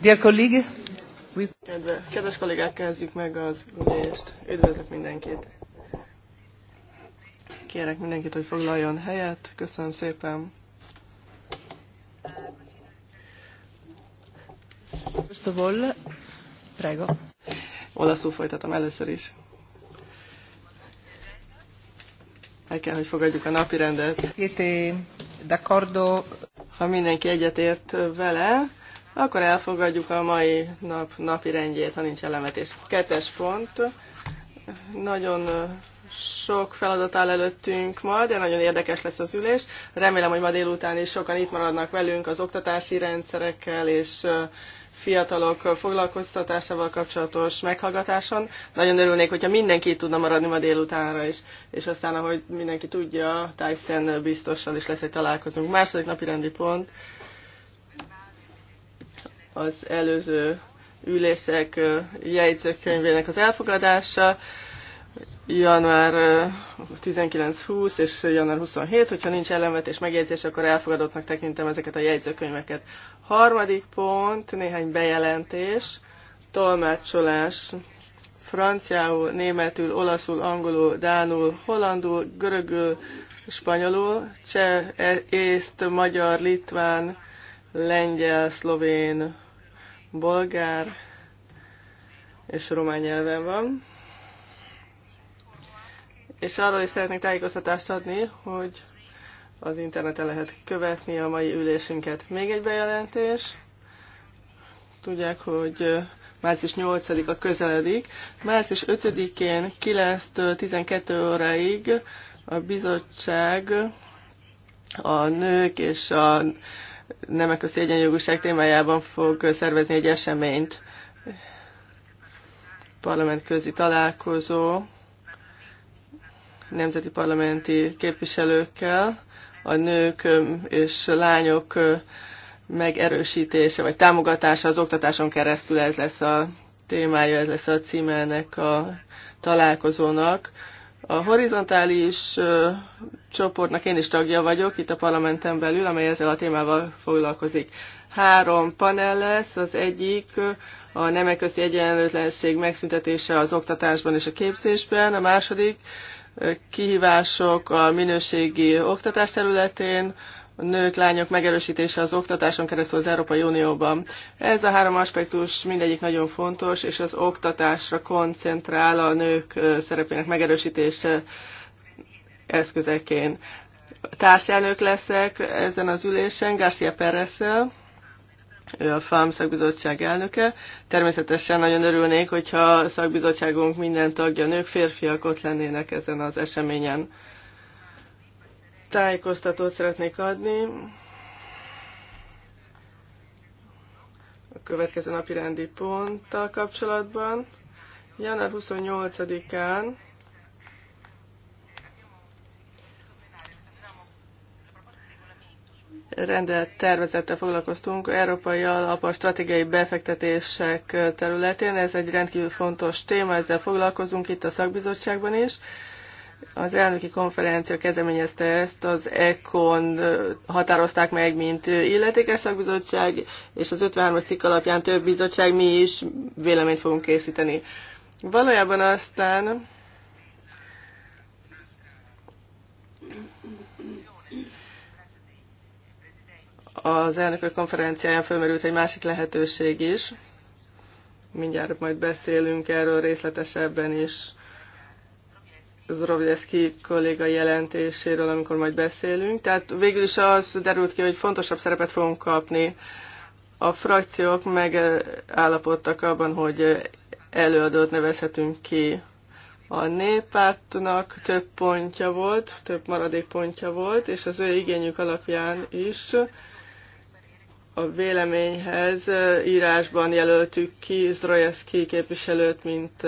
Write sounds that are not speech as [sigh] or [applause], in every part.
Dear colleague, we... Kedves kollégák, kezdjük meg az ülést. Üdvözlök mindenkit. Kérek mindenkit, hogy foglaljon helyet. Köszönöm szépen. First of all, prego. Olaszul folytatom először is. El kell, hogy fogadjuk a napi rendet. Siete d'accordo? Ha mindenki egyetért vele, akkor elfogadjuk a mai nap napi rendjét, ha nincs elemetés. Kettes pont. Nagyon sok feladat áll előttünk ma, de nagyon érdekes lesz az ülés. Remélem, hogy ma délután is sokan itt maradnak velünk az oktatási rendszerekkel és fiatalok foglalkoztatásával kapcsolatos meghallgatáson. Nagyon örülnék, hogyha mindenki itt tudna maradni ma délutánra is, és aztán, ahogy mindenki tudja, Tyson biztossal is lesz egy találkozunk. Második napi rendi pont az előző ülések jegyzőkönyvének az elfogadása, január 19-20 és január 27, hogyha nincs ellenvetés megjegyzés, akkor elfogadottnak tekintem ezeket a jegyzőkönyveket. Harmadik pont, néhány bejelentés, tolmácsolás franciául, németül, olaszul, angolul, dánul, hollandul, görögül, spanyolul, cseh, e- észt, magyar, litván, lengyel, szlovén, bolgár és román nyelven van. És arról is szeretnék tájékoztatást adni, hogy az interneten lehet követni a mai ülésünket. Még egy bejelentés. Tudják, hogy március 8-a közeledik. Március 5-én 9-től 12 óráig a bizottság a nők és a nemek közti egyenjogúság témájában fog szervezni egy eseményt. Parlamentközi találkozó nemzeti parlamenti képviselőkkel a nők és lányok megerősítése vagy támogatása az oktatáson keresztül ez lesz a témája, ez lesz a címe ennek a találkozónak. A horizontális uh, csoportnak én is tagja vagyok itt a parlamenten belül, amely ezzel a témával foglalkozik. Három panel lesz, az egyik a nemek közti egyenlőtlenség megszüntetése az oktatásban és a képzésben, a második kihívások a minőségi oktatás területén, nők, lányok megerősítése az oktatáson keresztül az Európai Unióban. Ez a három aspektus mindegyik nagyon fontos, és az oktatásra koncentrál a nők szerepének megerősítése eszközeként. Társelnök leszek ezen az ülésen, Garcia perez ő a FAM szakbizottság elnöke. Természetesen nagyon örülnék, hogyha a szakbizottságunk minden tagja nők, férfiak ott lennének ezen az eseményen tájékoztatót szeretnék adni. A következő napi rendi ponttal kapcsolatban. Január 28-án rendelt tervezettel foglalkoztunk Európai Alap a stratégiai befektetések területén. Ez egy rendkívül fontos téma, ezzel foglalkozunk itt a szakbizottságban is. Az elnöki konferencia kezdeményezte ezt, az ECON határozták meg, mint illetékes szakbizottság, és az 53-as cikk alapján több bizottság, mi is véleményt fogunk készíteni. Valójában aztán az elnökök konferenciáján fölmerült egy másik lehetőség is. Mindjárt majd beszélünk erről részletesebben is Zrovjeszki kolléga jelentéséről, amikor majd beszélünk. Tehát végül is az derült ki, hogy fontosabb szerepet fogunk kapni. A frakciók megállapodtak abban, hogy előadót nevezhetünk ki. A néppártnak több pontja volt, több maradék pontja volt, és az ő igényük alapján is a véleményhez írásban jelöltük ki Zdrojewski képviselőt, mint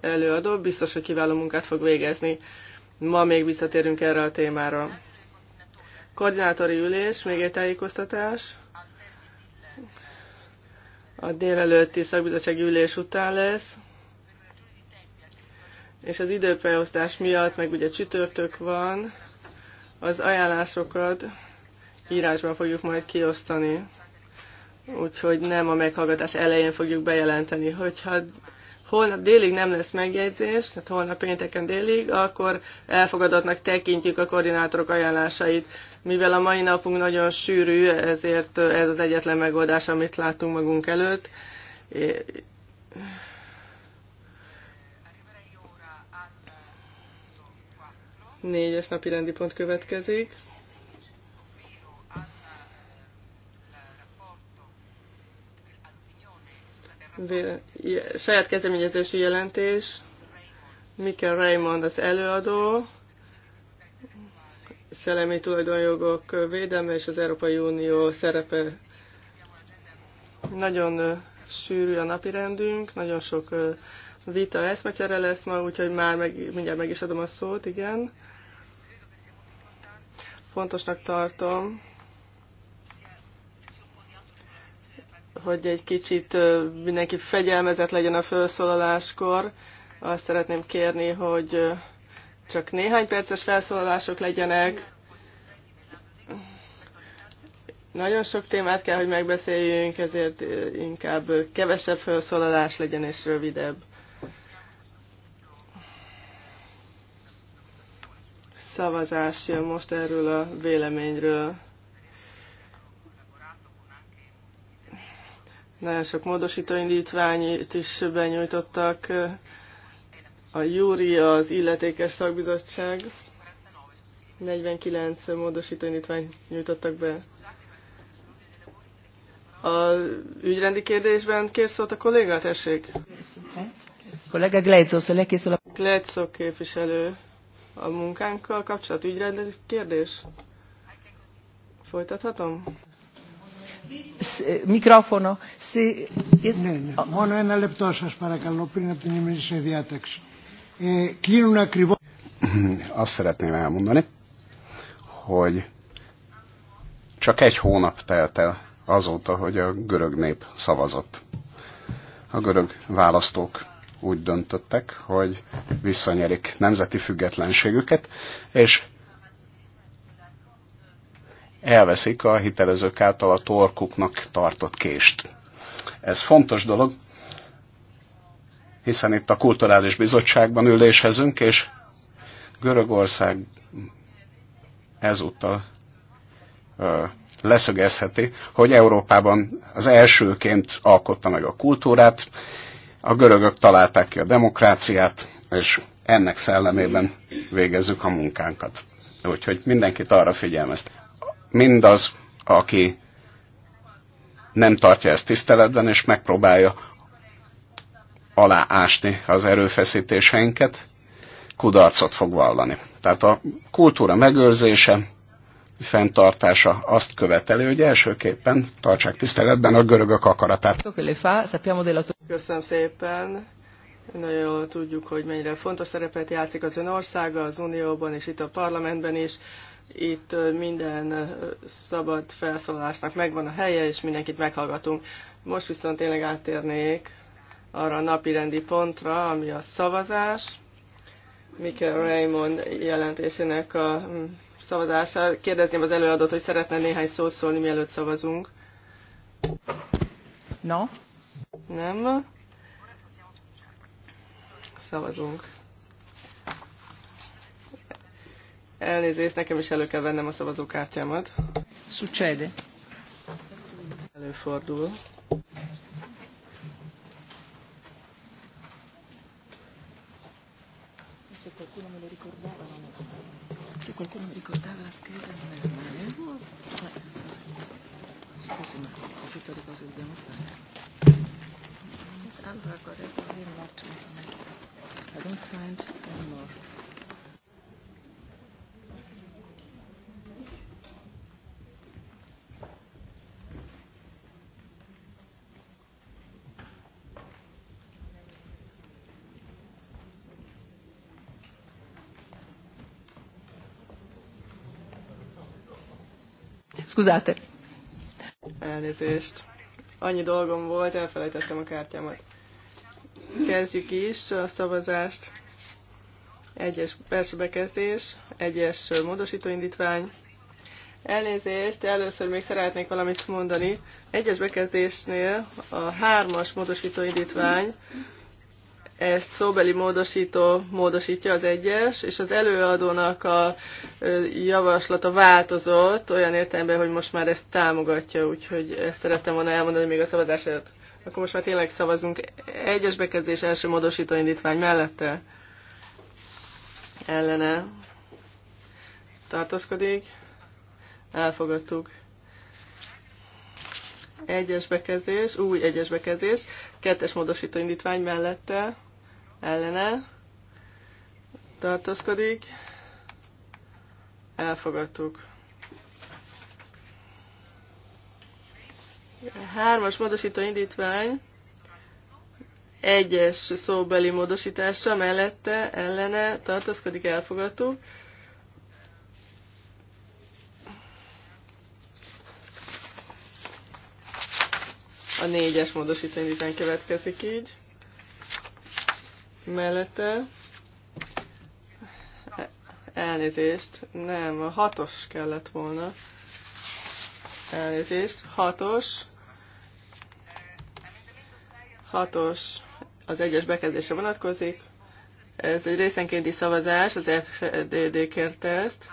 előadó. Biztos, hogy kiváló munkát fog végezni. Ma még visszatérünk erre a témára. Koordinátori ülés, még egy tájékoztatás. A délelőtti szakbizottsági ülés után lesz. És az időbeosztás miatt, meg ugye csütörtök van, az ajánlásokat írásban fogjuk majd kiosztani úgyhogy nem a meghallgatás elején fogjuk bejelenteni. Hogyha holnap délig nem lesz megjegyzés, tehát holnap pénteken délig, akkor elfogadottnak tekintjük a koordinátorok ajánlásait. Mivel a mai napunk nagyon sűrű, ezért ez az egyetlen megoldás, amit látunk magunk előtt. Négyes napi rendi pont következik. saját kezdeményezési jelentés, Mikkel Raymond az előadó, szellemi tulajdonjogok védelme és az Európai Unió szerepe. Nagyon sűrű a napirendünk, nagyon sok vita eszmecsere lesz ma, úgyhogy már meg, mindjárt meg is adom a szót, igen. Fontosnak tartom, hogy egy kicsit mindenki fegyelmezett legyen a felszólaláskor. Azt szeretném kérni, hogy csak néhány perces felszólalások legyenek. Nagyon sok témát kell, hogy megbeszéljünk, ezért inkább kevesebb felszólalás legyen és rövidebb. Szavazás jön most erről a véleményről. Nagyon sok módosítóindítványt indítványt is benyújtottak a Júri, az illetékes szakbizottság. 49 módosítóindítványt nyújtottak be. A ügyrendi kérdésben kér a kolléga, tessék? Kollega Glejcó, szóval Glejcó képviselő. A munkánkkal kapcsolat ügyrendi kérdés? Folytathatom? Μικρόφωνο. Ναι, ναι. Μόνο ένα λεπτό σας παρακαλώ πριν από την ημερήσια διάταξη. Ε, κλείνουν ακριβώς... Hm, azt szeretném elmondani, hogy csak egy hónap telt el azóta, hogy a görög nép szavazott. A görög választók úgy döntöttek, hogy visszanyerik nemzeti függetlenségüket, és elveszik a hitelezők által a torkuknak tartott kést. Ez fontos dolog, hiszen itt a Kulturális Bizottságban ülésezünk, és Görögország ezúttal ö, leszögezheti, hogy Európában az elsőként alkotta meg a kultúrát, a görögök találták ki a demokráciát, és ennek szellemében végezzük a munkánkat. Úgyhogy mindenkit arra figyelmezt mindaz, aki nem tartja ezt tiszteletben, és megpróbálja aláásni az erőfeszítéseinket, kudarcot fog vallani. Tehát a kultúra megőrzése, fenntartása azt követeli, hogy elsőképpen tartsák tiszteletben a görögök akaratát. Köszönöm szépen! Nagyon jól tudjuk, hogy mennyire fontos szerepet játszik az ön országa, az Unióban és itt a parlamentben is. Itt minden szabad felszólalásnak megvan a helye, és mindenkit meghallgatunk. Most viszont tényleg áttérnék arra a rendi pontra, ami a szavazás. Mikkel Raymond jelentésének a mm, szavazása. Kérdezném az előadót, hogy szeretne néhány szót szólni, mielőtt szavazunk. No. Nem. Szavazunk. Elnézést, nekem is elő kell vennem a szavazókártyámat. Succede. Előfordul. Se qualcuno mi ricordava la scheda non era male. Eh, scusi, ma ho tutto le cose che dobbiamo fare. Miss Alba got everything not I don't find any more. Scusate. Elnézést. Annyi dolgom volt, elfelejtettem a kártyámat. Kezdjük is a szavazást. Egyes belső bekezdés, egyes módosítóindítvány. Elnézést, először még szeretnék valamit mondani. Egyes bekezdésnél a hármas módosítóindítvány, ezt szóbeli módosító módosítja az egyes, és az előadónak a javaslata változott olyan értelemben, hogy most már ezt támogatja, úgyhogy ezt szerettem volna elmondani még a szavazását. Akkor most már tényleg szavazunk egyes bekezdés első módosító indítvány mellette. Ellene tartózkodik. Elfogadtuk. Egyes bekezdés, új egyes bekezdés, kettes módosító indítvány mellette, ellene, tartózkodik, elfogadtuk. Hármas módosító indítvány, egyes szóbeli módosítása mellette, ellene tartózkodik, elfogadtuk. A négyes módosító után következik így. Mellette. Elnézést. Nem, a hatos kellett volna. Elnézést. Hatos. Hatos. Az egyes bekezdése vonatkozik. Ez egy részenkénti szavazás, az FDD kérte ezt.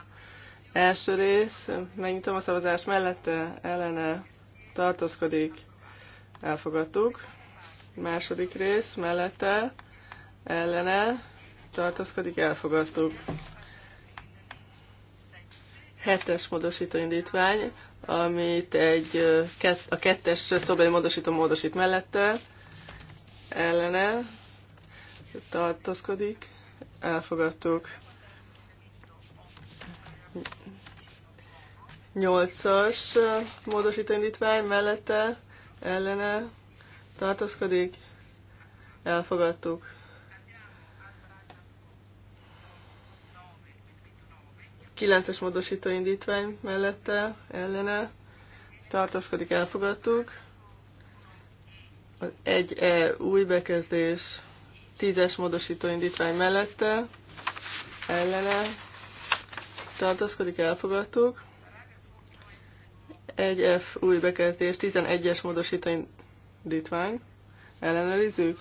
Első rész, megnyitom a szavazást mellette, ellene, tartózkodik, elfogadtuk. Második rész mellette ellene tartozkodik, elfogadtuk. Hetes módosító indítvány, amit egy, a kettes szobeli módosító módosít mellette ellene tartozkodik, elfogadtuk. Nyolcas módosító indítvány mellette ellene tartózkodik, elfogadtuk. Kilences módosító indítvány mellette, ellene tartózkodik, elfogadtuk. Az 1E új bekezdés, 10-es módosító indítvány mellette, ellene tartózkodik, elfogadtuk. 1F új bekezdés, 11-es módosítani indítvány. Ellenőrizzük.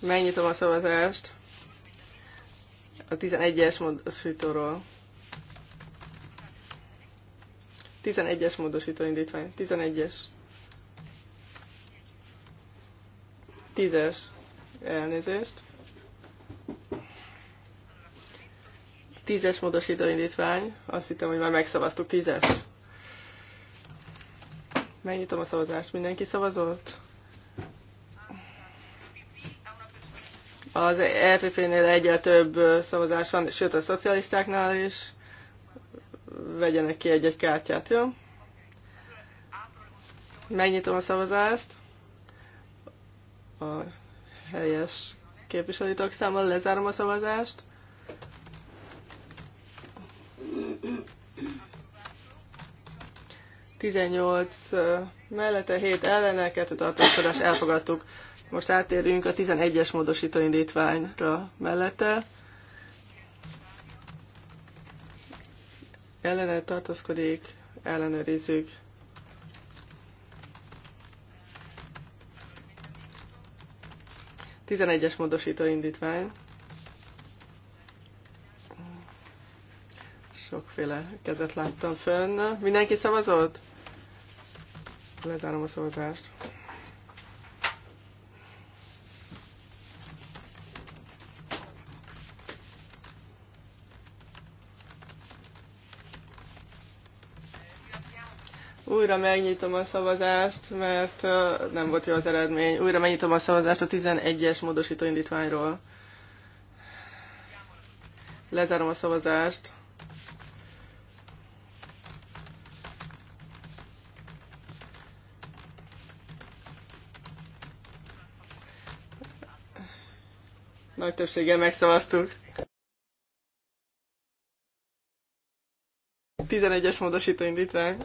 Megnyitom a szavazást a 11-es módosítóról. 11-es módosító indítvány. 11-es. 10-es. Elnézést. 10-es módosító indítvány. Azt hittem, hogy már megszavaztuk. 10-es. Megnyitom a szavazást. Mindenki szavazott? Az EPP-nél egyre több szavazás van, sőt a szocialistáknál is. Vegyenek ki egy-egy kártyát, jó? Megnyitom a szavazást. A helyes képviselőtök számmal lezárom a szavazást. 18 mellette, 7 ellene, 2 tartózkodás elfogadtuk. Most átérünk a 11-es módosító indítványra mellette. Ellene tartózkodik, ellenőrizzük. Tizenegyes módosító indítvány. Sokféle kezet láttam fönn. Mindenki szavazott? Lezárom a szavazást. Újra megnyitom a szavazást, mert nem volt jó az eredmény. Újra megnyitom a szavazást a 11-es módosító indítványról. Lezárom a szavazást. nagy többséggel megszavaztuk. 11-es módosító indítvány.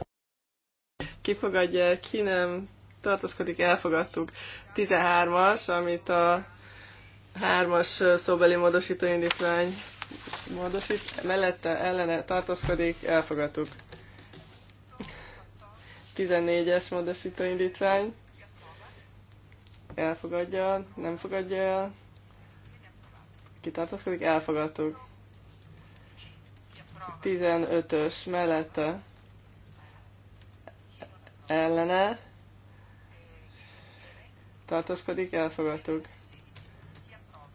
Kifogadja, ki nem tartozkodik elfogadtuk. 13-as, amit a 3-as szóbeli módosító indítvány módosít, mellette ellene tartozkodik elfogadtuk. 14-es módosító indítvány. Elfogadja, nem fogadja el kitartozkodik, elfogadtuk. 15-ös mellette ellene tartozkodik, elfogadtuk.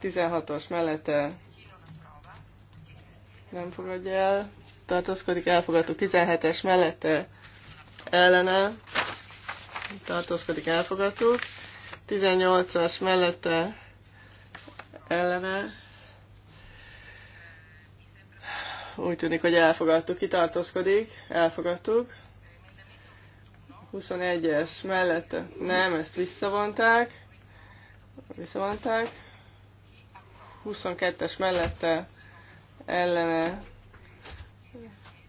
16-os mellette nem fogadja el, tartózkodik, elfogadtuk. 17-es mellette ellene tartózkodik, elfogadtuk. 18-as mellette ellene Úgy tűnik, hogy elfogadtuk. kitartózkodik, Elfogadtuk. 21-es mellette. Nem, ezt visszavonták. Visszavonták. 22-es mellette ellene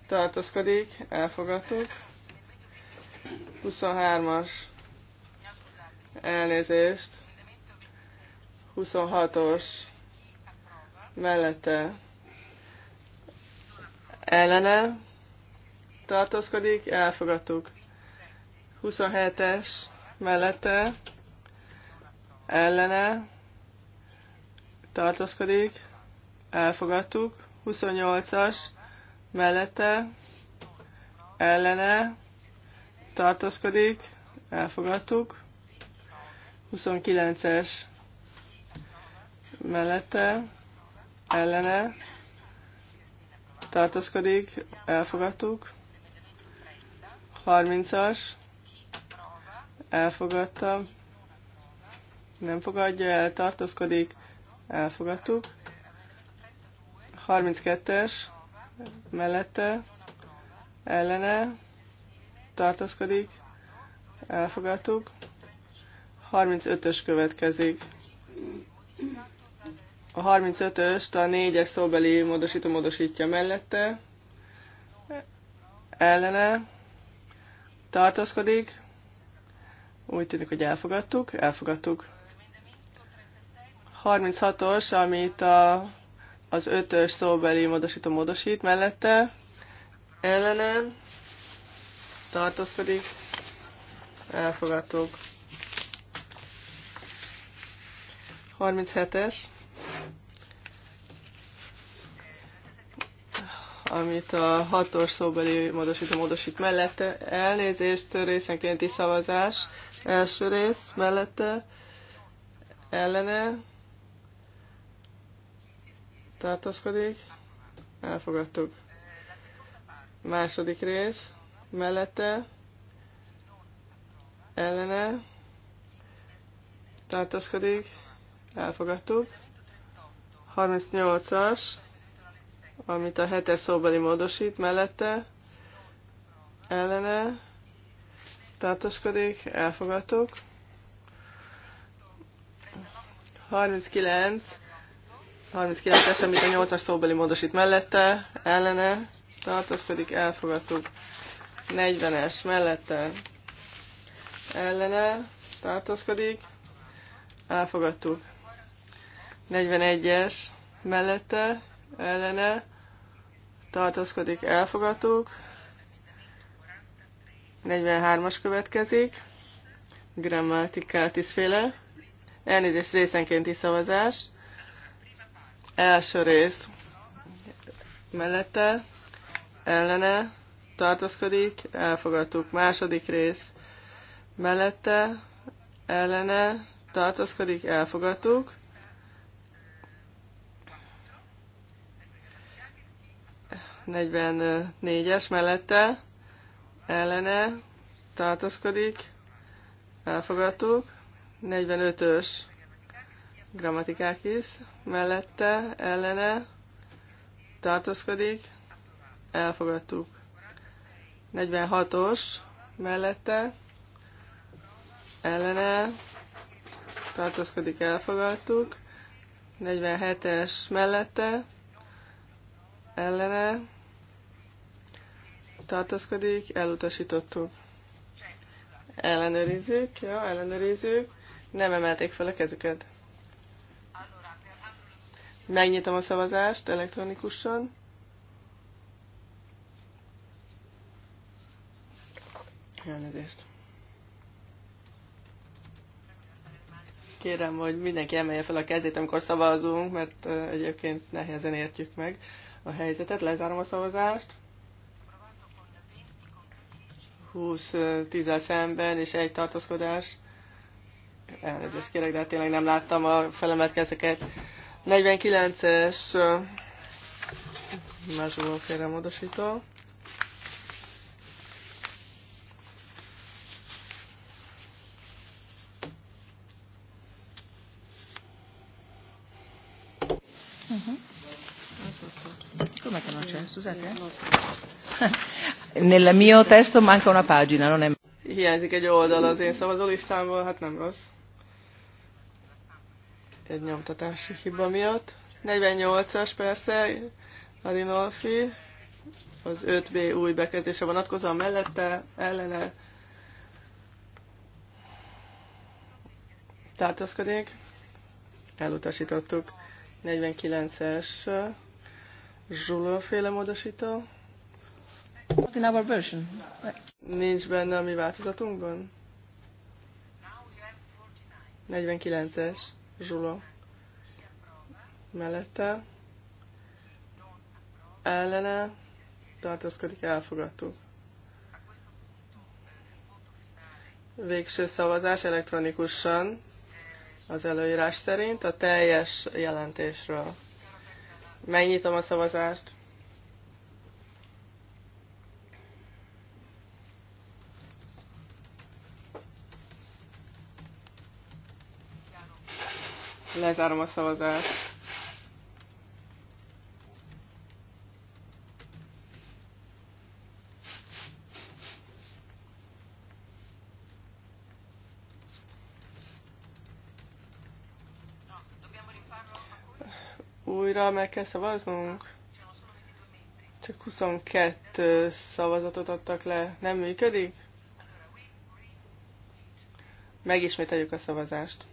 tartózkodik, elfogadtuk. 23-as elnézést. 26-os mellette ellene tartózkodik, elfogadtuk. 27-es mellette ellene tartózkodik, elfogadtuk. 28-as mellette ellene tartózkodik, elfogadtuk. 29-es mellette ellene tartózkodik, elfogadtuk. 30-as, elfogadta, nem fogadja el, tartózkodik, elfogadtuk. 32-es, mellette, ellene, tartózkodik, elfogadtuk. 35-ös következik a 35-öst a 4-es szóbeli módosító módosítja mellette, ellene, tartózkodik, úgy tűnik, hogy elfogadtuk, elfogadtuk. 36-os, amit a, az 5-ös szóbeli módosító módosít mellette, ellene, tartózkodik, elfogadtuk. 37-es. amit a hatos szóbeli módosító módosít mellette, elnézést, részenkénti szavazás, első rész mellette, ellene, tartózkodik, elfogadtuk. Második rész, mellette, ellene, tartózkodik, elfogadtuk. 38-as, amit a hetes szóbeli módosít mellette, ellene, tartózkodik, elfogadtuk. 39, 39-es, amit a 8-as szóbeli módosít mellette, ellene, tartózkodik, elfogadtuk. 40-es mellette, ellene, tartózkodik, elfogadtuk. 41-es mellette, ellene tartózkodik, elfogadtuk. 43-as következik, grammatikál tízféle, elnézést részenkénti szavazás. Első rész mellette, ellene tartózkodik, elfogadtuk. Második rész mellette, ellene tartózkodik, elfogadtuk. 44-es mellette ellene tartózkodik, elfogadtuk. 45-ös grammatikákis mellette ellene tartózkodik, elfogadtuk. 46-os mellette ellene tartózkodik, elfogadtuk. 47-es mellette ellene tartózkodik, elutasítottuk. Ellenőrizzük, jó, ellenőrizzük. Nem emelték fel a kezüket. Megnyitom a szavazást elektronikusan. Elnézést. Kérem, hogy mindenki emelje fel a kezét, amikor szavazunk, mert egyébként nehezen értjük meg a helyzetet. Lezárom a szavazást. 20 10 szemben, és egy tartózkodás. Elnézést kérek, de hát tényleg nem láttam a felemetkezeket. 49-es másokban félre módosító. Uh -huh. Come te non c'è? Scusate. Eh? Nel mio testo manca una pagina, non è... Hiányzik egy oldal az én szavazólistámból, hát nem rossz. Egy nyomtatási hiba miatt. 48-as persze, Adinolfi, az 5B új bekezdése vonatkozóan mellette, ellene Tartaszkodik. Elutasítottuk. 49-es zsulóféle módosító in our version. Nincs benne a mi változatunkban? 49-es, Zsulo. Mellette. Ellene. Tartózkodik, elfogadtuk. Végső szavazás elektronikusan az előírás szerint a teljes jelentésről. Megnyitom a szavazást. Lezárom a szavazást. Újra meg kell szavaznunk? Csak 22 szavazatot adtak le. Nem működik? Megismételjük a szavazást.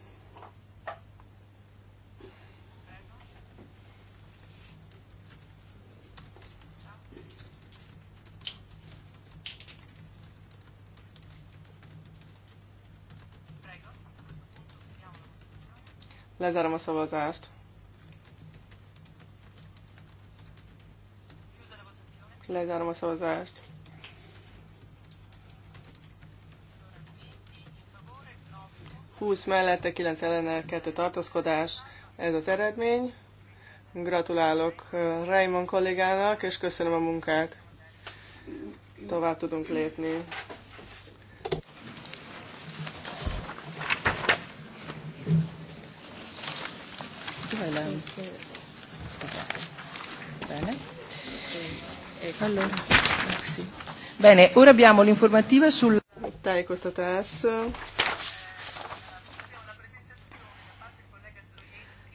Lezárom a szavazást. Lezárom a szavazást. Húsz mellette, kilenc ellene, kettő tartózkodás. Ez az eredmény. Gratulálok eh, Raymond kollégának, és köszönöm a munkát. Tovább tudunk lépni. niente scusate bene allora sì. bene ora abbiamo l'informativa sul tájékoztatás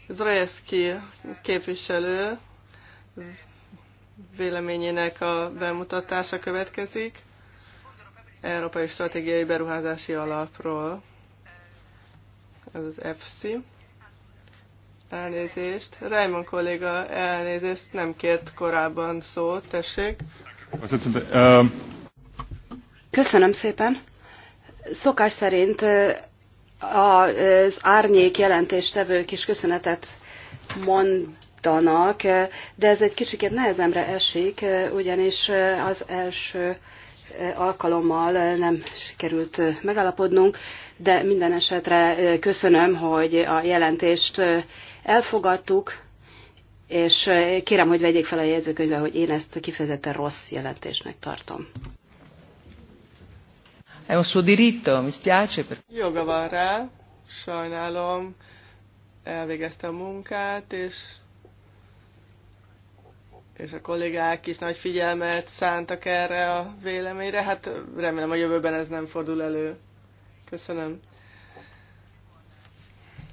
Zrejewski képviselő véleményének a bemutatása következik. Európai Stratégiai Beruházási Alapról. Ez az EFSI. Elnézést. Raymond kolléga elnézést nem kért korábban szót, tessék. Köszönöm szépen. Szokás szerint az árnyék jelentéstevők is köszönetet mondanak, de ez egy kicsiket nehezemre esik, ugyanis az első alkalommal nem sikerült megállapodnunk, de minden esetre köszönöm, hogy a jelentést elfogadtuk, és eh, kérem, hogy vegyék fel a jegyzőkönyvbe, hogy én ezt kifejezetten rossz jelentésnek tartom. È un suo diritto, mi spiace. Joga van rá, sajnálom, elvégezte a munkát, és és a kollégák is nagy figyelmet szántak erre a véleményre. Hát remélem a jövőben ez nem fordul elő. Köszönöm.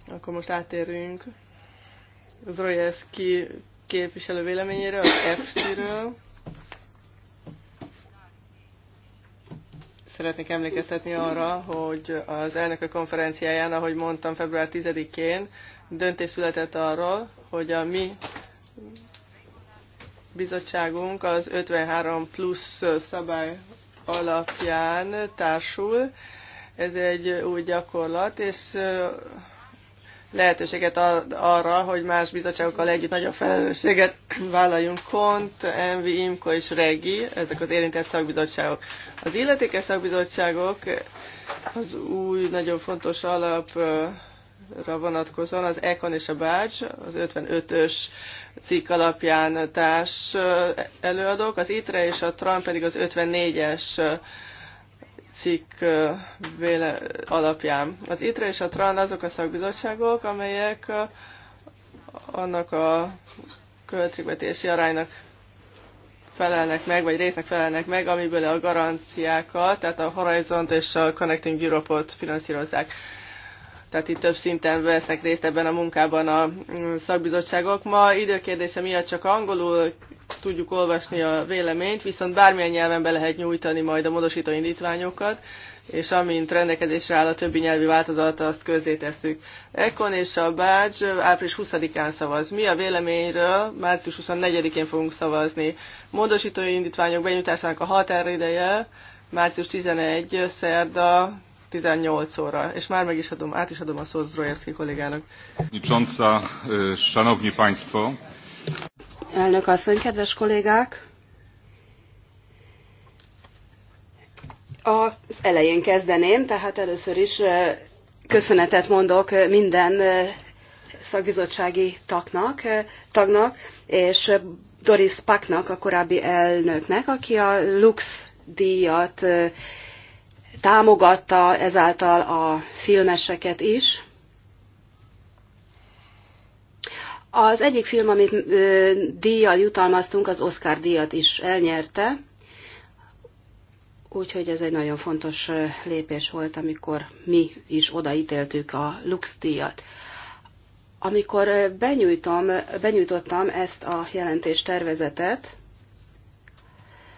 Akkor most átérünk Zrojewski képviselő véleményére, az FC-ről. Szeretnék emlékeztetni arra, hogy az elnökök konferenciáján, ahogy mondtam, február 10-én döntés született arról, hogy a mi bizottságunk az 53 plusz szabály alapján társul. Ez egy új gyakorlat, és lehetőséget ar- arra, hogy más bizottságokkal együtt nagyobb felelősséget vállaljunk. Kont, Envi, Imko és Regi, ezek az érintett szakbizottságok. Az illetékes szakbizottságok az új, nagyon fontos alapra vonatkozóan az Econ és a Bács, az 55-ös cikk alapján társ előadók, az ITRE és a TRAM pedig az 54-es cikk véle, alapján. Az ITRE és a TRAN azok a szakbizottságok, amelyek annak a költségvetési aránynak felelnek meg, vagy résznek felelnek meg, amiből a garanciákat, tehát a Horizont és a Connecting Europe-ot finanszírozzák. Tehát itt több szinten vesznek részt ebben a munkában a mm, szakbizottságok. Ma időkérdése miatt csak angolul tudjuk olvasni a véleményt, viszont bármilyen nyelven be lehet nyújtani majd a módosító indítványokat, és amint rendelkezésre áll a többi nyelvi változata, azt közzétesszük. Ekon és a Bács április 20-án szavaz. Mi a véleményről március 24-én fogunk szavazni. Módosító indítványok benyújtásának a határideje március 11. szerda 18 óra. És már meg is adom, át is adom a szót Zdrojewski kollégának. E, szanowni Państwo, Elnök asszony, kedves kollégák! Az elején kezdeném, tehát először is köszönetet mondok minden szakbizottsági tagnak, tagnak és Doris Paknak, a korábbi elnöknek, aki a Lux díjat támogatta ezáltal a filmeseket is. Az egyik film, amit ö, díjjal jutalmaztunk, az Oscar díjat is elnyerte, úgyhogy ez egy nagyon fontos lépés volt, amikor mi is odaítéltük a Lux díjat. Amikor benyújtom, benyújtottam ezt a jelentés tervezetet,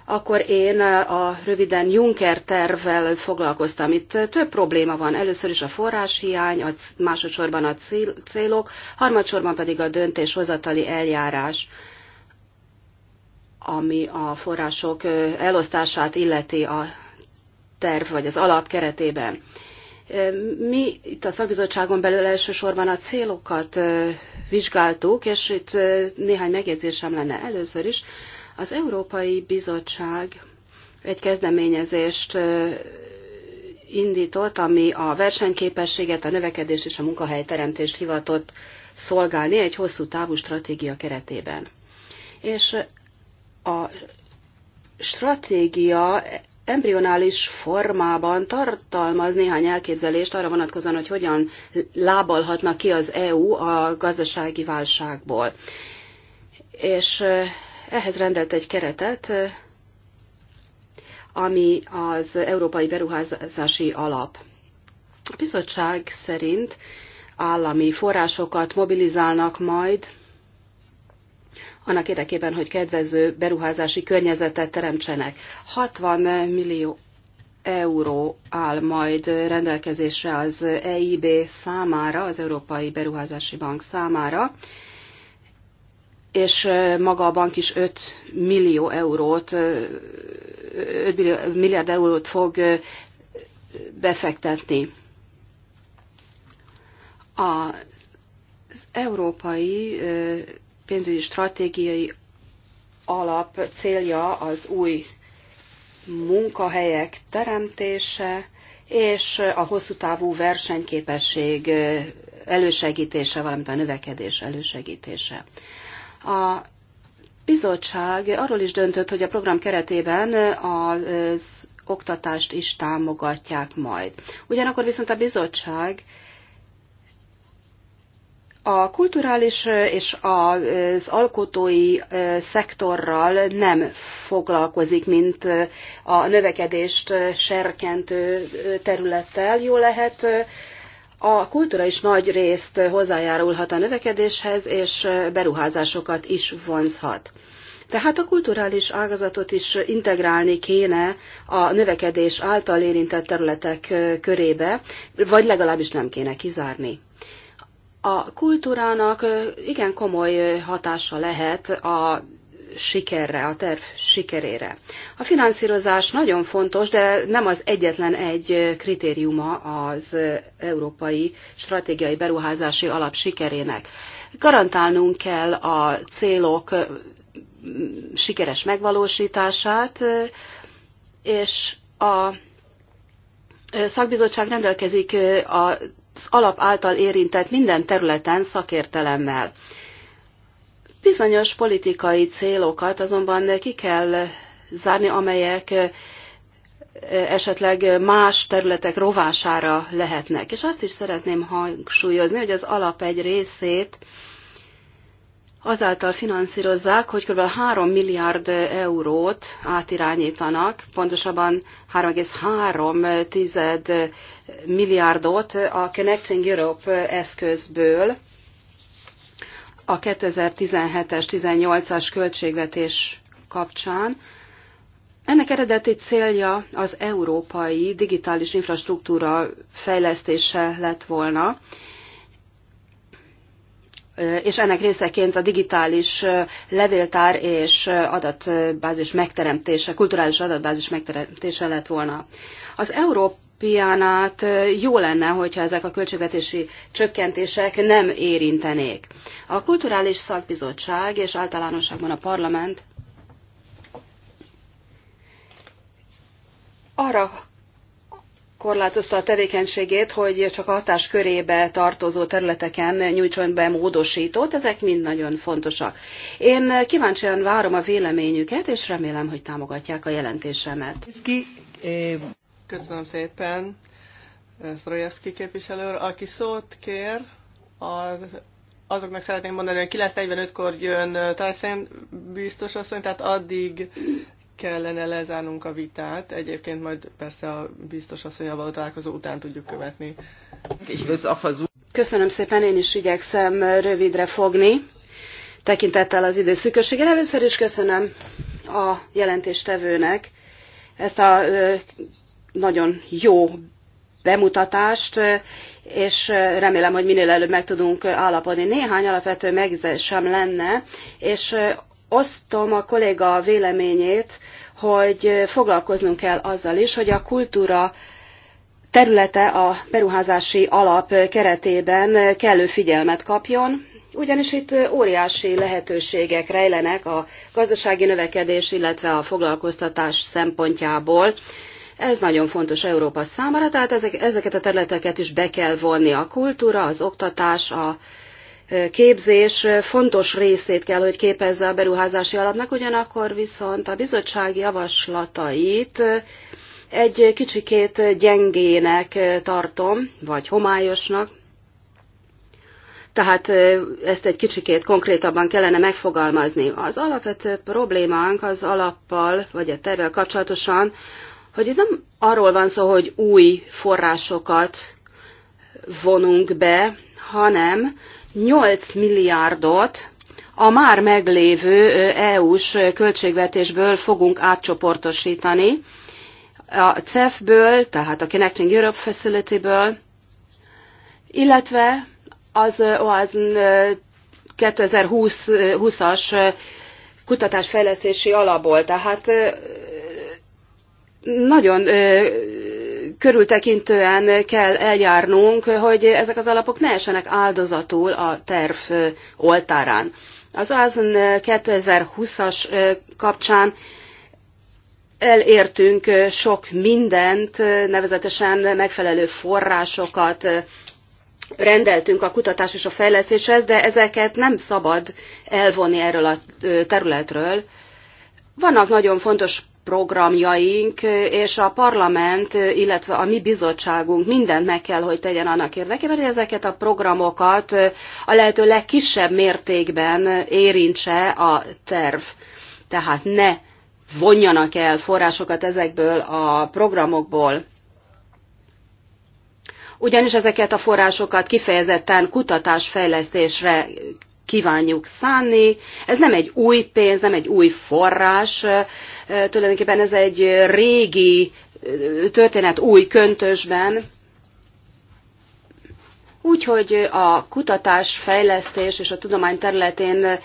akkor én eh, a röviden Juncker tervvel foglalkoztam. Itt eh, több probléma van. Először is a forráshiány, másodszorban a célok, harmadsorban pedig a döntéshozatali eljárás ami a források eh, elosztását illeti a terv vagy az alap keretében. Mi itt a szakbizottságon belül elsősorban a célokat vizsgáltuk, és itt néhány megjegyzésem lenne először is. Az Európai Bizottság egy kezdeményezést indított, ami a versenyképességet, a növekedést és a munkahelyteremtést hivatott szolgálni egy hosszú távú stratégia keretében. És a stratégia embrionális formában tartalmaz néhány elképzelést arra vonatkozóan, hogy hogyan lábalhatna ki az EU a gazdasági válságból. És ehhez rendelt egy keretet, ami az Európai Beruházási Alap. A bizottság szerint állami forrásokat mobilizálnak majd annak érdekében, hogy kedvező beruházási környezetet teremtsenek. 60 millió euró áll majd rendelkezésre az EIB számára, az Európai Beruházási Bank számára, és maga a bank is 5 millió eurót, 5 milliárd eurót fog befektetni. Az európai pénzügyi stratégiai alap célja az új munkahelyek teremtése és a hosszú távú versenyképesség elősegítése, valamint a növekedés elősegítése. A bizottság arról is döntött, hogy a program keretében az oktatást is támogatják majd. Ugyanakkor viszont a bizottság a kulturális és az alkotói szektorral nem foglalkozik, mint a növekedést serkentő területtel. Jó lehet, a kultúra is nagy részt hozzájárulhat a növekedéshez, és beruházásokat is vonzhat. Tehát a kulturális ágazatot is integrálni kéne a növekedés által érintett területek körébe, vagy legalábbis nem kéne kizárni. A kultúrának igen komoly hatása lehet a sikerre, a terv sikerére. A finanszírozás nagyon fontos, de nem az egyetlen egy kritériuma az európai stratégiai beruházási alap sikerének. Garantálnunk kell a célok sikeres megvalósítását, és a szakbizottság rendelkezik az alap által érintett minden területen szakértelemmel. Bizonyos politikai célokat azonban ki kell zárni, amelyek eh, esetleg más területek rovására lehetnek. És azt is szeretném hangsúlyozni, hogy az alap egy részét azáltal finanszírozzák, hogy kb. 3 milliárd eurót átirányítanak, pontosabban 3,3 milliárdot a Connecting Europe eszközből, a 2017-es, 18-as költségvetés kapcsán. Ennek eredeti célja az európai digitális infrastruktúra fejlesztése lett volna, és ennek részeként a digitális levéltár és adatbázis megteremtése, kulturális adatbázis megteremtése lett volna. Az Európa piánát jó lenne, hogyha ezek a költségvetési csökkentések nem érintenék. A Kulturális Szakbizottság és általánosságban a parlament arra korlátozta a tevékenységét, hogy csak a hatás körébe tartozó területeken nyújtson be módosítót, ezek mind nagyon fontosak. Én kíváncsian várom a véleményüket, és remélem, hogy támogatják a jelentésemet. Eh, Köszönöm szépen, Szorojevszki eh, képviselő. Aki szót kér, az azoknak szeretném mondani, hogy 9.45-kor jön eh, Tyson biztos asszony, tehát addig kellene lezárnunk a vitát. Egyébként majd persze a biztos asszony a találkozó után tudjuk követni. Köszönöm szépen, én is igyekszem eh, rövidre fogni, tekintettel az idő szűkösségére. Először is köszönöm a jelentéstevőnek ezt a nagyon jó bemutatást, és remélem, hogy minél előbb meg tudunk állapodni. Néhány alapvető megzésem lenne, és osztom a kolléga véleményét, hogy foglalkoznunk kell azzal is, hogy a kultúra területe a beruházási alap keretében kellő figyelmet kapjon, ugyanis itt óriási lehetőségek rejlenek a gazdasági növekedés, illetve a foglalkoztatás szempontjából ez nagyon fontos Európa számára, tehát ezek, ezeket a területeket is be kell vonni. A kultúra, az oktatás, a képzés fontos részét kell, hogy képezze a beruházási alapnak, ugyanakkor viszont a bizottság javaslatait egy kicsikét gyengének tartom, vagy homályosnak, tehát ezt egy kicsikét konkrétabban kellene megfogalmazni. Az alapvető problémánk az alappal, vagy a tervel kapcsolatosan hogy itt nem arról van szó, hogy új forrásokat vonunk be, hanem 8 milliárdot a már meglévő EU-s költségvetésből fogunk átcsoportosítani, a CEF-ből, tehát a Connecting Europe Facility-ből, illetve az OASN 2020-as kutatásfejlesztési alapból. Tehát nagyon körültekintően kell eljárnunk, hogy ezek az alapok ne essenek áldozatul a terv oltárán. Az ASZN 2020-as kapcsán elértünk sok mindent, nevezetesen megfelelő forrásokat rendeltünk a kutatás és a fejlesztéshez, de ezeket nem szabad elvonni erről a területről. Vannak nagyon fontos programjaink, és a parlament, illetve a mi bizottságunk mindent meg kell, hogy tegyen annak érdekében, hogy ezeket a programokat a lehető legkisebb mértékben érintse a terv. Tehát ne vonjanak el forrásokat ezekből a programokból. Ugyanis ezeket a forrásokat kifejezetten kutatásfejlesztésre kívánjuk szánni. Ez nem egy új pénz, nem egy új forrás, tulajdonképpen ez egy régi történet új köntösben. Úgyhogy a kutatás, fejlesztés és a tudomány területén e,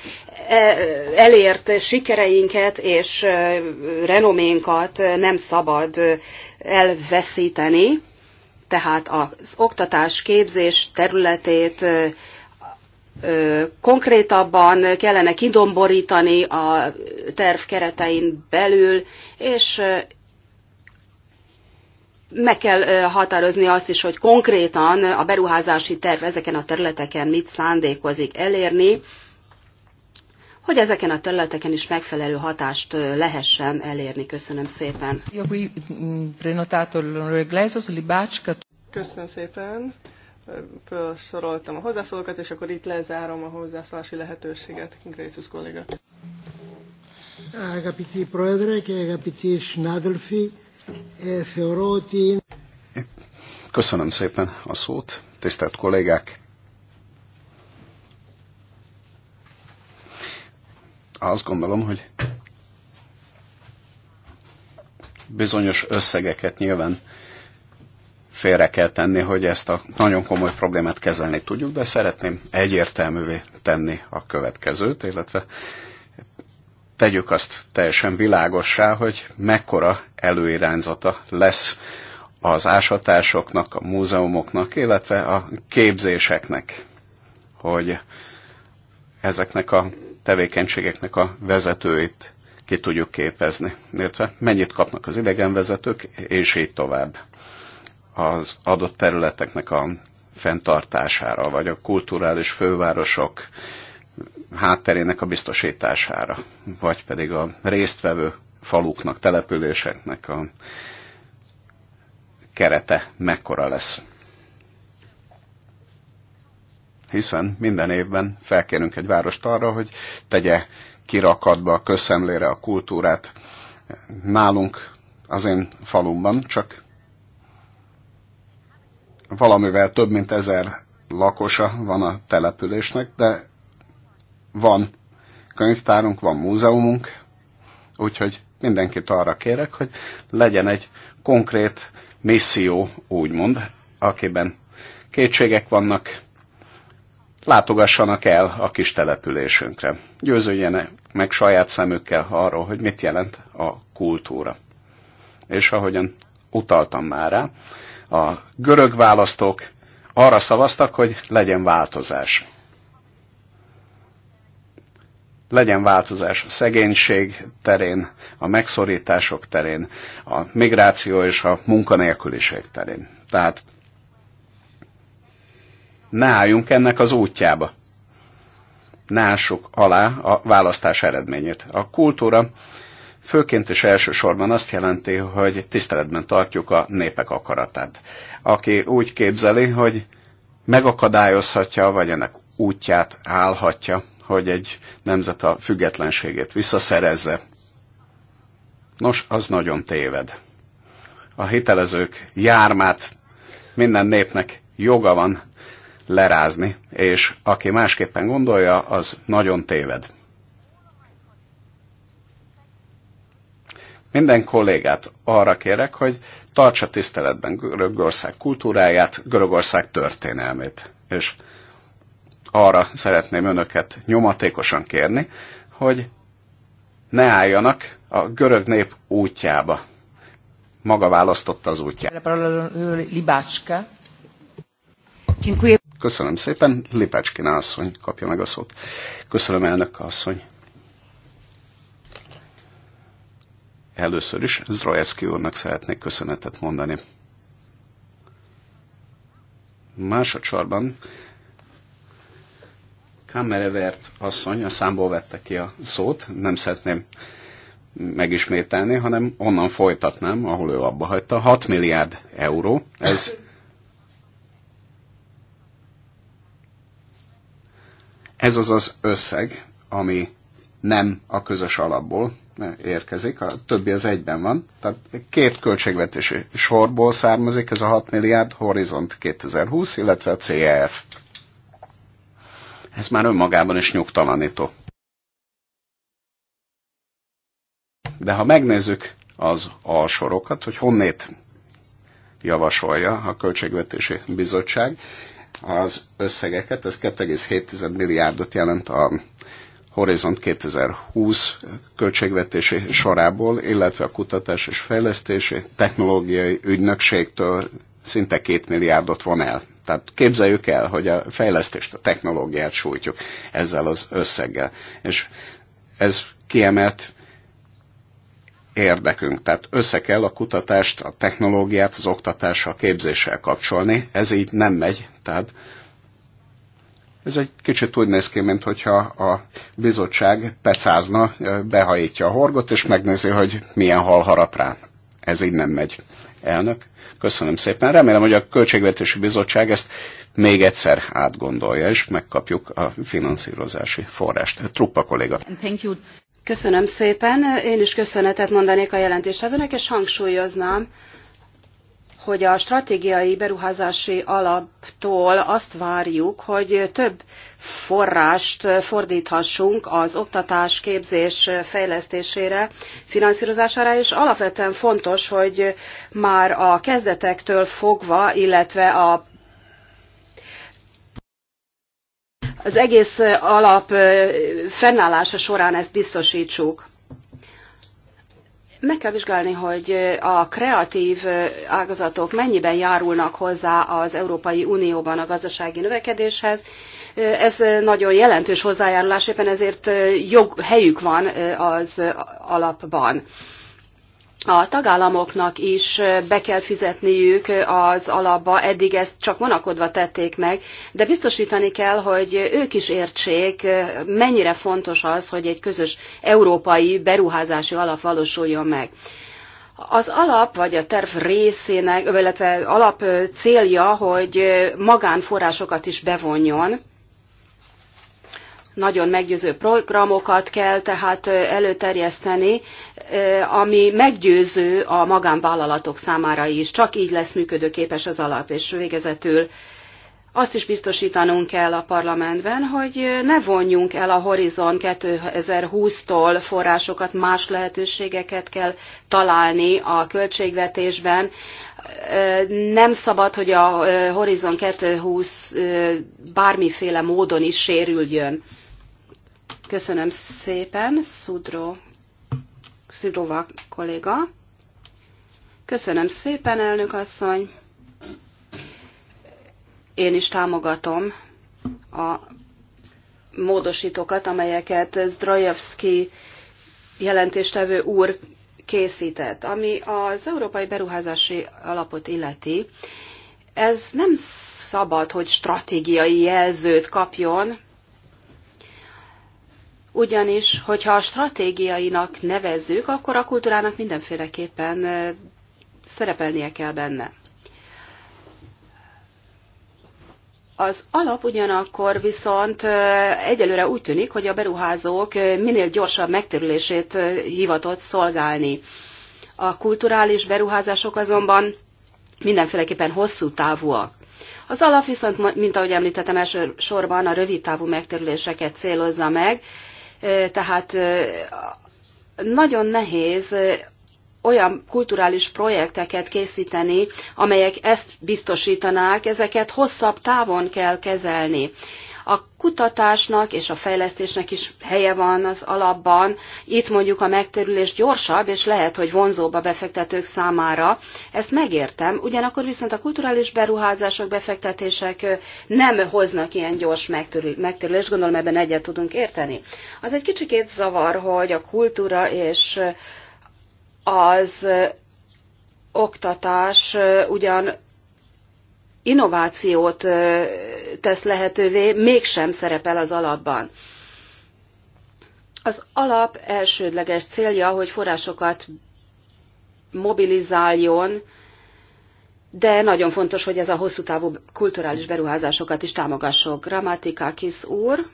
elért sikereinket és renoménkat nem szabad elveszíteni, tehát az oktatás képzés területét konkrétabban kellene kidomborítani a terv keretein belül, és meg kell határozni azt is, hogy konkrétan a beruházási terv ezeken a területeken mit szándékozik elérni, hogy ezeken a területeken is megfelelő hatást lehessen elérni. Köszönöm szépen. Köszönöm szépen felsoroltam a hozzászólókat, és akkor itt lezárom a hozzászólási lehetőséget. Grécius kolléga. Αγαπητοί Πρόεδρε και αγαπητοί συνάδελφοι, ε, θεωρώ ότι... Köszönöm szépen a szót, tisztelt kollégák! Azt gondolom, hogy bizonyos összegeket nyilván félre kell tenni, hogy ezt a nagyon komoly problémát kezelni tudjuk, de szeretném egyértelművé tenni a következőt, illetve tegyük azt teljesen világossá, hogy mekkora előirányzata lesz az ásatásoknak, a múzeumoknak, illetve a képzéseknek, hogy ezeknek a tevékenységeknek a vezetőit ki tudjuk képezni, illetve mennyit kapnak az idegenvezetők, és így tovább az adott területeknek a fenntartására, vagy a kulturális fővárosok hátterének a biztosítására, vagy pedig a résztvevő faluknak, településeknek a kerete mekkora lesz. Hiszen minden évben felkérünk egy várost arra, hogy tegye kirakatba a köszemlére a kultúrát. Nálunk az én falumban csak valamivel több mint ezer lakosa van a településnek, de van könyvtárunk, van múzeumunk, úgyhogy mindenkit arra kérek, hogy legyen egy konkrét misszió, úgymond, akiben kétségek vannak, látogassanak el a kis településünkre. Győződjenek meg saját szemükkel arról, hogy mit jelent a kultúra. És ahogyan utaltam már rá, a görög választók arra szavaztak, hogy legyen változás. Legyen változás a szegénység terén, a megszorítások terén, a migráció és a munkanélküliség terén. Tehát ne álljunk ennek az útjába. Ne alá a választás eredményét. A kultúra főként és elsősorban azt jelenti, hogy tiszteletben tartjuk a népek akaratát. Aki úgy képzeli, hogy megakadályozhatja, vagy ennek útját állhatja, hogy egy nemzet a függetlenségét visszaszerezze. Nos, az nagyon téved. A hitelezők jármát minden népnek joga van lerázni, és aki másképpen gondolja, az nagyon téved. Minden kollégát arra kérek, hogy tartsa tiszteletben Görögország kultúráját, Görögország történelmét. És arra szeretném önöket nyomatékosan kérni, hogy ne álljanak a görög nép útjába. Maga választotta az útját. Köszönöm szépen, Lipácskina asszony kapja meg a szót. Köszönöm elnök asszony. Először is Zdrajevski úrnak szeretnék köszönetet mondani. Másodszorban Kamerevert asszony a számból vette ki a szót, nem szeretném megismételni, hanem onnan folytatnám, ahol ő abba hagyta. 6 milliárd euró, ez ez az az összeg, ami nem a közös alapból érkezik, a többi az egyben van. Tehát két költségvetési sorból származik ez a 6 milliárd Horizont 2020, illetve a CEF. Ez már önmagában is nyugtalanító. De ha megnézzük az alsorokat, hogy honnét javasolja a Költségvetési Bizottság az összegeket, ez 2,7 milliárdot jelent a Horizont 2020 költségvetési sorából, illetve a kutatás és fejlesztési technológiai ügynökségtől szinte két milliárdot von el. Tehát képzeljük el, hogy a fejlesztést, a technológiát sújtjuk ezzel az összeggel. És ez kiemelt érdekünk. Tehát össze kell a kutatást, a technológiát, az oktatással, a képzéssel kapcsolni. Ez így nem megy, tehát ez egy kicsit úgy néz ki, mint hogyha a bizottság pecázna, behajítja a horgot, és megnézi, hogy milyen hal harap rá. Ez így nem megy. Elnök, köszönöm szépen. Remélem, hogy a Költségvetési Bizottság ezt még egyszer átgondolja, és megkapjuk a finanszírozási forrást. Truppa kolléga. Thank you. Köszönöm szépen. Én is köszönetet mondanék a jelentéstevőnek, és hangsúlyoznám, hogy a stratégiai beruházási alaptól azt várjuk, hogy több forrást fordíthassunk az oktatás, képzés fejlesztésére, finanszírozására, és alapvetően fontos, hogy már a kezdetektől fogva, illetve a az egész alap fennállása során ezt biztosítsuk meg kell vizsgálni, hogy a kreatív ágazatok mennyiben járulnak hozzá az Európai Unióban a gazdasági növekedéshez. Ez nagyon jelentős hozzájárulás, éppen ezért jog, helyük van az alapban a tagállamoknak is be kell fizetniük az alapba, eddig ezt csak vonakodva tették meg, de biztosítani kell, hogy ők is értsék, mennyire fontos az, hogy egy közös európai beruházási alap valósuljon meg. Az alap vagy a terv részének, illetve alap célja, hogy magánforrásokat is bevonjon, nagyon meggyőző programokat kell tehát előterjeszteni, ami meggyőző a magánvállalatok számára is. Csak így lesz működőképes az alap, és végezetül azt is biztosítanunk kell a parlamentben, hogy ne vonjunk el a Horizon 2020-tól forrásokat, más lehetőségeket kell találni a költségvetésben. Nem szabad, hogy a Horizon 2020 bármiféle módon is sérüljön. Köszönöm szépen, Szudro, Szudrova kolléga. Köszönöm szépen, elnök asszony. Én is támogatom a módosítókat, amelyeket Zdrajevski jelentéstevő úr készített. Ami az Európai Beruházási Alapot illeti, ez nem szabad, hogy stratégiai jelzőt kapjon, ugyanis, hogyha a stratégiainak nevezzük, akkor a kultúrának mindenféleképpen szerepelnie kell benne. Az alap ugyanakkor viszont egyelőre úgy tűnik, hogy a beruházók minél gyorsabb megterülését hivatott szolgálni. A kulturális beruházások azonban mindenféleképpen hosszú távúak. Az alap viszont, mint ahogy említettem, elsősorban a rövid távú megterüléseket célozza meg, tehát nagyon nehéz olyan kulturális projekteket készíteni, amelyek ezt biztosítanák, ezeket hosszabb távon kell kezelni. A kutatásnak és a fejlesztésnek is helye van az alapban. Itt mondjuk a megterülés gyorsabb, és lehet, hogy vonzóbb a befektetők számára. Ezt megértem, ugyanakkor viszont a kulturális beruházások, befektetések nem hoznak ilyen gyors megterülést, gondolom ebben egyet tudunk érteni. Az egy kicsikét zavar, hogy a kultúra és az oktatás ugyan innovációt tesz lehetővé, mégsem szerepel az alapban. Az alap elsődleges célja, hogy forrásokat mobilizáljon, de nagyon fontos, hogy ez a hosszú távú kulturális beruházásokat is támogassuk. Grammatikakis úr,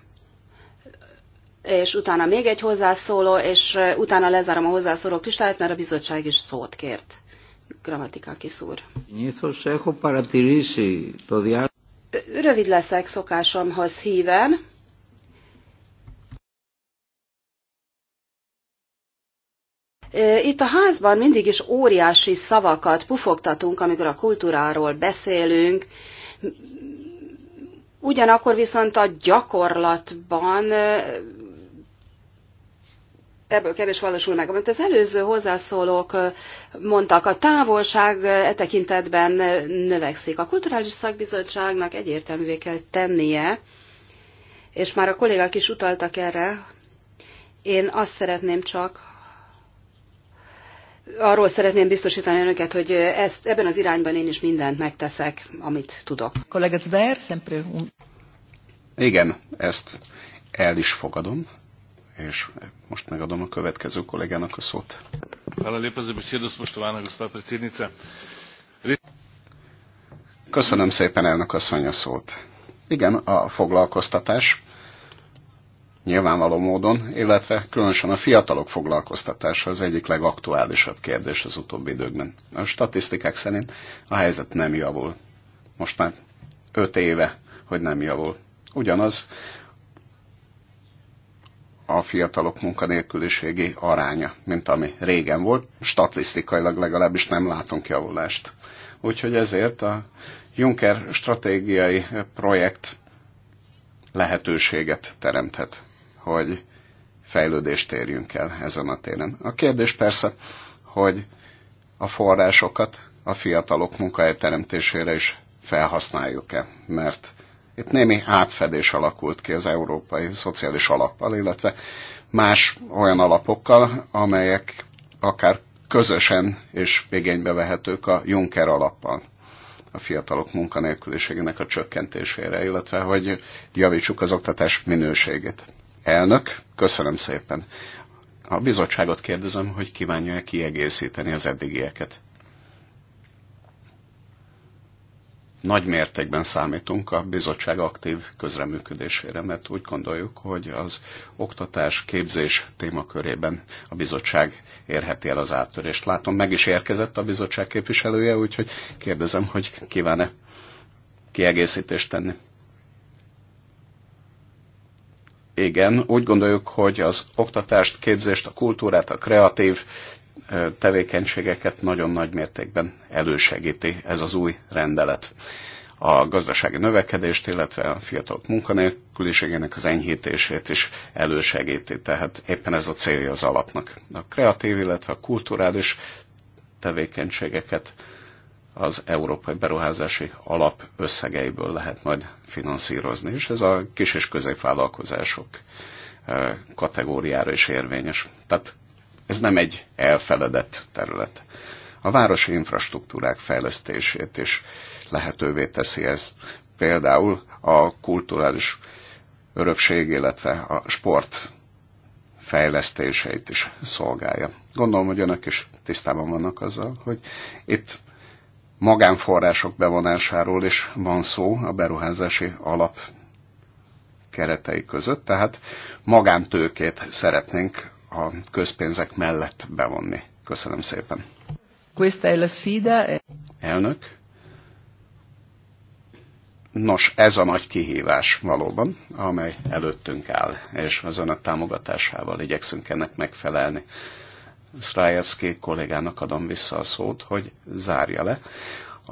és utána még egy hozzászóló, és utána lezárom a hozzászólók listáját, mert a bizottság is szót kért grammatika kiszúr. Rövid leszek szokásomhoz híven. Itt a házban mindig is óriási szavakat pufogtatunk, amikor a kultúráról beszélünk, ugyanakkor viszont a gyakorlatban ebből kevés valósul meg. Amit az előző hozzászólók mondtak, a távolság e tekintetben növekszik. A Kulturális Szakbizottságnak egyértelművé kell tennie, és már a kollégák is utaltak erre, én azt szeretném csak, arról szeretném biztosítani önöket, hogy ezt, ebben az irányban én is mindent megteszek, amit tudok. Kollega Zver, sempre... Igen, ezt el is fogadom és most megadom a következő kollégának a szót. Köszönöm szépen, elnök asszony a szót. Igen, a foglalkoztatás nyilvánvaló módon, illetve különösen a fiatalok foglalkoztatása az egyik legaktuálisabb kérdés az utóbbi időkben. A statisztikák szerint a helyzet nem javul. Most már öt éve, hogy nem javul. Ugyanaz a fiatalok munkanélküliségi aránya, mint ami régen volt. Statisztikailag legalábbis nem látunk javulást. Úgyhogy ezért a Juncker stratégiai projekt lehetőséget teremthet, hogy fejlődést érjünk el ezen a téren. A kérdés persze, hogy a forrásokat a fiatalok munkahelyteremtésére is felhasználjuk-e, mert itt némi átfedés alakult ki az európai szociális alappal, illetve más olyan alapokkal, amelyek akár közösen és igénybe vehetők a Juncker alappal a fiatalok munkanélküliségének a csökkentésére, illetve hogy javítsuk az oktatás minőségét. Elnök, köszönöm szépen. A bizottságot kérdezem, hogy kívánja-e kiegészíteni az eddigieket. nagy mértékben számítunk a bizottság aktív közreműködésére, mert úgy gondoljuk, hogy az oktatás képzés témakörében a bizottság érheti el az áttörést. Látom, meg is érkezett a bizottság képviselője, úgyhogy kérdezem, hogy kíván-e kiegészítést tenni. Igen, úgy gondoljuk, hogy az oktatást, képzést, a kultúrát, a kreatív tevékenységeket nagyon nagy mértékben elősegíti ez az új rendelet. A gazdasági növekedést, illetve a fiatalok munkanélküliségének az enyhítését is elősegíti. Tehát éppen ez a célja az alapnak. A kreatív, illetve a kulturális tevékenységeket az Európai Beruházási Alap összegeiből lehet majd finanszírozni, és ez a kis és középvállalkozások kategóriára is érvényes. Tehát ez nem egy elfeledett terület. A városi infrastruktúrák fejlesztését is lehetővé teszi ez. Például a kulturális örökség, illetve a sport fejlesztéseit is szolgálja. Gondolom, hogy önök is tisztában vannak azzal, hogy itt magánforrások bevonásáról is van szó a beruházási alap keretei között, tehát magántőkét szeretnénk a közpénzek mellett bevonni. Köszönöm szépen. Questa è la sfida. Elnök. Nos, ez a nagy kihívás valóban, amely előttünk áll, és az önök támogatásával igyekszünk ennek megfelelni. Szrájevszki kollégának adom vissza a szót, hogy zárja le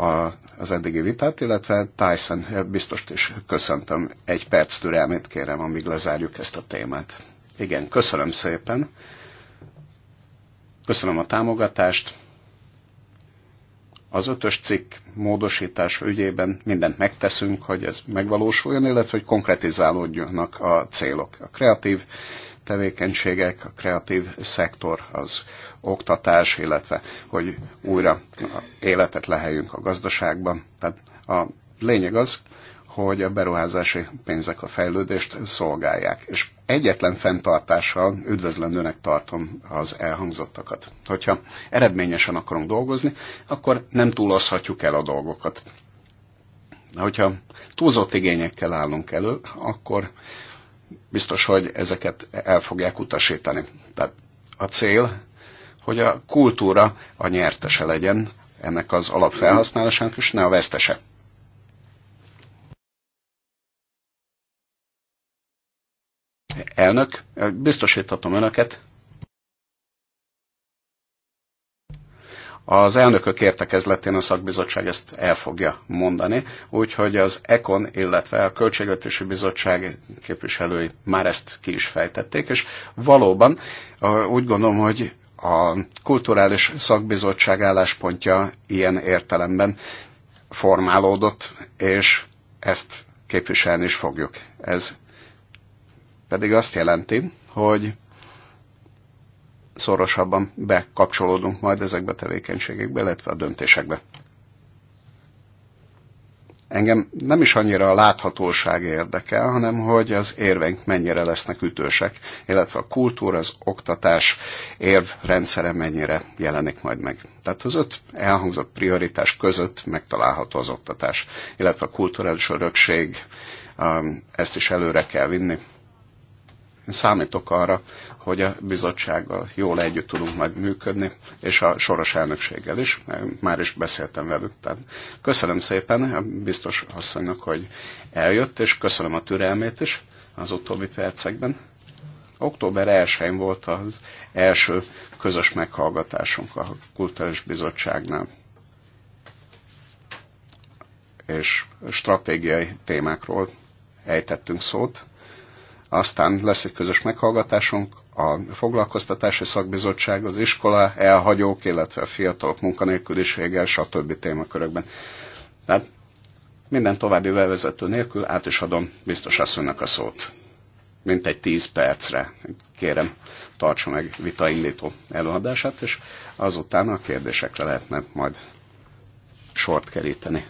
a, az eddigi vitát, illetve Tyson biztos is köszöntöm. Egy perc türelmét kérem, amíg lezárjuk ezt a témát. Igen, köszönöm szépen. Köszönöm a támogatást. Az ötös cikk módosítás ügyében mindent megteszünk, hogy ez megvalósuljon, illetve hogy konkretizálódjanak a célok. A kreatív tevékenységek, a kreatív szektor, az oktatás, illetve hogy újra életet leheljünk a gazdaságban. Tehát a lényeg az, hogy a beruházási pénzek a fejlődést szolgálják. És egyetlen fenntartással üdvözlendőnek tartom az elhangzottakat. Hogyha eredményesen akarunk dolgozni, akkor nem túlozhatjuk el a dolgokat. Hogyha túlzott igényekkel állunk elő, akkor biztos, hogy ezeket el fogják utasítani. Tehát a cél, hogy a kultúra a nyertese legyen ennek az alapfelhasználásának, és ne a vesztese. Elnök, biztosíthatom önöket. Az elnökök értekezletén a szakbizottság ezt el fogja mondani, úgyhogy az ECON, illetve a Költségvetési Bizottság képviselői már ezt ki is fejtették, és valóban úgy gondolom, hogy a kulturális szakbizottság álláspontja ilyen értelemben formálódott, és ezt képviselni is fogjuk. Ez pedig azt jelenti, hogy szorosabban bekapcsolódunk majd ezekbe a tevékenységekbe, illetve a döntésekbe. Engem nem is annyira a láthatóság érdekel, hanem hogy az érveink mennyire lesznek ütősek, illetve a kultúra, az oktatás érv rendszere mennyire jelenik majd meg. Tehát az öt elhangzott prioritás között megtalálható az oktatás, illetve a kulturális örökség, um, ezt is előre kell vinni, Számítok arra, hogy a bizottsággal jól együtt tudunk majd működni, és a soros elnökséggel is, már is beszéltem velük. Tehát köszönöm szépen a biztos asszonynak, hogy eljött, és köszönöm a türelmét is az utóbbi percekben. Október 1-én volt az első közös meghallgatásunk a Kulturális Bizottságnál és stratégiai témákról ejtettünk szót. Aztán lesz egy közös meghallgatásunk, a foglalkoztatási szakbizottság, az iskola, elhagyók, illetve a fiatalok munkanélküliséggel, stb. témakörökben. Tehát minden további bevezető nélkül át is adom biztos asszonynak a szót. Mint egy tíz percre kérem, tartsa meg vitaindító előadását, és azután a kérdésekre lehetne majd sort keríteni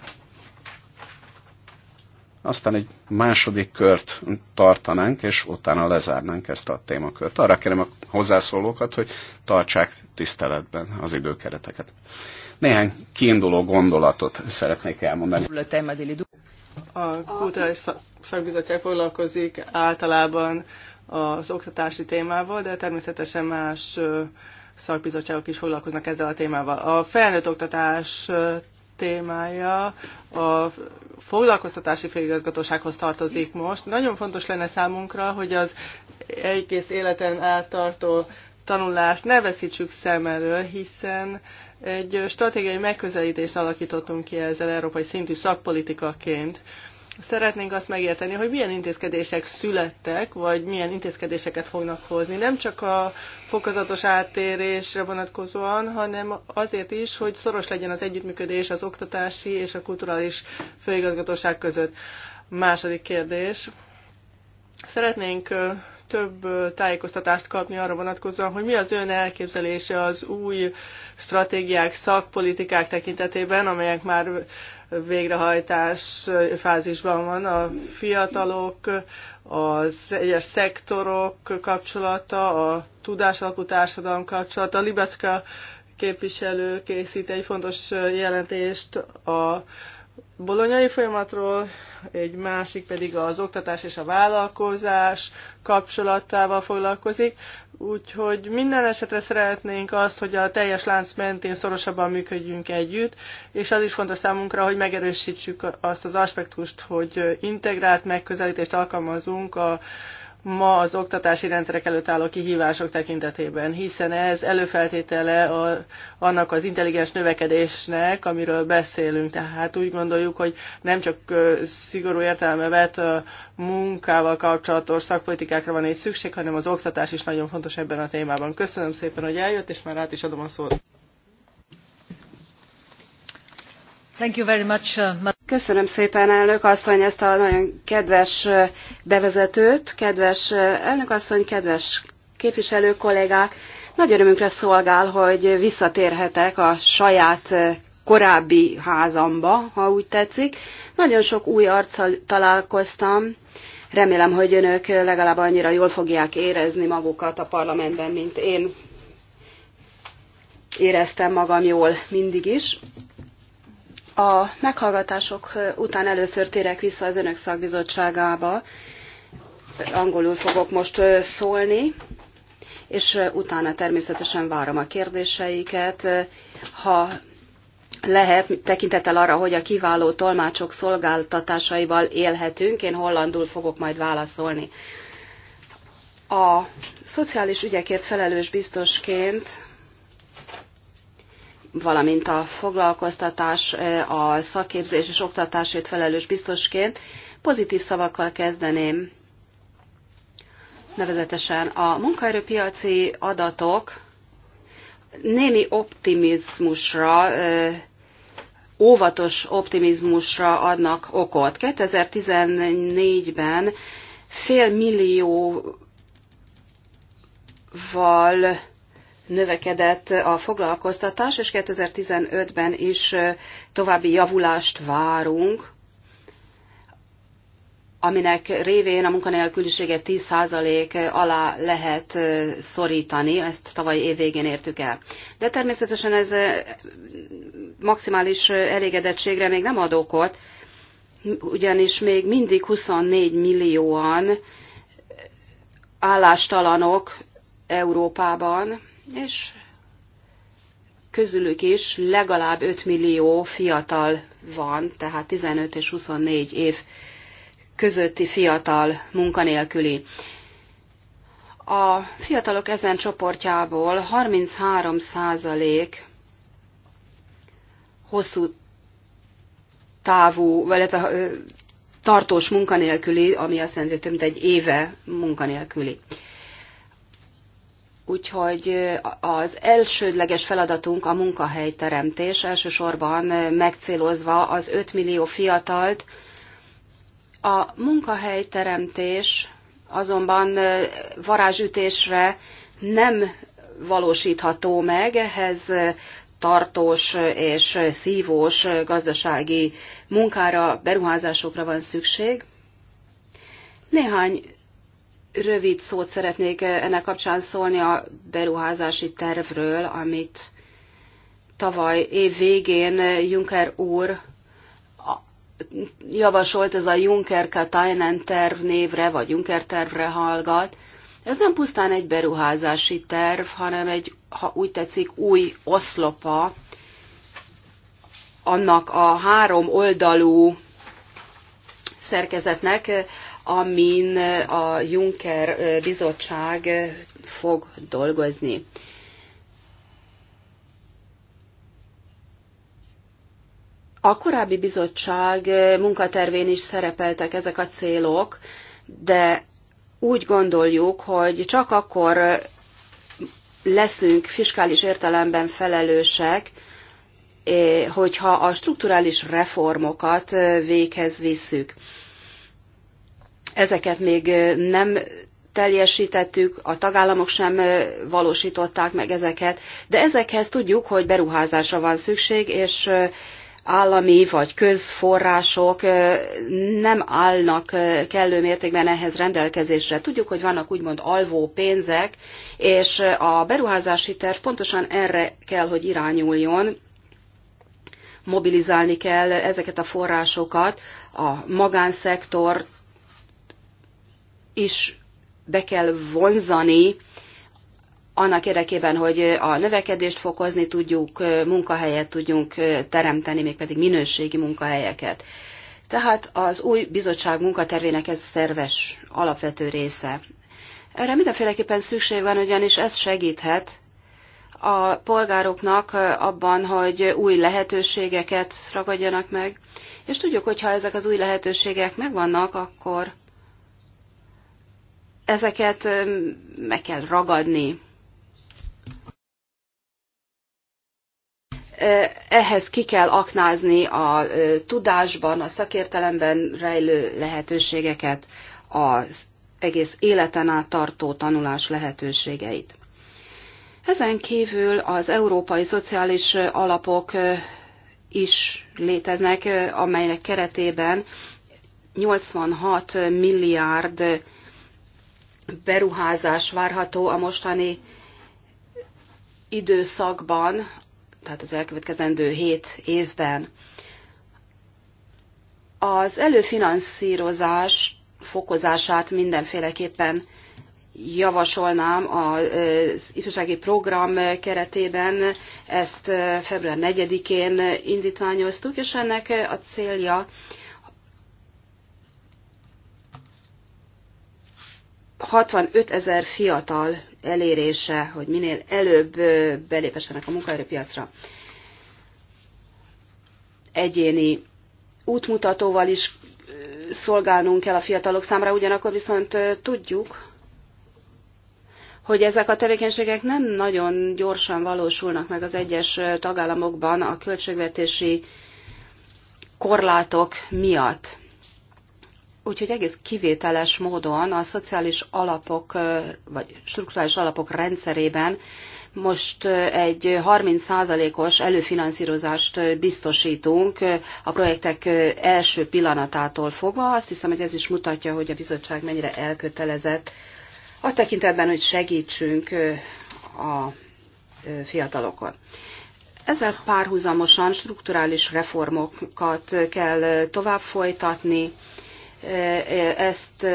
aztán egy második kört tartanánk, és utána lezárnánk ezt a témakört. Arra kérem a hozzászólókat, hogy tartsák tiszteletben az időkereteket. Néhány kiinduló gondolatot szeretnék elmondani. A Kulturális Szakbizottság foglalkozik általában az oktatási témával, de természetesen más szakbizottságok is foglalkoznak ezzel a témával. A felnőtt oktatás témája a foglalkoztatási főigazgatósághoz tartozik most. Nagyon fontos lenne számunkra, hogy az egész életen áttartó tanulást ne veszítsük szem elől, hiszen egy stratégiai megközelítést alakítottunk ki ezzel európai szintű szakpolitikaként. Szeretnénk azt megérteni, hogy milyen intézkedések születtek, vagy milyen intézkedéseket fognak hozni. Nem csak a fokozatos áttérésre vonatkozóan, hanem azért is, hogy szoros legyen az együttműködés az oktatási és a kulturális főigazgatóság között. Második kérdés. Szeretnénk több tájékoztatást kapni arra vonatkozóan, hogy mi az ön elképzelése az új stratégiák, szakpolitikák tekintetében, amelyek már végrehajtás fázisban van a fiatalok, az egyes szektorok kapcsolata, a tudásalapú társadalom kapcsolata. A Libeszka képviselő készít egy fontos jelentést a bolonyai folyamatról, egy másik pedig az oktatás és a vállalkozás kapcsolatával foglalkozik. Úgyhogy minden esetre szeretnénk azt, hogy a teljes lánc mentén szorosabban működjünk együtt, és az is fontos számunkra, hogy megerősítsük azt az aspektust, hogy integrált megközelítést alkalmazunk a ma az oktatási rendszerek előtt álló kihívások tekintetében, hiszen ez előfeltétele a, annak az intelligens növekedésnek, amiről beszélünk. Tehát úgy gondoljuk, hogy nem csak szigorú értelme vett munkával kapcsolatos szakpolitikákra van egy szükség, hanem az oktatás is nagyon fontos ebben a témában. Köszönöm szépen, hogy eljött, és már át is adom a szót. Uh, Köszönöm szépen, elnök asszony, ezt a nagyon kedves uh, bevezetőt, kedves uh, elnök asszony, kedves képviselő kollégák. Nagy örömünkre szolgál, hogy visszatérhetek a saját korábbi házamba, ha úgy tetszik. Nagyon sok új arccal találkoztam. Remélem, hogy önök legalább annyira jól fogják érezni magukat a parlamentben, mint én éreztem magam jól mindig is. A meghallgatások után először térek vissza az Önök szakbizottságába. Angolul fogok most szólni, és utána természetesen várom a kérdéseiket. Ha lehet, tekintettel arra, hogy a kiváló tolmácsok szolgáltatásaival élhetünk, én hollandul fogok majd válaszolni. A szociális ügyekért felelős biztosként valamint a foglalkoztatás, a szakképzés és oktatásért felelős biztosként pozitív szavakkal kezdeném. Nevezetesen a munkaerőpiaci adatok némi optimizmusra, óvatos optimizmusra adnak okot. 2014-ben fél millióval növekedett a foglalkoztatás, és 2015-ben is további javulást várunk, aminek révén a munkanélküliséget 10% alá lehet szorítani, ezt tavaly év végén értük el. De természetesen ez maximális elégedettségre még nem ad okot, ugyanis még mindig 24 millióan állástalanok Európában, és közülük is legalább 5 millió fiatal van, tehát 15 és 24 év közötti fiatal munkanélküli. A fiatalok ezen csoportjából 33 százalék hosszú távú, illetve tartós munkanélküli, ami azt jelenti, hogy több mint egy éve munkanélküli. Úgyhogy az elsődleges feladatunk a munkahelyteremtés, elsősorban megcélozva az 5 millió fiatalt. A munkahelyteremtés azonban varázsütésre nem valósítható meg, ehhez tartós és szívós gazdasági munkára, beruházásokra van szükség. Néhány rövid szót szeretnék ennek kapcsán szólni a beruházási tervről, amit tavaly év végén Juncker úr javasolt, ez a Juncker Katainen terv névre, vagy Juncker tervre hallgat. Ez nem pusztán egy beruházási terv, hanem egy, ha úgy tetszik, új oszlopa annak a három oldalú szerkezetnek, amin a Juncker bizottság fog dolgozni. A korábbi bizottság munkatervén is szerepeltek ezek a célok, de úgy gondoljuk, hogy csak akkor leszünk fiskális értelemben felelősek, hogyha a strukturális reformokat véghez visszük ezeket még nem teljesítettük, a tagállamok sem valósították meg ezeket, de ezekhez tudjuk, hogy beruházásra van szükség, és állami vagy közforrások nem állnak kellő mértékben ehhez rendelkezésre. Tudjuk, hogy vannak úgymond alvó pénzek, és a beruházási terv pontosan erre kell, hogy irányuljon. Mobilizálni kell ezeket a forrásokat, a magánszektort, is be kell vonzani annak érdekében, hogy a növekedést fokozni tudjuk, munkahelyet tudjunk teremteni, mégpedig minőségi munkahelyeket. Tehát az új bizottság munkatervének ez szerves, alapvető része. Erre mindenféleképpen szükség van, ugyanis ez segíthet a polgároknak abban, hogy új lehetőségeket ragadjanak meg, és tudjuk, hogy ha ezek az új lehetőségek megvannak, akkor ezeket meg kell ragadni. Ehhez ki kell aknázni a tudásban, a szakértelemben rejlő lehetőségeket, az egész életen át tartó tanulás lehetőségeit. Ezen kívül az európai szociális alapok is léteznek, amelynek keretében 86 milliárd beruházás várható a mostani időszakban, tehát az elkövetkezendő hét évben. Az előfinanszírozás fokozását mindenféleképpen javasolnám az ifjúsági program keretében. Ezt február 4-én indítványoztuk, és ennek a célja 65 ezer fiatal elérése, hogy minél előbb belépessenek a munkaerőpiacra. Egyéni útmutatóval is szolgálnunk kell a fiatalok számára, ugyanakkor viszont tudjuk, hogy ezek a tevékenységek nem nagyon gyorsan valósulnak meg az egyes tagállamokban a költségvetési korlátok miatt. Úgyhogy egész kivételes módon a szociális alapok, vagy strukturális alapok rendszerében most egy 30%-os előfinanszírozást biztosítunk a projektek első pillanatától fogva. Azt hiszem, hogy ez is mutatja, hogy a bizottság mennyire elkötelezett a tekintetben, hogy segítsünk a fiatalokon. Ezzel párhuzamosan strukturális reformokat kell tovább folytatni, ezt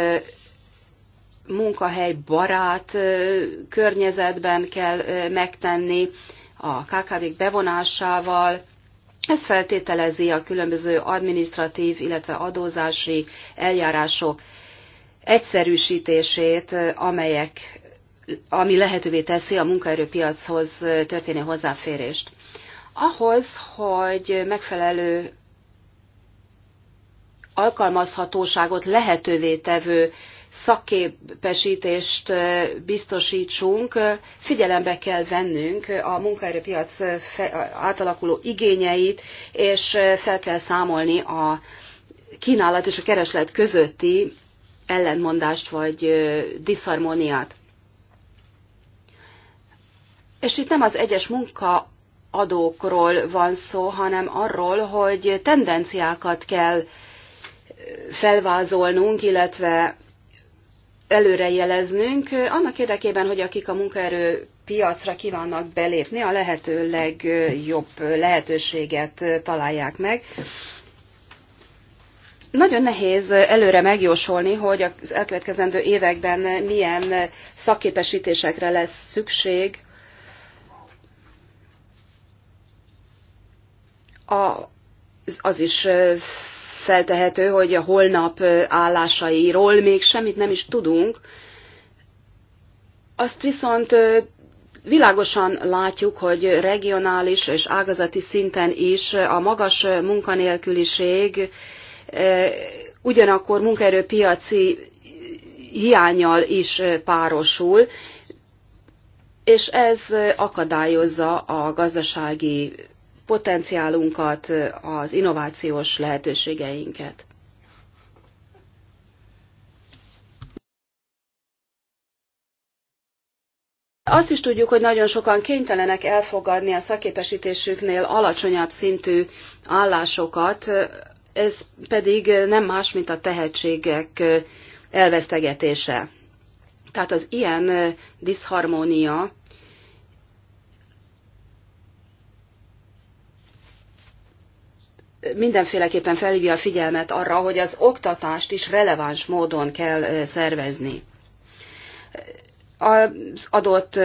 munkahely barát környezetben kell megtenni, a kkv bevonásával. Ez feltételezi a különböző administratív, illetve adózási eljárások egyszerűsítését, amelyek, ami lehetővé teszi a munkaerőpiachoz történő hozzáférést. Ahhoz, hogy megfelelő alkalmazhatóságot lehetővé tevő szakképesítést biztosítsunk, figyelembe kell vennünk a munkaerőpiac átalakuló igényeit, és fel kell számolni a kínálat és a kereslet közötti ellentmondást vagy diszharmóniát. És itt nem az egyes munka adókról van szó, hanem arról, hogy tendenciákat kell felvázolnunk, illetve előrejeleznünk, annak érdekében, hogy akik a munkaerő piacra kívánnak belépni, a lehető legjobb lehetőséget találják meg. Nagyon nehéz előre megjósolni, hogy az elkövetkezendő években milyen szakképesítésekre lesz szükség. A, az is feltehető, hogy a holnap állásairól még semmit nem is tudunk. Azt viszont világosan látjuk, hogy regionális és ágazati szinten is a magas munkanélküliség ugyanakkor munkaerőpiaci hiányal is párosul, és ez akadályozza a gazdasági potenciálunkat, az innovációs lehetőségeinket. Azt is tudjuk, hogy nagyon sokan kénytelenek elfogadni a szaképesítésüknél alacsonyabb szintű állásokat, ez pedig nem más, mint a tehetségek elvesztegetése. Tehát az ilyen diszharmónia mindenféleképpen felhívja a figyelmet arra, hogy az oktatást is releváns módon kell szervezni. Az adott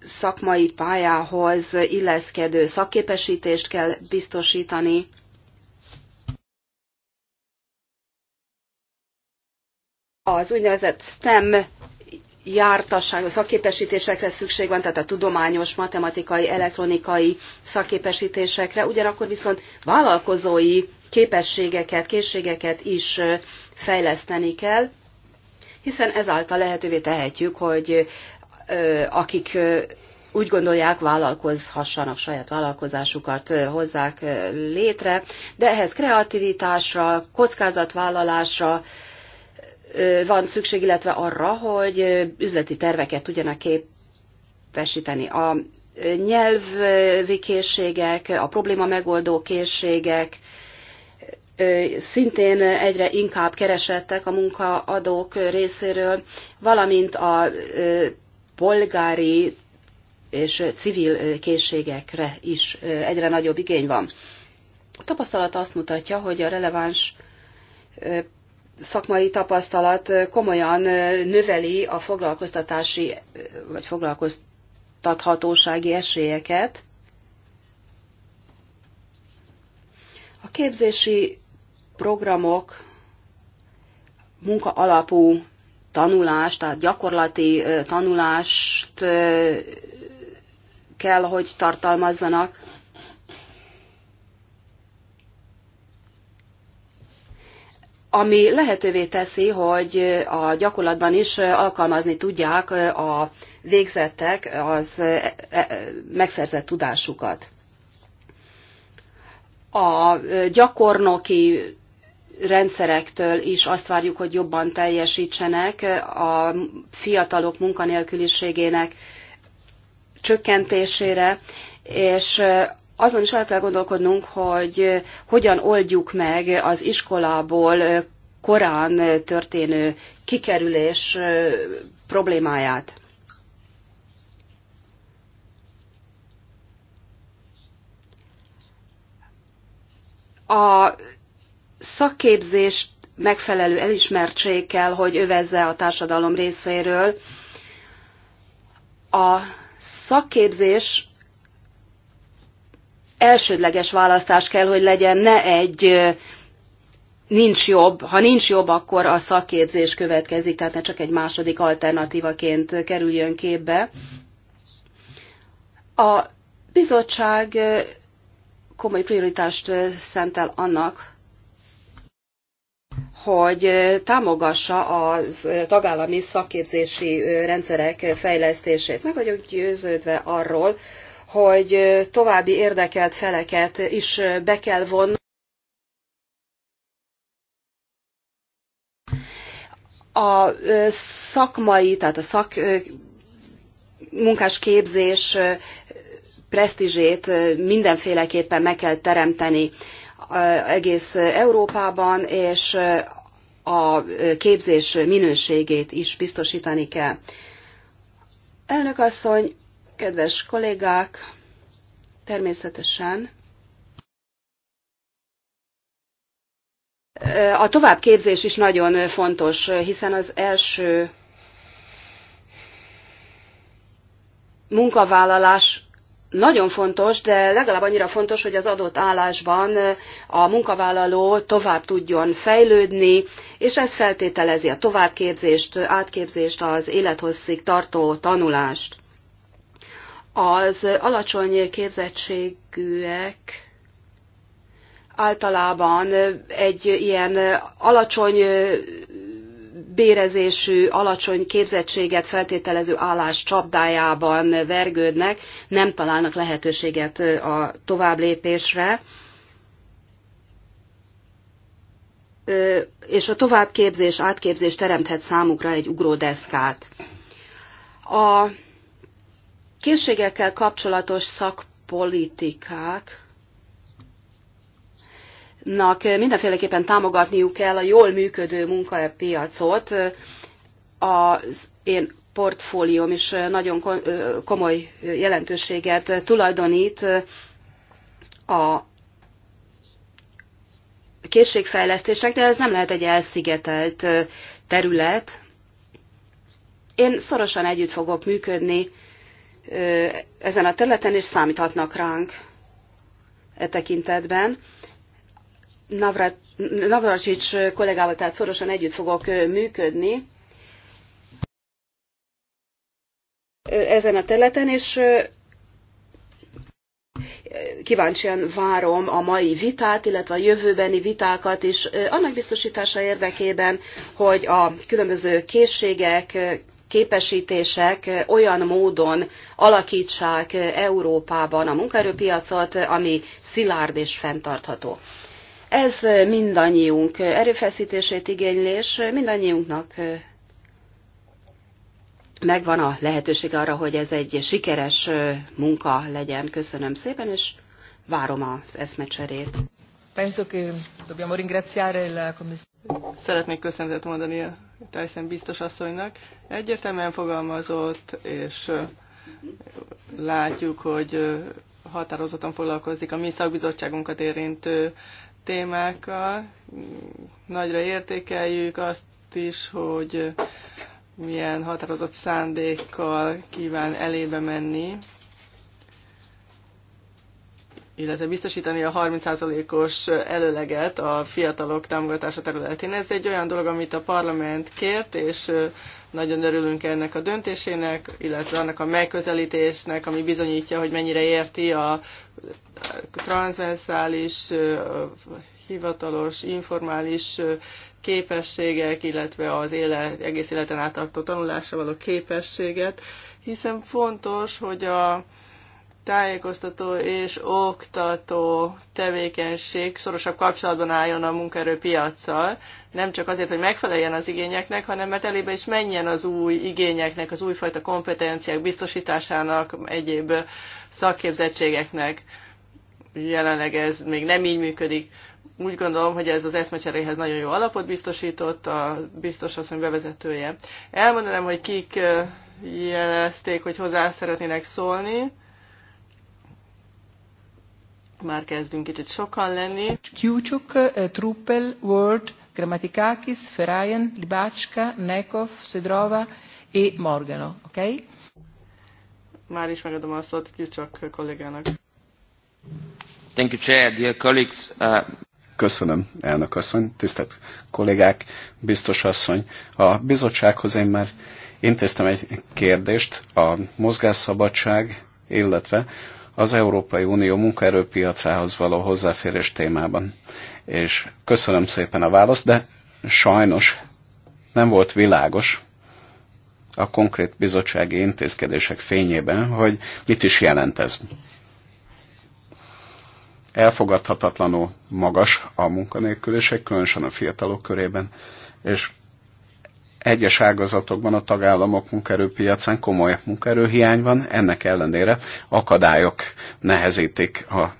szakmai pályához illeszkedő szakképesítést kell biztosítani, az úgynevezett STEM jártasságra, szakképesítésekre szükség van, tehát a tudományos, matematikai, elektronikai szakképesítésekre, ugyanakkor viszont vállalkozói képességeket, készségeket is fejleszteni kell, hiszen ezáltal lehetővé tehetjük, hogy akik úgy gondolják, vállalkozhassanak saját vállalkozásukat, hozzák létre, de ehhez kreativitásra, kockázatvállalásra, van szükség, illetve arra, hogy üzleti terveket tudjanak képesíteni. A nyelvi készségek, a probléma megoldó készségek szintén egyre inkább keresettek a munkaadók részéről, valamint a polgári és civil készségekre is egyre nagyobb igény van. A tapasztalat azt mutatja, hogy a releváns szakmai tapasztalat komolyan növeli a foglalkoztatási vagy foglalkoztathatósági esélyeket. A képzési programok munka alapú tanulást, tehát gyakorlati tanulást kell, hogy tartalmazzanak. ami lehetővé teszi, hogy a gyakorlatban is alkalmazni tudják a végzettek az e, e, megszerzett tudásukat. A gyakornoki rendszerektől is azt várjuk, hogy jobban teljesítsenek a fiatalok munkanélküliségének csökkentésére, és azon is el kell gondolkodnunk, hogy eh, hogyan oldjuk meg az iskolából eh, korán eh, történő kikerülés problémáját. A szakképzést megfelelő elismertség kell, hogy övezze a társadalom részéről. A szakképzés elsődleges választás kell, hogy legyen, ne egy nincs jobb, ha nincs jobb, akkor a szakképzés következik, tehát ne csak egy második alternatívaként kerüljön képbe. A bizottság komoly prioritást szentel annak, hogy támogassa az tagállami szakképzési rendszerek fejlesztését. Meg vagyok győződve arról, hogy további érdekelt feleket is be kell vonni. A szakmai, tehát a szak munkás képzés presztízsét mindenféleképpen meg kell teremteni egész Európában, és a képzés minőségét is biztosítani kell. Elnök asszony, Kedves kollégák, természetesen a továbbképzés is nagyon fontos, hiszen az első munkavállalás nagyon fontos, de legalább annyira fontos, hogy az adott állásban a munkavállaló tovább tudjon fejlődni, és ez feltételezi a továbbképzést, átképzést, az élethosszig tartó tanulást az alacsony képzettségűek általában egy ilyen alacsony bérezésű, alacsony képzettséget feltételező állás csapdájában vergődnek, nem találnak lehetőséget a továbblépésre. És a továbbképzés, átképzés teremthet számukra egy ugródeszkát. A készségekkel kapcsolatos szakpolitikák nak mindenféleképpen támogatniuk kell a jól működő munkapiacot. Az én portfólióm is nagyon komoly jelentőséget tulajdonít a készségfejlesztésnek, de ez nem lehet egy elszigetelt terület. Én szorosan együtt fogok működni ezen a területen, és számíthatnak ránk e tekintetben. Navracsics kollégával tehát szorosan együtt fogok működni ezen a területen, és kíváncsian várom a mai vitát, illetve a jövőbeni vitákat is, annak biztosítása érdekében, hogy a különböző készségek, képesítések olyan módon alakítsák Európában a munkaerőpiacot, ami szilárd és fenntartható. Ez mindannyiunk erőfeszítését igénylés, mindannyiunknak megvan a lehetőség arra, hogy ez egy sikeres munka legyen. Köszönöm szépen, és várom az eszmecserét. Szeretnék köszönetet mondani a Tyson biztos asszonynak. Egyértelműen fogalmazott, és látjuk, hogy határozottan foglalkozik a mi szakbizottságunkat érintő témákkal. Nagyra értékeljük azt is, hogy milyen határozott szándékkal kíván elébe menni illetve biztosítani a 30%-os előleget a fiatalok támogatása területén. Ez egy olyan dolog, amit a parlament kért, és nagyon örülünk ennek a döntésének, illetve annak a megközelítésnek, ami bizonyítja, hogy mennyire érti a transzverszális, hivatalos, informális képességek, illetve az éle, egész életen átartó tanulásra való képességet, hiszen fontos, hogy a tájékoztató és oktató tevékenység szorosabb kapcsolatban álljon a munkaerőpiacsal, nem csak azért, hogy megfeleljen az igényeknek, hanem mert elébe is menjen az új igényeknek, az újfajta kompetenciák biztosításának, egyéb szakképzettségeknek. Jelenleg ez még nem így működik. Úgy gondolom, hogy ez az eszmecseréhez nagyon jó alapot biztosított, a biztos asszony bevezetője. Elmondanám, hogy kik eh, jelezték, hogy hozzá szeretnének szólni már kezdünk kicsit sokan lenni. Kyucsuk, eh, Truppel, Word, Grammatikakis, Ferajen, Libácska, Nekov, Szedrova és Morgano. Oké? Okay? Már is megadom a szót Kyucsuk kollégának. Thank you, Chair, dear colleagues. Uh... Köszönöm, elnök asszony, tisztelt kollégák, biztos asszony. A bizottsághoz én már intéztem egy kérdést, a mozgásszabadság, illetve az Európai Unió munkaerőpiacához való hozzáférés témában. És köszönöm szépen a választ, de sajnos nem volt világos a konkrét bizottsági intézkedések fényében, hogy mit is jelent ez. Elfogadhatatlanul magas a munkanélküliség, különösen a fiatalok körében, és egyes ágazatokban a tagállamok munkerőpiacán komoly munkerőhiány van, ennek ellenére akadályok nehezítik a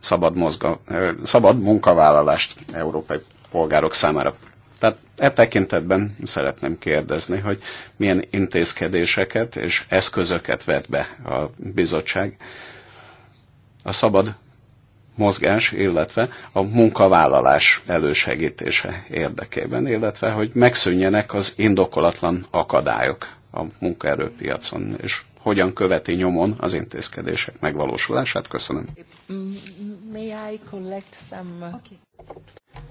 szabad, mozga, szabad munkavállalást európai polgárok számára. Tehát e tekintetben szeretném kérdezni, hogy milyen intézkedéseket és eszközöket vet be a bizottság a szabad mozgás, illetve a munkavállalás elősegítése érdekében, illetve hogy megszűnjenek az indokolatlan akadályok a munkaerőpiacon, és hogyan követi nyomon az intézkedések megvalósulását. Köszönöm. May I collect some...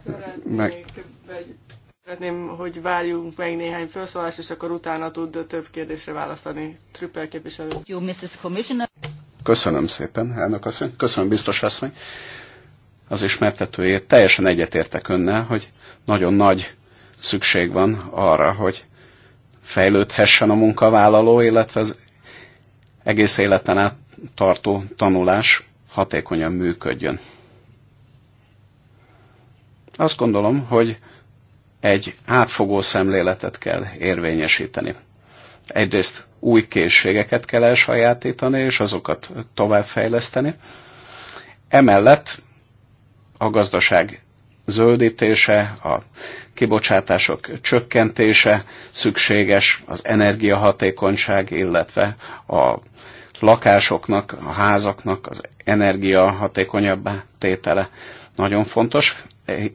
Okay. Szeretném, hogy várjunk meg néhány felszólást, és akkor utána tud több kérdésre választani. Trüppel képviselő. Jó, Mrs. Commissioner. Köszönöm szépen, elnök asszony. Köszönöm, biztos asszony. Az ismertetőjét teljesen egyetértek önnel, hogy nagyon nagy szükség van arra, hogy fejlődhessen a munkavállaló, illetve az egész életen át tartó tanulás hatékonyan működjön. Azt gondolom, hogy egy átfogó szemléletet kell érvényesíteni. Egyrészt új készségeket kell elsajátítani, és azokat továbbfejleszteni. Emellett a gazdaság zöldítése, a kibocsátások csökkentése szükséges, az energiahatékonyság, illetve a lakásoknak, a házaknak az energiahatékonyabbá tétele nagyon fontos.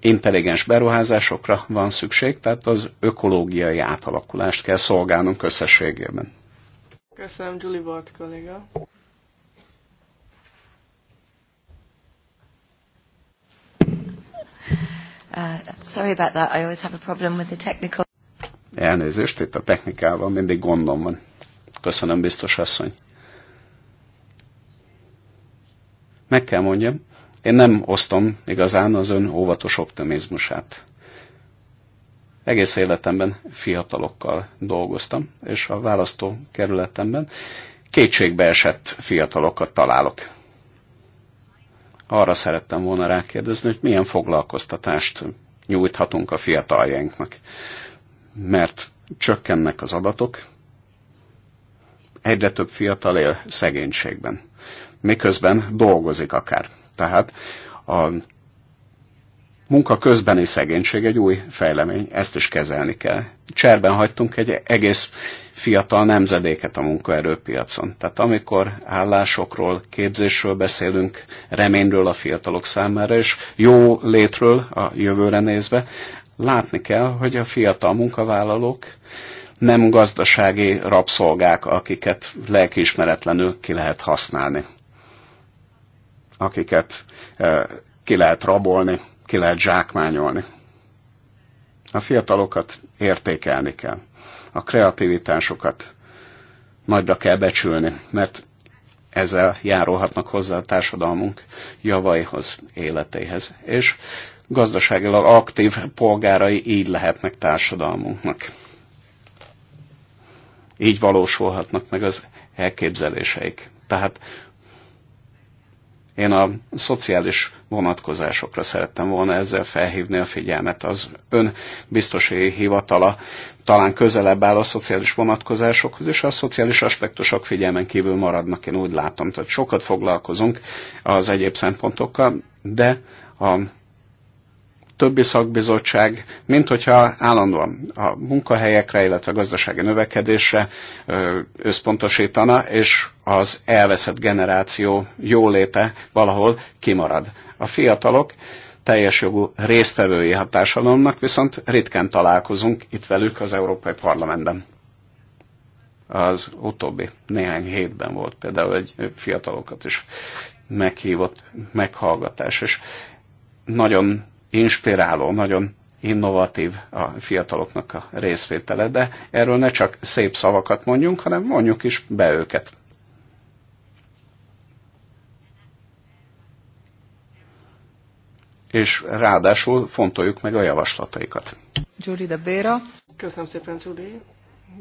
Intelligens beruházásokra van szükség, tehát az ökológiai átalakulást kell szolgálnunk összességében. Köszönöm, Julie Bart kolléga. Uh, sorry about that, I always have a problem with the technical... Elnézést, itt a technikával mindig gondom van. Köszönöm, biztos asszony. Meg kell mondjam, én nem osztom igazán az ön óvatos optimizmusát. Egész életemben fiatalokkal dolgoztam, és a választó kerületemben kétségbeesett fiatalokat találok. Arra szerettem volna rákérdezni, hogy milyen foglalkoztatást nyújthatunk a fiataljainknak. Mert csökkennek az adatok, egyre több fiatal él szegénységben, miközben dolgozik akár. Tehát a munka közbeni szegénység egy új fejlemény, ezt is kezelni kell. Cserben hagytunk egy egész fiatal nemzedéket a munkaerőpiacon. Tehát amikor állásokról, képzésről beszélünk, reményről a fiatalok számára, és jó létről a jövőre nézve, látni kell, hogy a fiatal munkavállalók nem gazdasági rabszolgák, akiket lelkiismeretlenül ki lehet használni, akiket eh, ki lehet rabolni, ki lehet zsákmányolni. A fiatalokat értékelni kell, a kreativitásokat nagyra kell becsülni, mert ezzel járulhatnak hozzá a társadalmunk javaihoz, életéhez. És gazdaságilag aktív polgárai így lehetnek társadalmunknak. Így valósulhatnak meg az elképzeléseik. Tehát én a szociális vonatkozásokra szerettem volna ezzel felhívni a figyelmet. Az ön biztosi hivatala talán közelebb áll a szociális vonatkozásokhoz, és a szociális aspektusok figyelmen kívül maradnak, én úgy látom. Tehát sokat foglalkozunk az egyéb szempontokkal, de a többi szakbizottság, mint hogyha állandóan a munkahelyekre, illetve a gazdasági növekedésre összpontosítana, és az elveszett generáció jóléte valahol kimarad. A fiatalok teljes jogú résztvevői határsadalomnak viszont ritkán találkozunk itt velük az Európai Parlamentben. Az utóbbi néhány hétben volt például egy fiatalokat is meghívott meghallgatás, és nagyon inspiráló, nagyon innovatív a fiataloknak a részvétele, de erről ne csak szép szavakat mondjunk, hanem mondjuk is be őket. És ráadásul fontoljuk meg a javaslataikat. Julie de Béra. Köszönöm szépen, Judy.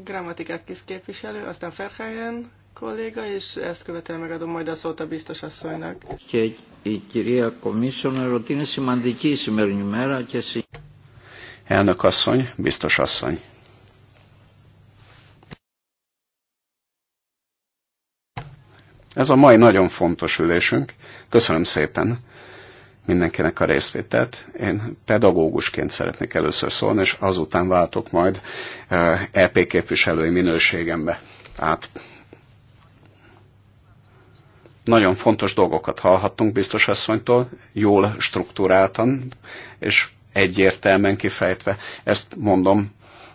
Grammatikák kis képviselő, aztán Ferhelyen kolléga, és ezt követően megadom majd a szót a biztos asszonynak. Úgyhogy η κυρία Κομίσονερ ότι είναι σημαντική η σημερινή μέρα και συ... Elnök asszony, biztos asszony. Ez a mai nagyon fontos ülésünk. Köszönöm szépen mindenkinek a részvételt. Én pedagógusként szeretnék először szólni, és azután váltok majd EP eh, e képviselői minőségembe át nagyon fontos dolgokat hallhattunk biztos asszonytól, jól struktúráltan és egyértelműen kifejtve. Ezt mondom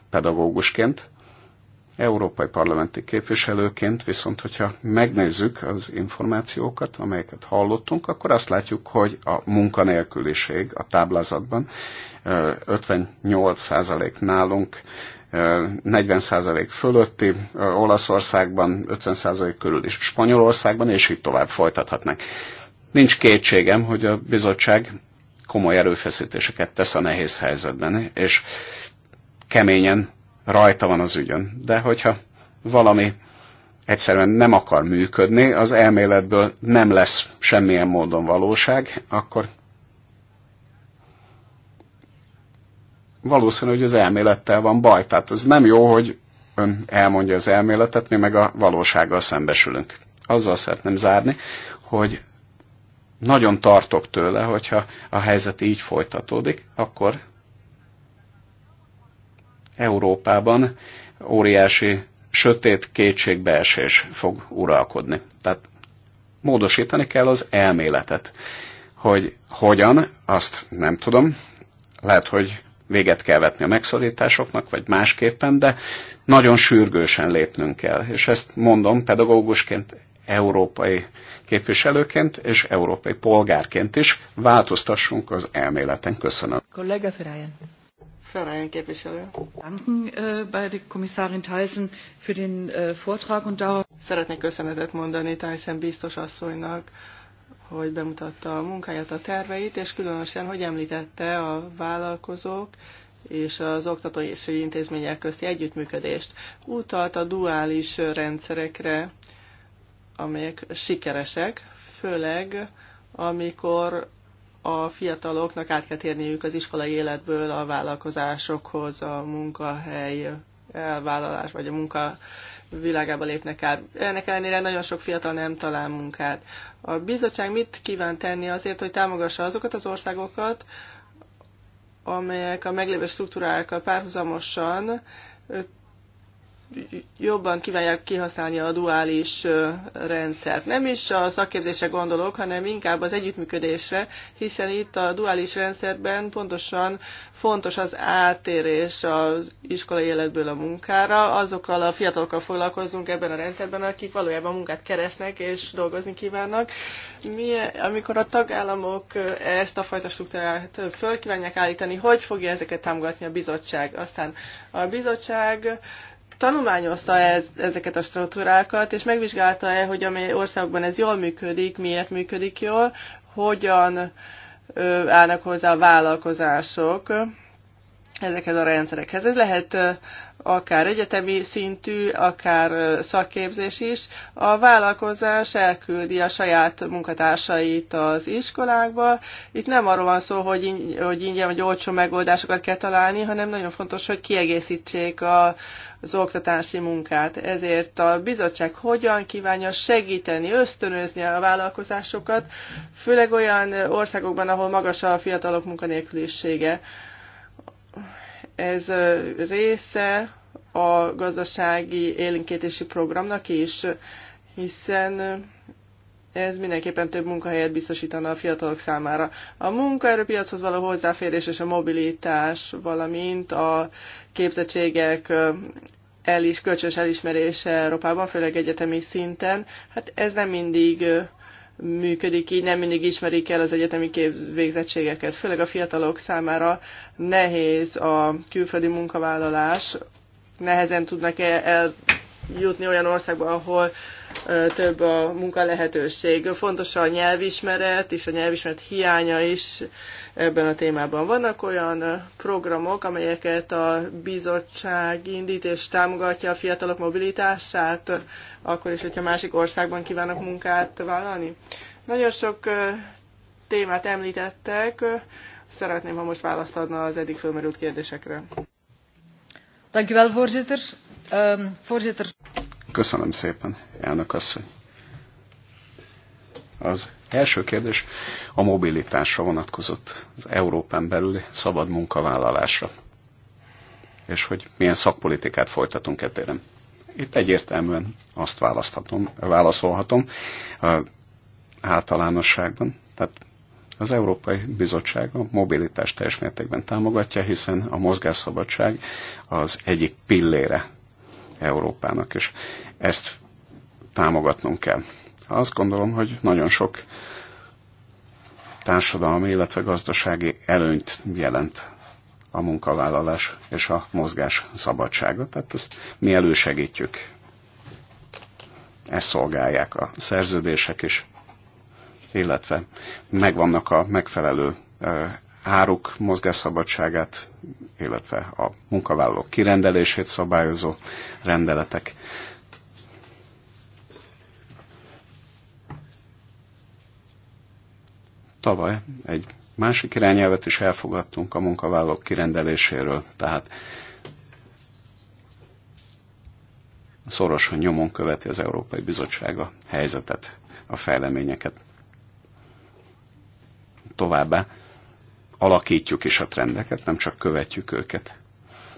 pedagógusként, európai parlamenti képviselőként, viszont hogyha megnézzük az információkat, amelyeket hallottunk, akkor azt látjuk, hogy a munkanélküliség a táblázatban 58% nálunk 40% fölötti, Olaszországban 50% körül is, Spanyolországban, és így tovább folytathatnak. Nincs kétségem, hogy a bizottság komoly erőfeszítéseket tesz a nehéz helyzetben, és keményen rajta van az ügyön. De hogyha valami egyszerűen nem akar működni, az elméletből nem lesz semmilyen módon valóság, akkor valószínű, hogy az elmélettel van baj. Tehát ez nem jó, hogy ön elmondja az elméletet, mi meg a valósággal szembesülünk. Azzal szeretném zárni, hogy nagyon tartok tőle, hogyha a helyzet így folytatódik, akkor Európában óriási sötét kétségbeesés fog uralkodni. Tehát módosítani kell az elméletet. Hogy hogyan, azt nem tudom. Lehet, hogy véget kell vetni a megszorításoknak, vagy másképpen, de nagyon sürgősen lépnünk kell. És ezt mondom pedagógusként, európai képviselőként és európai polgárként is változtassunk az elméleten. Köszönöm. Kollega Ferályen. Ferályen képviselő. Danken äh, bei der Kommissarin Tyson für den äh, Vortrag und Szeretnék köszönetet mondani Tyson biztos asszonynak hogy bemutatta a munkáját, a terveit, és különösen, hogy említette a vállalkozók és az oktatói intézmények közti együttműködést. Utalt a duális rendszerekre, amelyek sikeresek, főleg amikor a fiataloknak át kell térniük az iskolai életből a vállalkozásokhoz, a munkahely elvállalás vagy a munka világába lépnek át. Ennek ellenére nagyon sok fiatal nem talál munkát. A bizottság mit kíván tenni azért, hogy támogassa azokat az országokat, amelyek a meglévő struktúrákkal párhuzamosan jobban kívánják kihasználni a duális rendszert. Nem is a szakképzésre gondolok, hanem inkább az együttműködésre, hiszen itt a duális rendszerben pontosan fontos az átérés az iskolai életből a munkára. Azokkal a fiatalokkal foglalkozunk ebben a rendszerben, akik valójában munkát keresnek és dolgozni kívánnak. Mi, amikor a tagállamok ezt a fajta struktúrát fölkívánják állítani, hogy fogja ezeket támogatni a bizottság? Aztán a bizottság tanulmányozta ez, ezeket a struktúrákat, és megvizsgálta-e, hogy amely országokban ez jól működik, miért működik jól, hogyan ö, állnak hozzá a vállalkozások ezekhez a rendszerekhez. Ez lehet akár egyetemi szintű, akár szakképzés is. A vállalkozás elküldi a saját munkatársait az iskolákba. Itt nem arról van szó, hogy, in, hogy ingyen vagy olcsó megoldásokat kell találni, hanem nagyon fontos, hogy kiegészítsék a, az oktatási munkát. Ezért a bizottság hogyan kívánja segíteni, ösztönözni a vállalkozásokat, főleg olyan országokban, ahol magas a fiatalok munkanélkülisége. Ez része a gazdasági élénkítési programnak is, hiszen ez mindenképpen több munkahelyet biztosítana a fiatalok számára. A munkaerőpiachoz való hozzáférés és a mobilitás, valamint a képzettségek el is, kölcsönös elismerése Európában, főleg egyetemi szinten, hát ez nem mindig működik így, nem mindig ismerik el az egyetemi végzettségeket. Főleg a fiatalok számára nehéz a külföldi munkavállalás, nehezen tudnak el, el jutni olyan országba, ahol több a munkalehetőség. Fontos a nyelvismeret, és a nyelvismeret hiánya is ebben a témában. Vannak olyan programok, amelyeket a bizottság indít és támogatja a fiatalok mobilitását, akkor is, hogyha másik országban kívánnak munkát vállalni. Nagyon sok témát említettek, szeretném, ha most választ adna az eddig felmerült kérdésekre. Dankjewel, voorzitter. Ehm, Köszönöm szépen, elnök asszony. Az első kérdés a mobilitásra vonatkozott, az Európán belüli szabad munkavállalásra. És hogy milyen szakpolitikát folytatunk e téren. Itt egyértelműen azt választhatom, válaszolhatom általánosságban. Tehát az Európai Bizottság a mobilitást teljes mértékben támogatja, hiszen a mozgásszabadság az egyik pillére Európának, és ezt támogatnunk kell. Azt gondolom, hogy nagyon sok társadalmi, illetve gazdasági előnyt jelent a munkavállalás és a mozgás szabadsága. Tehát ezt mi elősegítjük. Ezt szolgálják a szerződések is, illetve megvannak a megfelelő áruk mozgásszabadságát, illetve a munkavállalók kirendelését szabályozó rendeletek. Tavaly egy másik irányelvet is elfogadtunk a munkavállalók kirendeléséről, tehát szorosan nyomon követi az Európai Bizottság a helyzetet, a fejleményeket. Továbbá alakítjuk is a trendeket, nem csak követjük őket.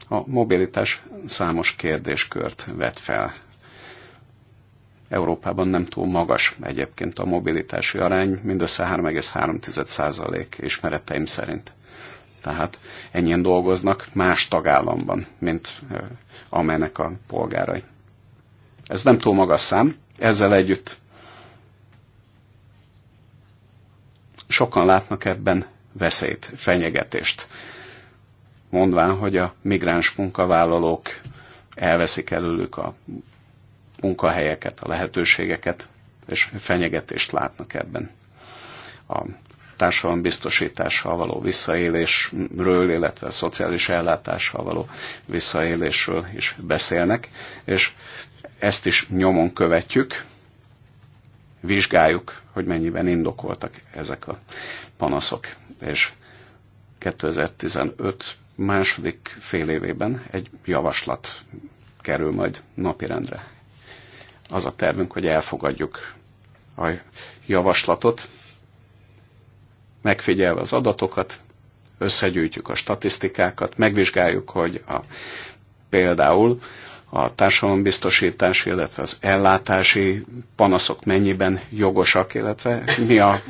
A mobilitás számos kérdéskört vet fel. Európában nem túl magas egyébként a mobilitási arány, mindössze 3,3% ismereteim szerint. Tehát ennyien dolgoznak más tagállamban, mint amelynek a polgárai. Ez nem túl magas szám, ezzel együtt sokan látnak ebben veszélyt, fenyegetést. Mondván, hogy a migráns munkavállalók elveszik előlük a munkahelyeket, a lehetőségeket, és fenyegetést látnak ebben. A biztosítással való visszaélésről, illetve a szociális ellátással való visszaélésről is beszélnek, és ezt is nyomon követjük, vizsgáljuk, hogy mennyiben indokoltak ezek a panaszok. És 2015 második fél évében egy javaslat kerül majd napirendre. Az a tervünk, hogy elfogadjuk a javaslatot, megfigyelve az adatokat, összegyűjtjük a statisztikákat, megvizsgáljuk, hogy a, például a társadalombiztosítás, illetve az ellátási panaszok mennyiben jogosak, illetve mi, a,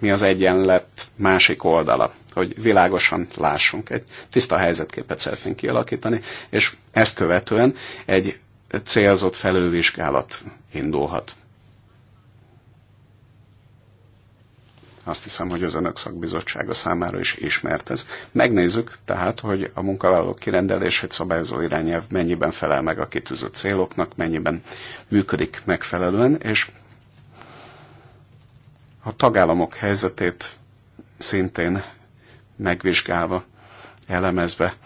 mi az egyenlet másik oldala, hogy világosan lássunk. Egy tiszta helyzetképet szeretnénk kialakítani, és ezt követően egy célzott felővizsgálat indulhat. Azt hiszem, hogy az önök szakbizottsága számára is ismert ez. Megnézzük tehát, hogy a munkavállalók kirendelését szabályozó irányelv mennyiben felel meg a kitűzött céloknak, mennyiben működik megfelelően, és a tagállamok helyzetét szintén megvizsgálva, elemezve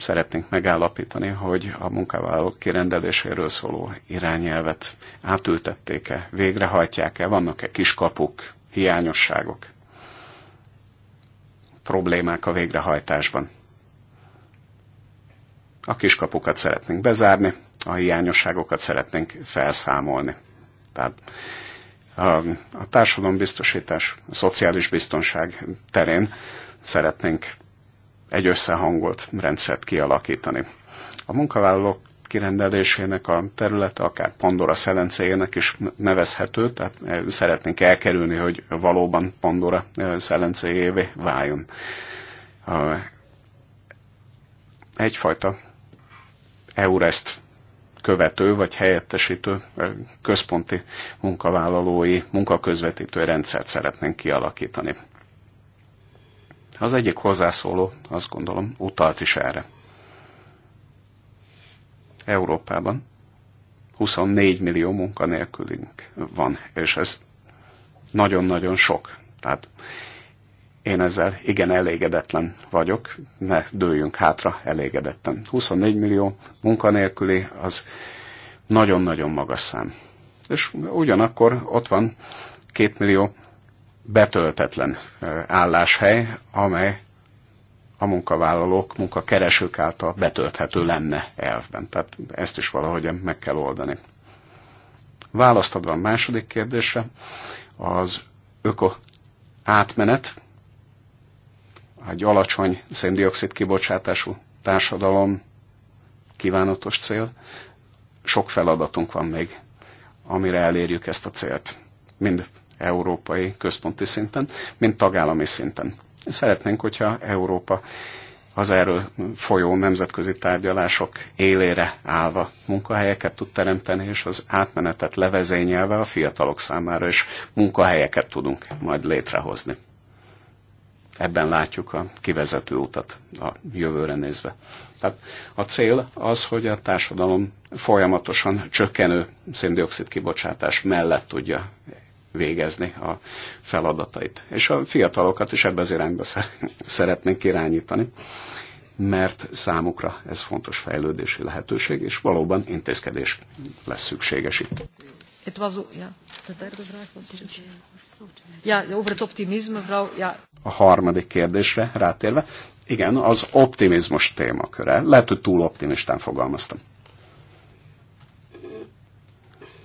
szeretnénk megállapítani, hogy a munkavállalók kirendeléséről szóló irányelvet átültették-e, végrehajtják-e, vannak-e kiskapuk, hiányosságok, problémák a végrehajtásban. A kiskapukat szeretnénk bezárni, a hiányosságokat szeretnénk felszámolni. Tehát a társadalombiztosítás, a szociális biztonság terén szeretnénk egy összehangolt rendszert kialakítani. A munkavállalók kirendelésének a területe, akár Pandora szelencéjének is nevezhető, tehát eh, szeretnénk elkerülni, hogy valóban Pandora eh, szelencéjévé váljon. Egyfajta Eurest követő vagy helyettesítő eh, központi munkavállalói munkaközvetítő rendszert szeretnénk kialakítani. Az egyik hozzászóló, azt gondolom, utalt is erre. Európában 24 millió munkanélkülünk van, és ez nagyon-nagyon sok. Tehát én ezzel igen elégedetlen vagyok, ne dőljünk hátra elégedetten. 24 millió munkanélküli az nagyon-nagyon magas szám. És ugyanakkor ott van 2 millió betöltetlen álláshely, amely a munkavállalók, munkakeresők által betölthető lenne elvben. Tehát ezt is valahogy meg kell oldani. Választadva a második kérdésre, az öko átmenet, egy alacsony széndiokszid kibocsátású társadalom kívánatos cél. Sok feladatunk van még, amire elérjük ezt a célt. Mind európai központi szinten, mint tagállami szinten. Szeretnénk, hogyha Európa az erről folyó nemzetközi tárgyalások élére állva munkahelyeket tud teremteni, és az átmenetet levezényelve a fiatalok számára is munkahelyeket tudunk majd létrehozni. Ebben látjuk a kivezető utat a jövőre nézve. Tehát a cél az, hogy a társadalom folyamatosan csökkenő széndiokszid kibocsátás mellett tudja végezni a feladatait. És a fiatalokat is ebbe az irányba szeretnénk irányítani, mert számukra ez fontos fejlődési lehetőség, és valóban intézkedés lesz szükséges itt. Het ja, Ja, over het ja. A harmadik kérdésre rátérve, igen, az optimizmus témaköre. Lehet, hogy túl optimistán fogalmaztam.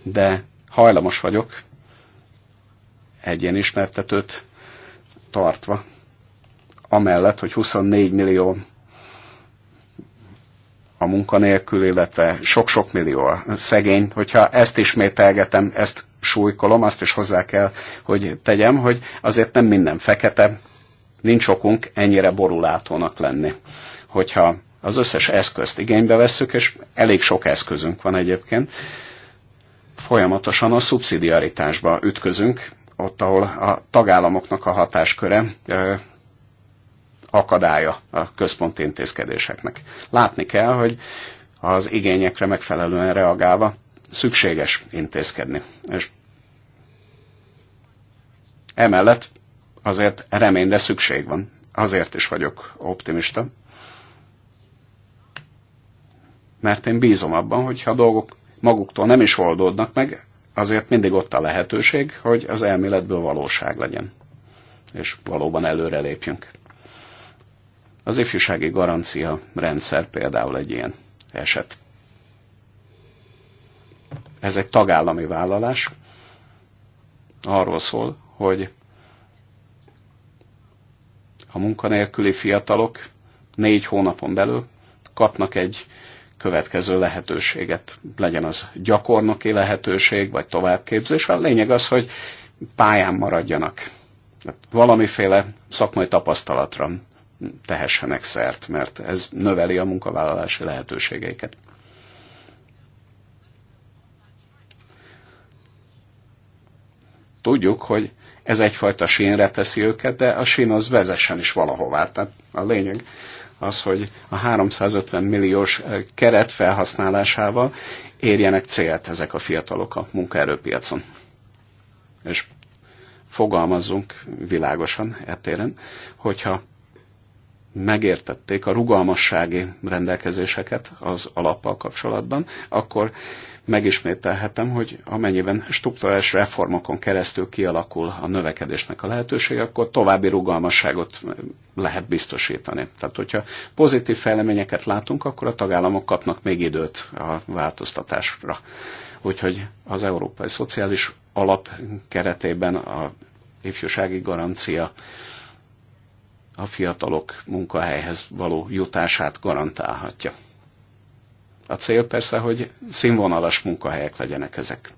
De hajlamos vagyok egy ilyen ismertetőt tartva, amellett, hogy 24 millió a munkanélkül, illetve sok-sok millió a szegény. Hogyha ezt ismételgetem, ezt súlykolom, azt is hozzá kell, hogy tegyem, hogy azért nem minden fekete, nincs okunk ennyire borulátónak lenni. Hogyha az összes eszközt igénybe vesszük, és elég sok eszközünk van egyébként, folyamatosan a szubszidiaritásba ütközünk, ott, ahol a tagállamoknak a hatásköre akadálya a központi intézkedéseknek. Látni kell, hogy az igényekre megfelelően reagálva szükséges intézkedni. És emellett azért reményre szükség van. Azért is vagyok optimista, mert én bízom abban, hogy ha a dolgok maguktól nem is oldódnak meg, azért mindig ott a lehetőség, hogy az elméletből valóság legyen, és valóban előre lépjünk. Az ifjúsági garancia rendszer például egy ilyen eset. Ez egy tagállami vállalás, arról szól, hogy a munkanélküli fiatalok négy hónapon belül kapnak egy következő lehetőséget, legyen az gyakornoki lehetőség, vagy továbbképzés. A lényeg az, hogy pályán maradjanak. Hát valamiféle szakmai tapasztalatra tehessenek szert, mert ez növeli a munkavállalási lehetőségeiket. Tudjuk, hogy ez egyfajta sínre teszi őket, de a sín az vezessen is valahová. Tehát a lényeg az, hogy a 350 milliós keret felhasználásával érjenek célt ezek a fiatalok a munkaerőpiacon. És fogalmazzunk világosan ettéren, hogyha megértették a rugalmassági rendelkezéseket az alappal kapcsolatban, akkor megismételhetem, hogy amennyiben struktúrális reformokon keresztül kialakul a növekedésnek a lehetőség, akkor további rugalmasságot lehet biztosítani. Tehát, hogyha pozitív fejleményeket látunk, akkor a tagállamok kapnak még időt a változtatásra. Úgyhogy az Európai Szociális Alap keretében a ifjúsági garancia a fiatalok munkahelyhez való jutását garantálhatja. A cél persze, hogy színvonalas munkahelyek legyenek ezek.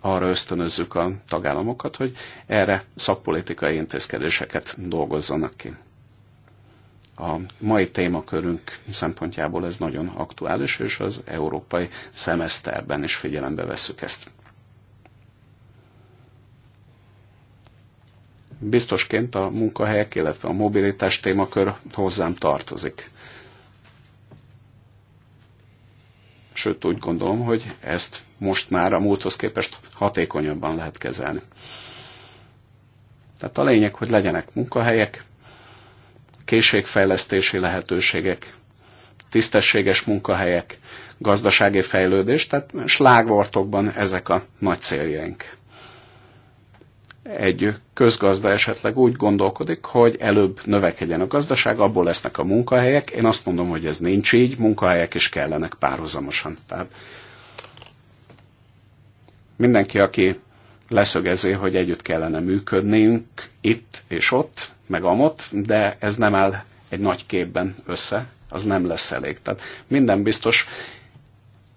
Arra ösztönözzük a tagállamokat, hogy erre szakpolitikai intézkedéseket dolgozzanak ki. A mai témakörünk szempontjából ez nagyon aktuális, és az európai szemeszterben is figyelembe vesszük ezt. biztosként a munkahelyek, illetve a mobilitás témakör hozzám tartozik. Sőt, úgy gondolom, hogy ezt most már a múlthoz képest hatékonyabban lehet kezelni. Tehát a lényeg, hogy legyenek munkahelyek, készségfejlesztési lehetőségek, tisztességes munkahelyek, gazdasági fejlődés, tehát slágvortokban ezek a nagy céljaink egy közgazda esetleg úgy gondolkodik, hogy előbb növekedjen a gazdaság, abból lesznek a munkahelyek. Én azt mondom, hogy ez nincs így, munkahelyek is kellenek párhuzamosan. Tehát mindenki, aki leszögezi, hogy együtt kellene működnünk itt és ott, meg amott, de ez nem áll egy nagy képben össze, az nem lesz elég. Tehát minden biztos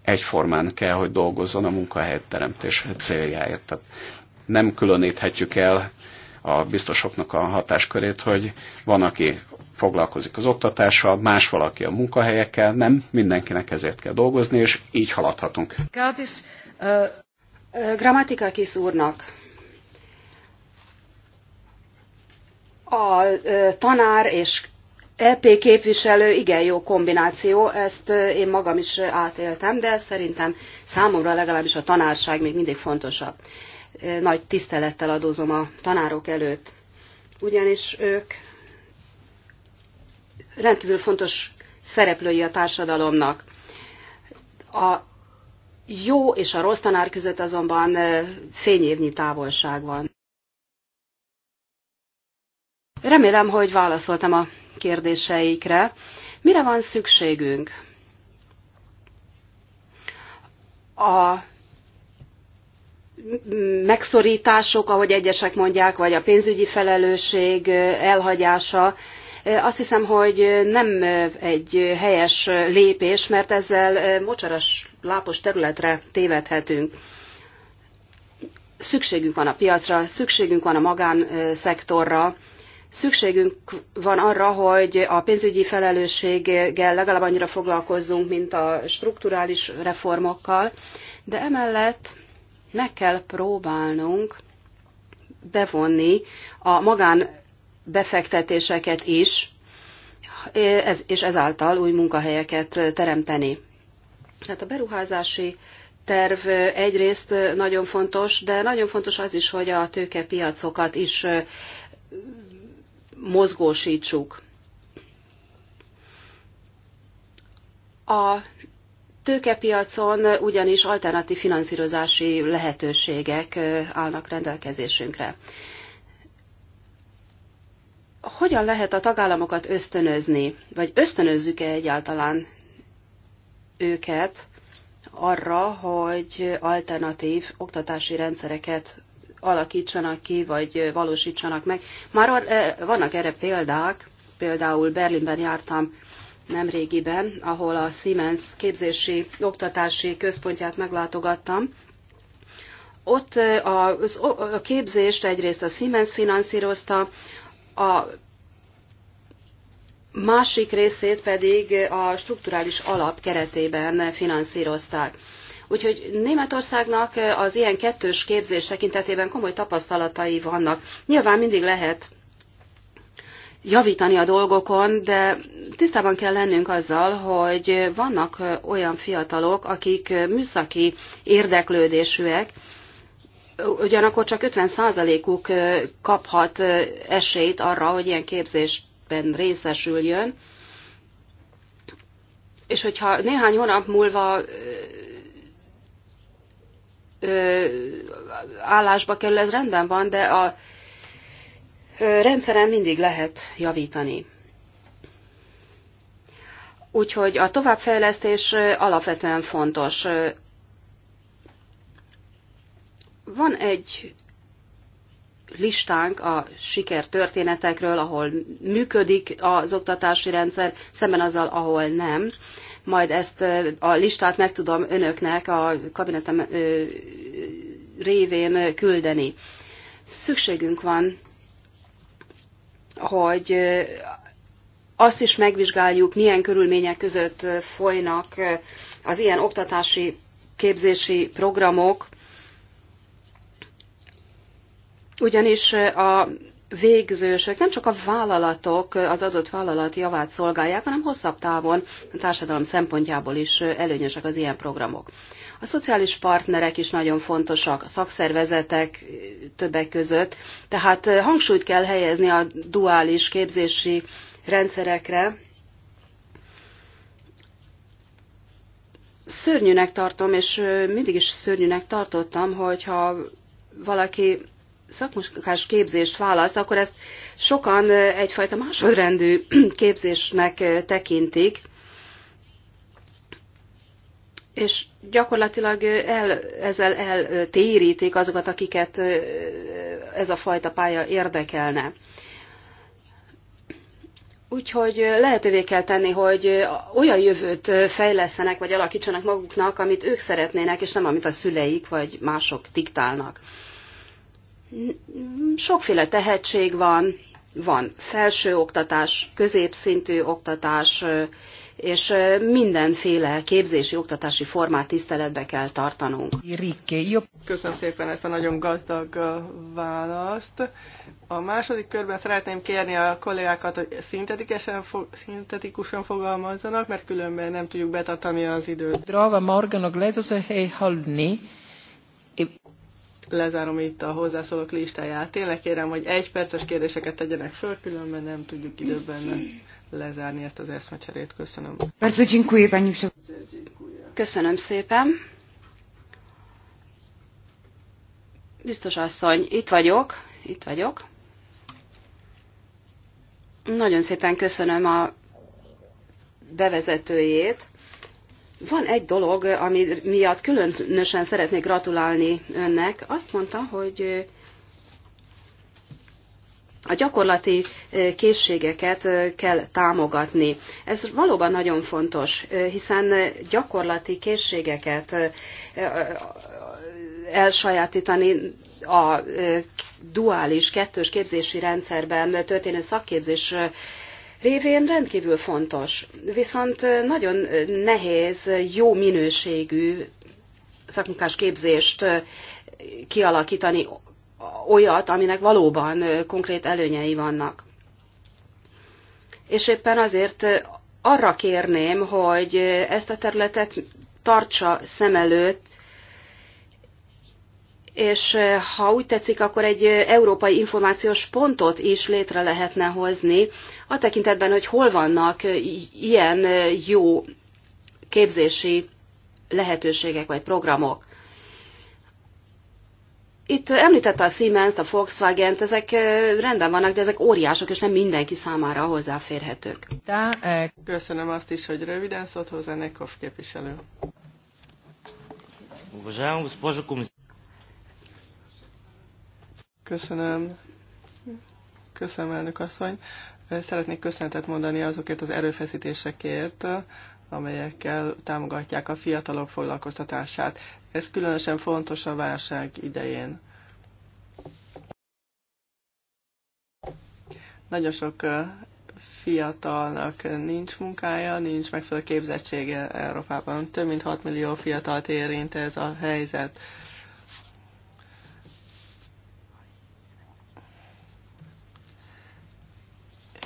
egyformán kell, hogy dolgozzon a munkahelyteremtés céljáért. Tehát nem különíthetjük el a biztosoknak a hatáskörét, hogy van, aki foglalkozik az oktatással, más valaki a munkahelyekkel, nem, mindenkinek ezért kell dolgozni, és így haladhatunk. Gratis, uh, Grammatikakis úrnak a uh, tanár és EP képviselő igen jó kombináció, ezt én magam is átéltem, de szerintem számomra legalábbis a tanárság még mindig fontosabb nagy tisztelettel adózom a tanárok előtt, ugyanis ők rendkívül fontos szereplői a társadalomnak. A jó és a rossz tanár között azonban fényévnyi távolság van. Remélem, hogy válaszoltam a kérdéseikre. Mire van szükségünk? A megszorítások, ahogy egyesek mondják, vagy a pénzügyi felelősség elhagyása, azt hiszem, hogy nem egy helyes lépés, mert ezzel mocsaras, lápos területre tévedhetünk. Szükségünk van a piacra, szükségünk van a magánszektorra, szükségünk van arra, hogy a pénzügyi felelősséggel legalább annyira foglalkozzunk, mint a strukturális reformokkal, de emellett meg kell próbálnunk bevonni a magán befektetéseket is, és ezáltal új munkahelyeket teremteni. Tehát a beruházási terv egyrészt nagyon fontos, de nagyon fontos az is, hogy a tőkepiacokat is mozgósítsuk. A tőkepiacon ugyanis alternatív finanszírozási lehetőségek állnak rendelkezésünkre. Hogyan lehet a tagállamokat ösztönözni, vagy ösztönözzük-e egyáltalán őket arra, hogy alternatív oktatási rendszereket alakítsanak ki, vagy valósítsanak meg. Már e, vannak erre példák, például Berlinben jártam nemrégiben, ahol a Siemens képzési, oktatási központját meglátogattam. Ott a képzést egyrészt a Siemens finanszírozta, a másik részét pedig a strukturális alap keretében finanszírozták. Úgyhogy Németországnak az ilyen kettős képzés tekintetében komoly tapasztalatai vannak. Nyilván mindig lehet javítani a dolgokon, de tisztában kell lennünk azzal, hogy vannak olyan fiatalok, akik műszaki érdeklődésűek, ugyanakkor csak 50%-uk kaphat esélyt arra, hogy ilyen képzésben részesüljön. És hogyha néhány hónap múlva állásba kerül, ez rendben van, de a rendszeren mindig lehet javítani. Úgyhogy a továbbfejlesztés alapvetően fontos. Van egy listánk a sikertörténetekről, ahol működik az oktatási rendszer, szemben azzal, ahol nem. Majd ezt a listát meg tudom önöknek a kabinetem révén küldeni. Szükségünk van hogy azt is megvizsgáljuk, milyen körülmények között folynak az ilyen oktatási képzési programok, ugyanis a végzősök nem csak a vállalatok az adott vállalat javát szolgálják, hanem hosszabb távon a társadalom szempontjából is előnyösek az ilyen programok. A szociális partnerek is nagyon fontosak, a szakszervezetek többek között, tehát hangsúlyt kell helyezni a duális képzési rendszerekre. Szörnyűnek tartom, és mindig is szörnyűnek tartottam, hogyha valaki szakmunkás képzést választ, akkor ezt sokan egyfajta másodrendű [clears throat] képzésnek tekintik és gyakorlatilag el, ezzel eltérítik azokat, akiket ez a fajta pálya érdekelne. Úgyhogy lehetővé kell tenni, hogy olyan jövőt fejlesztenek, vagy alakítsanak maguknak, amit ők szeretnének, és nem amit a szüleik vagy mások diktálnak. Sokféle tehetség van, van felső oktatás, középszintű oktatás, és mindenféle képzési, oktatási formát tiszteletbe kell tartanunk. Köszönöm szépen ezt a nagyon gazdag választ. A második körben szeretném kérni a kollégákat, hogy szintetikusan, fog, szintetikusan fogalmazzanak, mert különben nem tudjuk betartani az időt. Drava morgano glezosehely halni. Lezárom itt a hozzászólók listáját. Tényleg kérem, hogy egy perces kérdéseket tegyenek föl, különben nem tudjuk időben lezárni ezt az eszmecserét. Köszönöm. Köszönöm szépen. Biztos asszony, itt vagyok, itt vagyok. Nagyon szépen köszönöm a bevezetőjét. Van egy dolog, ami miatt különösen szeretnék gratulálni önnek. Azt mondta, hogy a gyakorlati készségeket kell támogatni. Ez valóban nagyon fontos, hiszen gyakorlati készségeket elsajátítani a duális kettős képzési rendszerben történő szakképzés révén rendkívül fontos. Viszont nagyon nehéz jó minőségű szakmunkás képzést kialakítani olyat, aminek valóban konkrét előnyei vannak. És éppen azért arra kérném, hogy ezt a területet tartsa szem előtt, és ha úgy tetszik, akkor egy európai információs pontot is létre lehetne hozni, a tekintetben, hogy hol vannak ilyen jó képzési lehetőségek vagy programok. Itt említette a Siemens-t, a Volkswagen-t, ezek rendben vannak, de ezek óriások, és nem mindenki számára hozzáférhetők. De, Köszönöm azt is, hogy röviden szólt hozzá Nekov képviselő. Köszönöm. Köszönöm, elnök asszony. Szeretnék köszönetet mondani azokért az erőfeszítésekért, amelyekkel támogatják a fiatalok foglalkoztatását. Ez különösen fontos a válság idején. Nagyon sok fiatalnak nincs munkája, nincs megfelelő képzettsége Európában. Több mint 6 millió fiatalt érint ez a helyzet.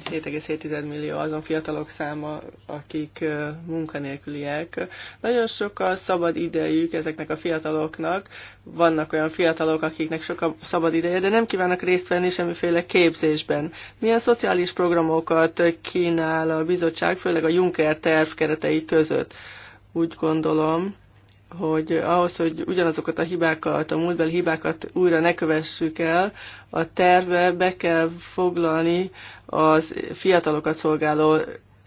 7,7 millió azon fiatalok száma, akik munkanélküliek. Nagyon sok a szabad idejük ezeknek a fiataloknak. Vannak olyan fiatalok, akiknek sok a szabad ideje, de nem kívánnak részt venni semmiféle képzésben. Milyen szociális programokat kínál a bizottság, főleg a Juncker terv keretei között? Úgy gondolom, hogy ahhoz, hogy ugyanazokat a hibákat, a múltbeli hibákat újra ne kövessük el, a terve be kell foglalni az fiatalokat szolgáló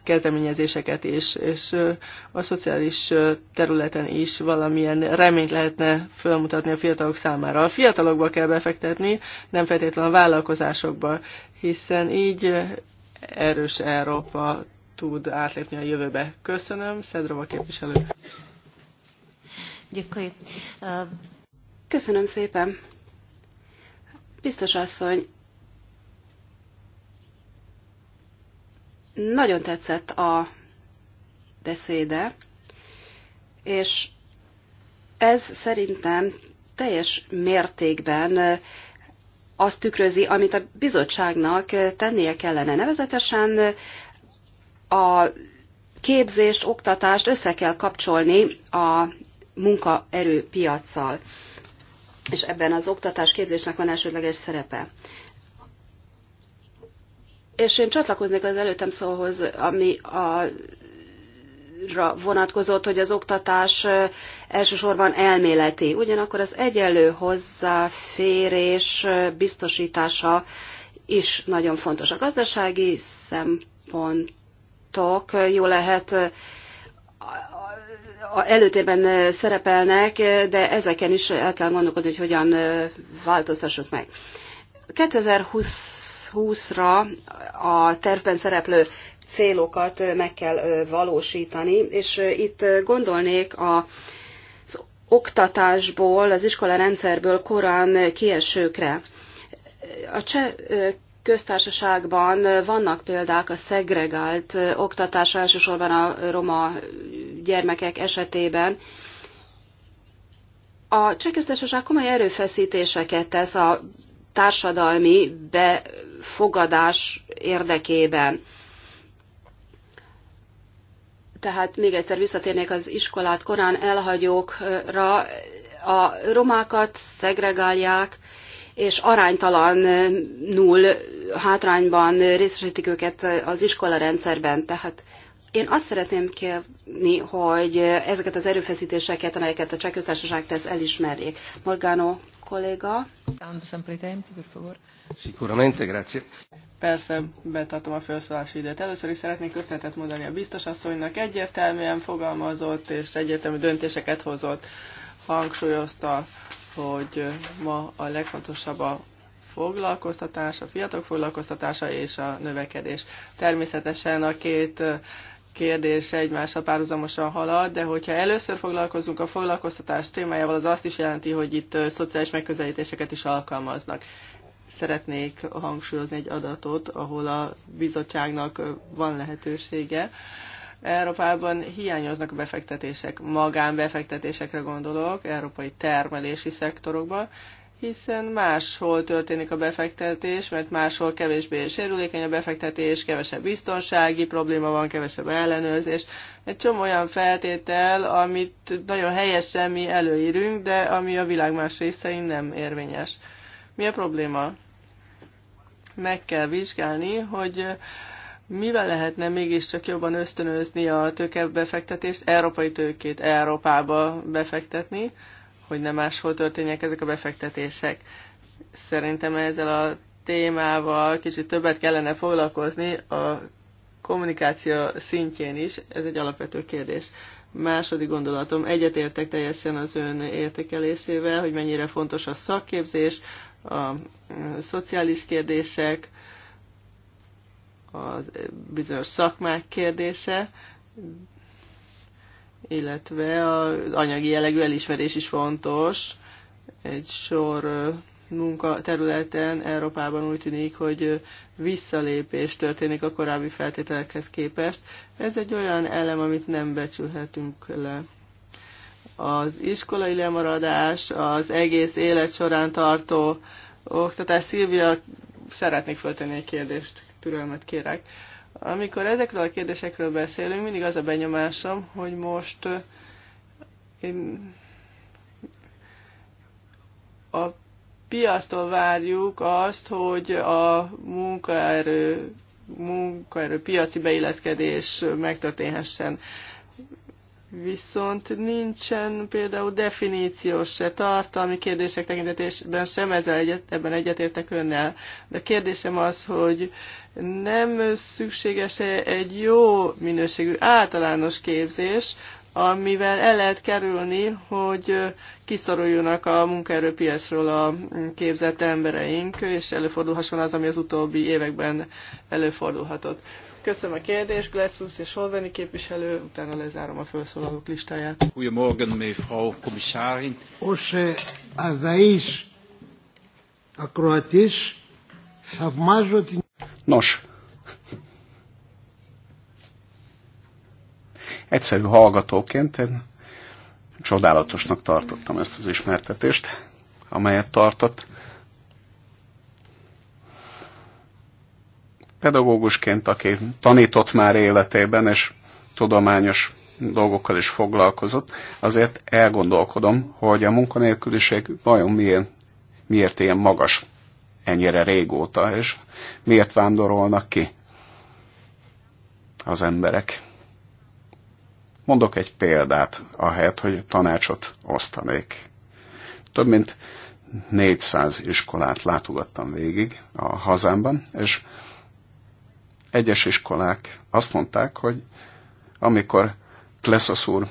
kezdeményezéseket is, és a szociális területen is valamilyen reményt lehetne felmutatni a fiatalok számára. A fiatalokba kell befektetni, nem feltétlenül a vállalkozásokba, hiszen így erős Európa tud átlépni a jövőbe. Köszönöm, Szedrova képviselő. Děkuji. Köszönöm szépen. Biztos asszony, nagyon tetszett a beszéde, és ez szerintem teljes mértékben azt tükrözi, amit a bizottságnak tennie kellene. Nevezetesen a képzést, oktatást össze kell kapcsolni a munkaerőpiacsal, és ebben az oktatás képzésnek van elsődleges szerepe. És én csatlakoznék az előttem szóhoz, ami a vonatkozott, hogy az oktatás elsősorban elméleti. Ugyanakkor az egyenlő hozzáférés biztosítása is nagyon fontos. A gazdasági szempontok jó lehet előtérben szerepelnek, de ezeken is el kell gondolkodni, hogy hogyan változtassuk meg. 2020-ra a tervben szereplő célokat meg kell valósítani, és itt gondolnék a oktatásból, az iskola rendszerből korán kiesőkre. A cseh köztársaságban vannak példák a szegregált oktatásra, elsősorban a roma gyermekek esetében. A Csehköztársaság komoly erőfeszítéseket tesz a társadalmi befogadás érdekében. Tehát még egyszer visszatérnék az iskolát korán elhagyókra. A romákat szegregálják, és aránytalan null hátrányban részesítik őket az iskola rendszerben, Tehát én azt szeretném kérni, hogy ezeket az erőfeszítéseket, amelyeket a cseh köztársaság tesz, elismerjék. Morgano kolléga. Sicuramente, grazie. Persze, betartom a felszólási időt. Először is szeretnék köszönetet mondani a biztos asszonynak. Egyértelműen fogalmazott és egyértelmű döntéseket hozott. Hangsúlyozta, hogy ma a legfontosabb a foglalkoztatás, a fiatalok foglalkoztatása és a növekedés. Természetesen a két kérdés egymásra párhuzamosan halad, de hogyha először foglalkozunk a foglalkoztatás témájával, az azt is jelenti, hogy itt szociális megközelítéseket is alkalmaznak. Szeretnék hangsúlyozni egy adatot, ahol a bizottságnak van lehetősége. Európában hiányoznak a befektetések, magánbefektetésekre gondolok, európai termelési szektorokban, hiszen máshol történik a befektetés, mert máshol kevésbé sérülékeny a befektetés, kevesebb biztonsági probléma van, kevesebb ellenőrzés. Egy csomó olyan feltétel, amit nagyon helyesen mi előírünk, de ami a világ más részein nem érvényes. Mi a probléma? Meg kell vizsgálni, hogy mivel lehetne mégiscsak jobban ösztönözni a tőkebefektetést, európai tőkét Európába befektetni, hogy nem máshol történjenek ezek a befektetések. Szerintem ezzel a témával kicsit többet kellene foglalkozni a kommunikáció szintjén is, ez egy alapvető kérdés. Második gondolatom, egyetértek teljesen az ön értékelésével, hogy mennyire fontos a szakképzés, a szociális kérdések, a bizonyos szakmák kérdése, illetve az anyagi jellegű elismerés is fontos. Egy sor munkaterületen Európában úgy tűnik, hogy visszalépés történik a korábbi feltételekhez képest. Ez egy olyan elem, amit nem becsülhetünk le. Az iskolai lemaradás, az egész élet során tartó oktatás. Szilvia, szeretnék föltenni egy kérdést, türelmet kérek. Amikor ezekről a kérdésekről beszélünk, mindig az a benyomásom, hogy most én a piasztól várjuk azt, hogy a munkaerő, munkaerő piaci beilleszkedés megtörténhessen. Viszont nincsen például definíciós se tartalmi kérdések tekintetében sem ezzel egyet, ebben egyetértek önnel. De a kérdésem az, hogy nem szükséges -e egy jó minőségű általános képzés, amivel el lehet kerülni, hogy kiszoruljanak a munkaerőpiacról a képzett embereink, és előfordulhasson az, ami az utóbbi években előfordulhatott. Köszönöm a kérdést, Glessus és Holveni képviselő, utána lezárom a felszólalók listáját. Goedemorgen, mevrouw commissarin. Ose a ακροατής θαυμάζω την Nos, egyszerű hallgatóként én csodálatosnak tartottam ezt az ismertetést, amelyet tartott. Pedagógusként, aki tanított már életében, és tudományos dolgokkal is foglalkozott, azért elgondolkodom, hogy a munkanélküliség vajon milyen, miért ilyen magas ennyire régóta, és miért vándorolnak ki az emberek. Mondok egy példát, ahelyett, hogy tanácsot osztanék. Több mint 400 iskolát látogattam végig a hazámban, és egyes iskolák azt mondták, hogy amikor Kleszasz úr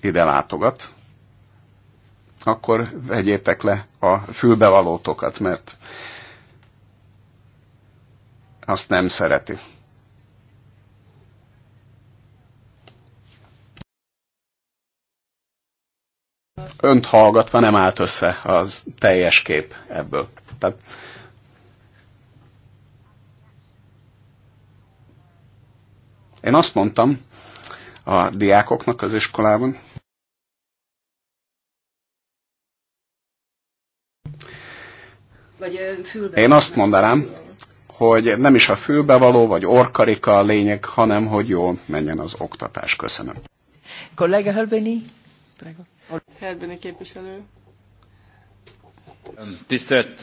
ide látogat, akkor vegyétek le a fülbevalótokat, mert azt nem szereti. Önt hallgatva nem állt össze az teljes kép ebből. Tehát én azt mondtam a diákoknak az iskolában, Vagy fülbe. Én azt mondanám, hogy nem is a fülbevaló, vagy orkarika a lényeg, hanem hogy jól menjen az oktatás. Köszönöm. Kollega Helbeni? Helbeni képviselő. Tisztelt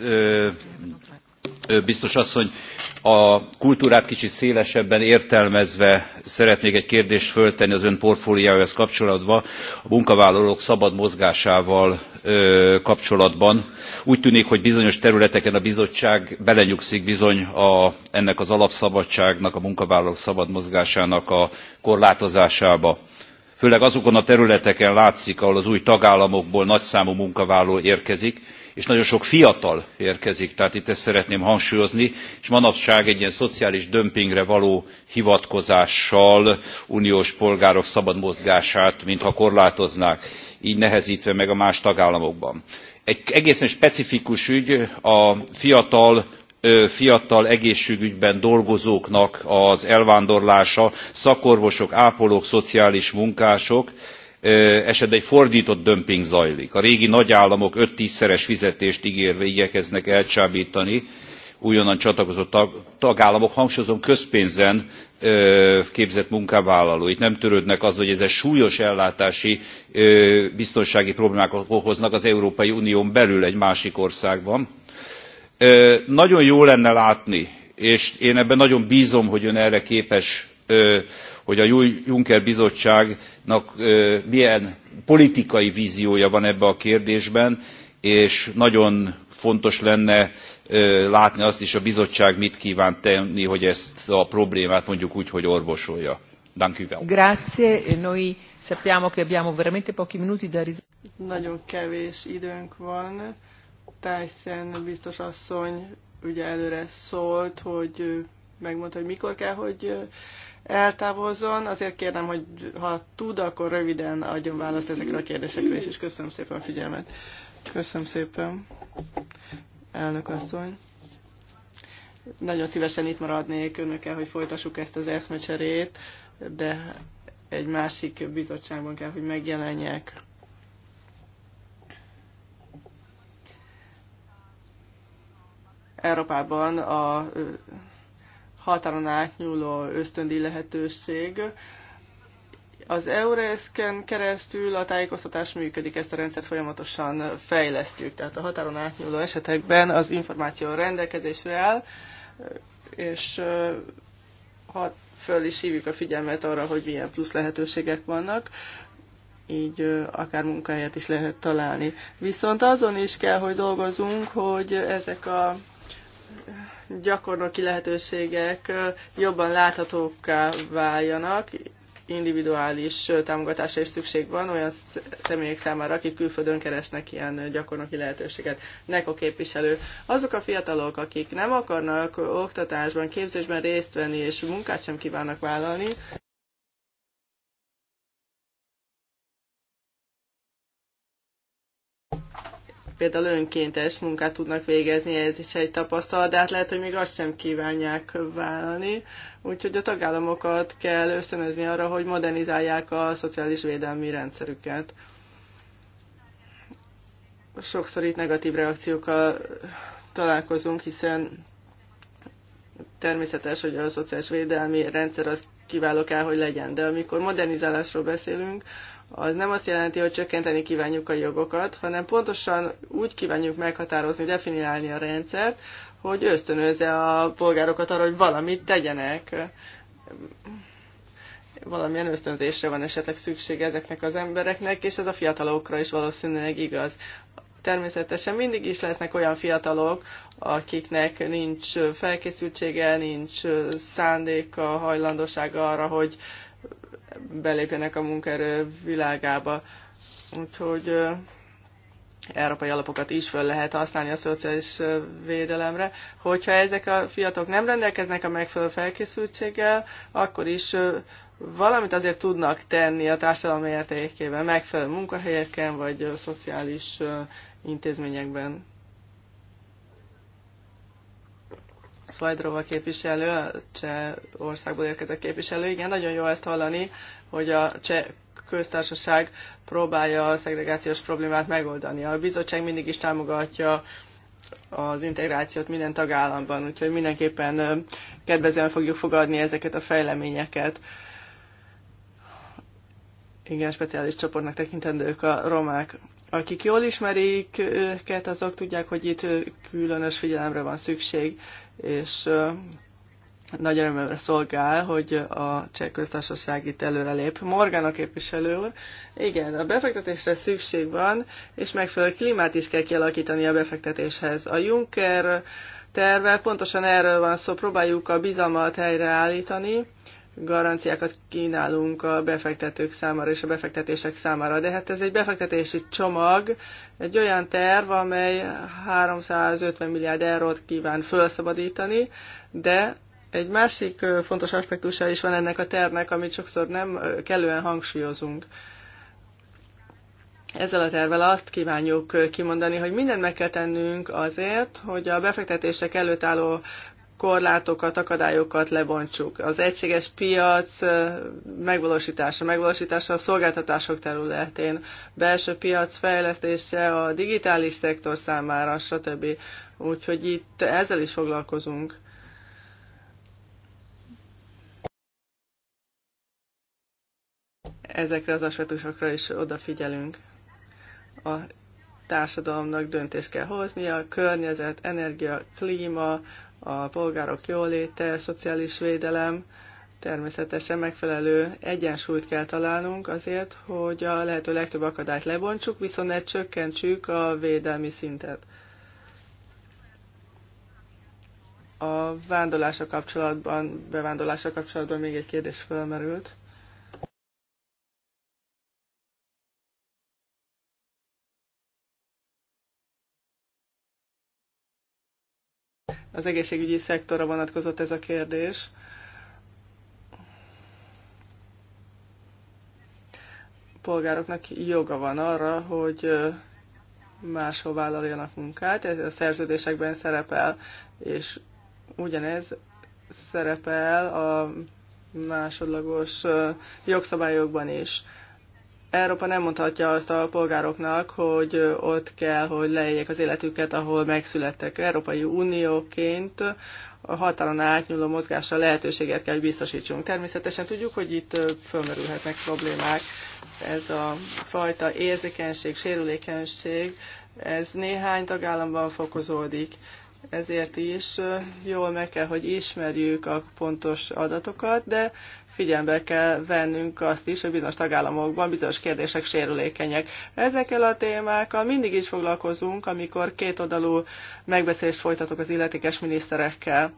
biztos asszony a kultúrát kicsit szélesebben értelmezve szeretnék egy kérdést föltenni az ön portfóliójához kapcsolatban a munkavállalók szabad mozgásával kapcsolatban. úgy tűnik hogy bizonyos területeken a bizottság belenyugszik bizony a, ennek az alapszabadságnak a munkavállalók szabad mozgásának a korlátozásába főleg azokon a területeken látszik ahol az új tagállamokból nagyszámú munkavállaló érkezik és nagyon sok fiatal érkezik, tehát itt ezt szeretném hangsúlyozni, és manapság egy ilyen szociális dömpingre való hivatkozással uniós polgárok szabad mozgását, mintha korlátoznák, így nehezítve meg a más tagállamokban. Egy egészen specifikus ügy a fiatal fiatal egészségügyben dolgozóknak az elvándorlása, szakorvosok, ápolók, szociális munkások, esetben egy fordtott dömping zajlik. a régi nagyállamok five ten szeres fizetést gérve igyekeznek elcsábtani újonnan csatlakozott tagállamok hangsúlyozom közpénzen képzett munkavállalóit. nem törődnek azzal hogy ezek súlyos ellátási biztonsági problémákat okoznak az európai unión belül egy másik országban. nagyon jó lenne látni és én ebben nagyon bzom hogy ön erre képes hogy a juncker bizottság milyen politikai vziója van ebben a kérdésben és nagyon fontos lenne látni azt is a bizottság mit kván tenni hogy ezt a problémát mondjuk úgy hogy orvosolja. Grazie, e noi sappiamo che abbiamo veramente pochi minuti da Nagyon kevés időnk van. Tyson biztos asszony ugye előre szólt, hogy megmondta, hogy mikor kell, hogy eltávozzon. Azért kérem, hogy ha tud, akkor röviden adjon választ ezekre a kérdésekre is, és köszönöm szépen a figyelmet. Köszönöm szépen, elnök asszony. Nagyon szívesen itt maradnék önökkel, hogy folytassuk ezt az eszmecserét, de egy másik bizottságban kell, hogy megjelenjek. Európában a határon átnyúló ösztöndi lehetőség. Az Eureszken keresztül a tájékoztatás működik, ezt a rendszert folyamatosan fejlesztjük, tehát a határon átnyúló esetekben az információ rendelkezésre áll, és ha föl is hívjuk a figyelmet arra, hogy milyen plusz lehetőségek vannak, így akár munkahelyet is lehet találni. Viszont azon is kell, hogy dolgozunk, hogy ezek a gyakornoki lehetőségek jobban láthatókká váljanak, individuális támogatásra is szükség van olyan személyek számára, akik külföldön keresnek ilyen gyakornoki lehetőséget. a képviselő. Azok a fiatalok, akik nem akarnak oktatásban, képzésben részt venni és munkát sem kívánnak vállalni, például önkéntes munkát tudnak végezni, ez is egy tapasztalat, de hát lehet, hogy még azt sem kívánják vállalni. Úgyhogy a tagállamokat kell ösztönözni arra, hogy modernizálják a szociális védelmi rendszerüket. Sokszor itt negatív reakciókkal találkozunk, hiszen természetes, hogy a szociális védelmi rendszer az kiváló kell, hogy legyen. De amikor modernizálásról beszélünk, az nem azt jelenti, hogy csökkenteni kívánjuk a jogokat, hanem pontosan úgy kívánjuk meghatározni, definiálni a rendszert, hogy ösztönözze a polgárokat arra, hogy valamit tegyenek. Valamilyen ösztönzésre van esetleg szükség ezeknek az embereknek, és ez a fiatalokra is valószínűleg igaz. Természetesen mindig is lesznek olyan fiatalok, akiknek nincs felkészültsége, nincs szándéka, hajlandósága arra, hogy belépjenek a munkaerő világába. Úgyhogy európai alapokat is föl lehet használni a szociális védelemre. Hogyha ezek a fiatalok nem rendelkeznek a megfelelő felkészültséggel, akkor is valamit azért tudnak tenni a társadalom értékében, megfelelő munkahelyeken vagy szociális intézményekben. Svajdrova képviselő, a cseh országból érkezett képviselő. Igen, nagyon jó ezt hallani, hogy a cseh köztársaság próbálja a szegregációs problémát megoldani. A bizottság mindig is támogatja az integrációt minden tagállamban, úgyhogy mindenképpen kedvezően fogjuk fogadni ezeket a fejleményeket. Igen, speciális csoportnak tekintendők a romák. Akik jól ismerik őket, azok tudják, hogy itt különös figyelemre van szükség és nagy örömömre szolgál, hogy a cseh köztársaság itt előrelép. Morgan a képviselő úr, igen, a befektetésre szükség van, és megfelelő klímát is kell kialakítani a befektetéshez. A Juncker terve pontosan erről van szó, próbáljuk a bizalmat helyreállítani, garanciákat kínálunk a befektetők számára és a befektetések számára. De hát ez egy befektetési csomag, egy olyan terv, amely 350 milliárd eurót kíván felszabadítani, de egy másik fontos aspektusa is van ennek a tervnek, amit sokszor nem kellően hangsúlyozunk. Ezzel a tervvel azt kívánjuk kimondani, hogy mindent meg kell tennünk azért, hogy a befektetések előtt álló korlátokat, akadályokat lebontsuk. Az egységes piac megvalósítása, megvalósítása a szolgáltatások területén, belső piac fejlesztése a digitális szektor számára, stb. Úgyhogy itt ezzel is foglalkozunk. Ezekre az aspektusokra is odafigyelünk. A társadalomnak döntést kell hoznia, környezet, energia, klíma, a polgárok jóléte, szociális védelem, természetesen megfelelő egyensúlyt kell találnunk azért, hogy a lehető legtöbb akadályt lebontsuk, viszont ne csökkentsük a védelmi szintet. A vándorlása kapcsolatban, bevándorlása kapcsolatban még egy kérdés felmerült. az egészségügyi szektorra vonatkozott ez a kérdés. polgároknak joga van arra, hogy máshol vállaljanak munkát, ez a szerződésekben szerepel, és ugyanez szerepel a másodlagos jogszabályokban is. Európa nem mondhatja azt a polgároknak, hogy ott kell, hogy leéljék az életüket, ahol megszülettek. Európai Unióként a határon átnyúló mozgásra lehetőséget kell, hogy biztosítsunk. Természetesen tudjuk, hogy itt fölmerülhetnek problémák. Ez a fajta érzékenység, sérülékenység, ez néhány tagállamban fokozódik ezért is jól meg kell, hogy ismerjük a pontos adatokat, de figyelembe kell vennünk azt is, hogy bizonyos tagállamokban bizonyos kérdések sérülékenyek. Ezekkel a témákkal mindig is foglalkozunk, amikor kétoldalú megbeszélést folytatok az illetékes miniszterekkel.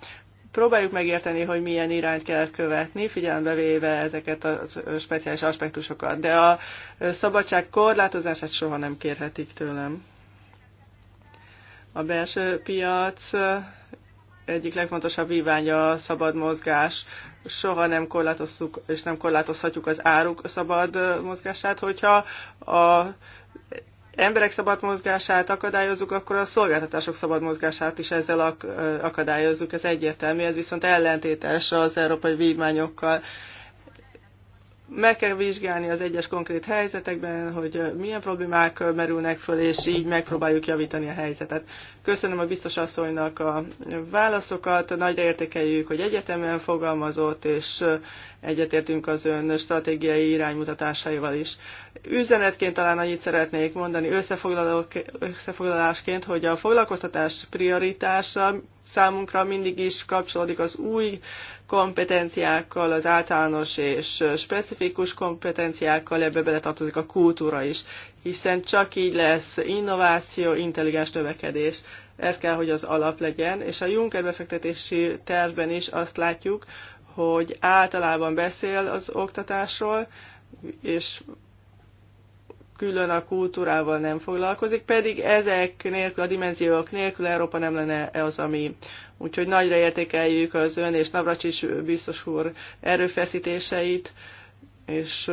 Próbáljuk megérteni, hogy milyen irányt kell követni, figyelembe véve ezeket a speciális aspektusokat, de a szabadság korlátozását soha nem kérhetik tőlem. A belső piac egyik legfontosabb víványa a szabad mozgás. Soha nem korlátoztuk és nem korlátozhatjuk az áruk szabad mozgását, hogyha a emberek szabad mozgását akadályozzuk, akkor a szolgáltatások szabad mozgását is ezzel akadályozzuk, ez egyértelmű, ez viszont ellentétes az európai vívmányokkal meg kell vizsgálni az egyes konkrét helyzetekben, hogy milyen problémák merülnek föl, és így megpróbáljuk javítani a helyzetet. Köszönöm a biztos asszonynak a válaszokat, nagyra értékeljük, hogy egyetemen fogalmazott, és egyetértünk az ön stratégiai iránymutatásaival is. Üzenetként talán annyit szeretnék mondani összefoglalásként, hogy a foglalkoztatás prioritása számunkra mindig is kapcsolódik az új kompetenciákkal, az általános és specifikus kompetenciákkal, ebbe beletartozik a kultúra is, hiszen csak így lesz innováció, intelligens növekedés. Ez kell, hogy az alap legyen, és a Juncker befektetési tervben is azt látjuk, hogy általában beszél az oktatásról, és külön a kultúrával nem foglalkozik, pedig ezek nélkül, a dimenziók nélkül Európa nem lenne az, ami Úgyhogy nagyra értékeljük az ön és Navracsics biztos úr erőfeszítéseit, és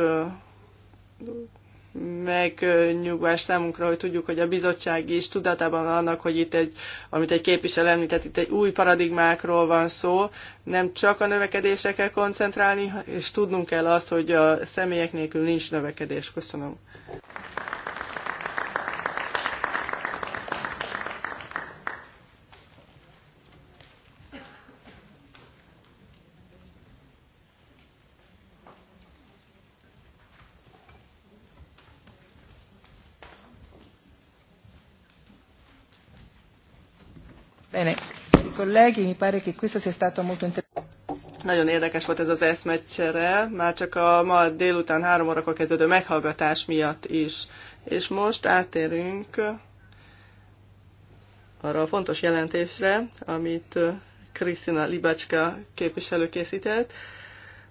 megnyugvás számunkra, hogy tudjuk, hogy a bizottság is tudatában annak, hogy itt egy, amit egy képviselő említett, itt egy új paradigmákról van szó, nem csak a növekedésre kell koncentrálni, és tudnunk kell azt, hogy a személyek nélkül nincs növekedés. Köszönöm. colleghi, mi pare che questo sia stato molto interessante. Nagyon érdekes volt ez az eszmecsere, már csak a ma délután három órakor kezdődő meghallgatás miatt is. És most átérünk arra a fontos jelentésre, amit Krisztina Libacska képviselő készített,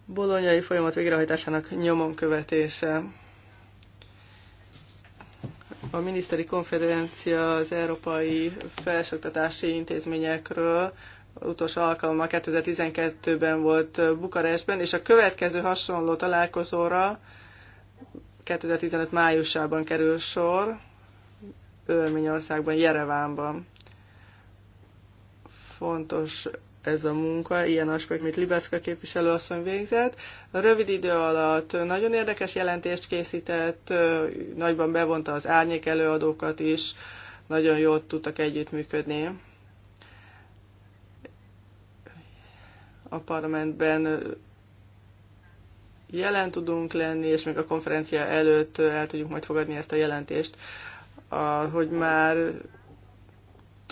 bolonyai folyamat végrehajtásának nyomon követése. A miniszteri konferencia az Európai Felsőoktatási Intézményekről utolsó alkalommal 2012-ben volt Bukarestben, és a következő hasonló találkozóra 2015 májusában kerül sor Örményországban, Jerevánban. Fontos ez a munka, ilyen aspekt, mint Libeszka képviselőasszony végzett. Rövid idő alatt nagyon érdekes jelentést készített, nagyban bevonta az árnyék előadókat is, nagyon jól tudtak együttműködni. A parlamentben jelen tudunk lenni, és még a konferencia előtt el tudjuk majd fogadni ezt a jelentést, hogy már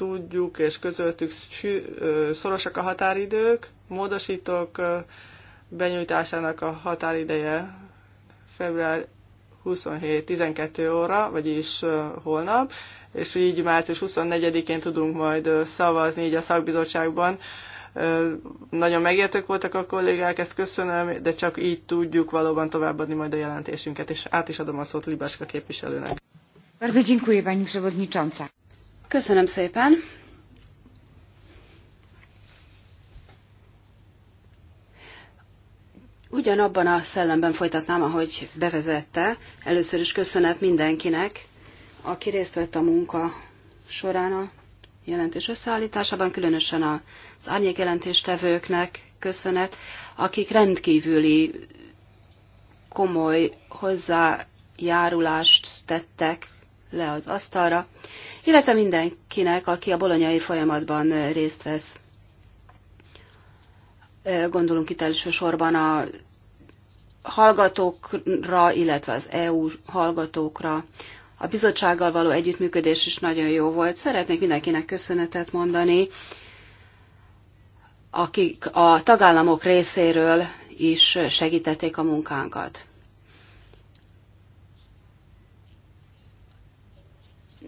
tudjuk, és közöltük szorosak a határidők, módosítók benyújtásának a határideje február 27-12 óra, vagyis holnap, és így március 24-én tudunk majd szavazni így a szakbizottságban. Nagyon megértők voltak a kollégák, ezt köszönöm, de csak így tudjuk valóban továbbadni majd a jelentésünket, és át is adom a szót Libáska képviselőnek. Bardzo dziękuję, pani przewodnicząca. Köszönöm szépen. Ugyanabban a szellemben folytatnám, ahogy bevezette. Először is köszönet mindenkinek, aki részt vett a munka során a jelentés összeállításában, különösen az árnyék jelentéstevőknek köszönet, akik rendkívüli komoly hozzájárulást tettek le az asztalra illetve mindenkinek, aki a bolonyai folyamatban részt vesz. Gondolunk itt elsősorban a hallgatókra, illetve az EU hallgatókra. A bizottsággal való együttműködés is nagyon jó volt. Szeretnék mindenkinek köszönetet mondani, akik a tagállamok részéről is segítették a munkánkat.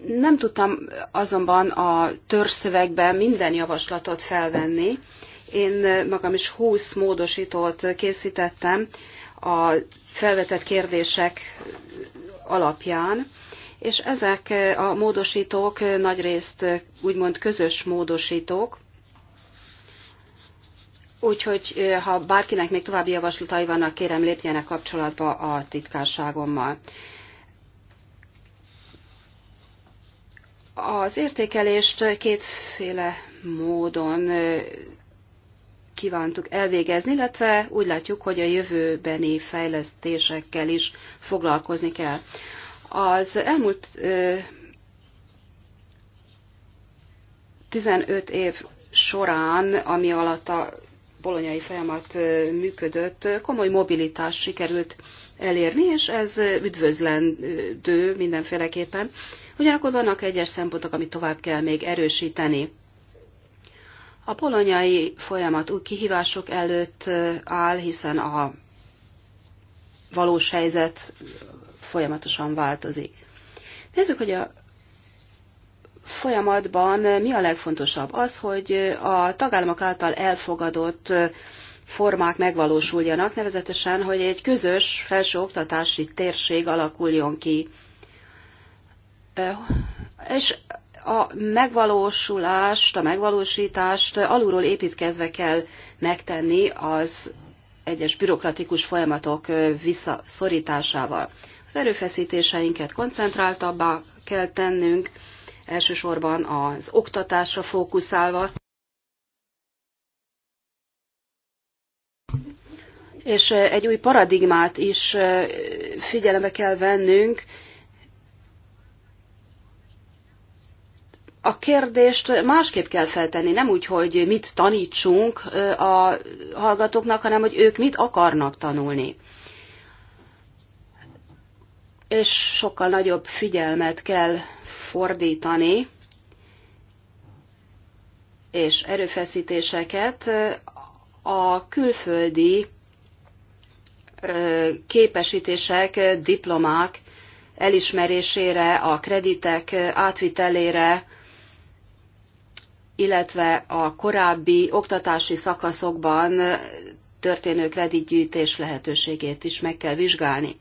Nem tudtam azonban a törzszövegben minden javaslatot felvenni. Én magam is 20 módosítót készítettem a felvetett kérdések alapján, és ezek a módosítók nagyrészt úgymond közös módosítók, Úgyhogy eh, ha bárkinek még további javaslatai vannak, kérem lépjenek kapcsolatba a titkárságommal. Az értékelést kétféle módon kívántuk elvégezni, illetve úgy látjuk, hogy a jövőbeni fejlesztésekkel is foglalkozni kell. Az elmúlt 15 év során, ami alatt a bolonyai folyamat működött, komoly mobilitás sikerült elérni, és ez üdvözlendő mindenféleképpen. Ugyanakkor vannak egyes szempontok, amit tovább kell még erősíteni. A polonyai folyamat új kihívások előtt áll, hiszen a valós helyzet folyamatosan változik. Nézzük, hogy a folyamatban mi a legfontosabb? Az, hogy a tagállamok által elfogadott formák megvalósuljanak, nevezetesen, hogy egy közös felsőoktatási térség alakuljon ki. És a megvalósulást, a megvalósítást alulról építkezve kell megtenni az egyes bürokratikus folyamatok visszaszorításával. Az erőfeszítéseinket koncentráltabbá kell tennünk, elsősorban az oktatásra fókuszálva, és egy új paradigmát is figyelembe kell vennünk. A kérdést másképp kell feltenni, nem úgy, hogy mit tanítsunk a hallgatóknak, hanem hogy ők mit akarnak tanulni. És sokkal nagyobb figyelmet kell fordítani, és erőfeszítéseket a külföldi képesítések, diplomák elismerésére, a kreditek átvitelére, illetve a korábbi oktatási szakaszokban történő kreditgyűjtés lehetőségét is meg kell vizsgálni.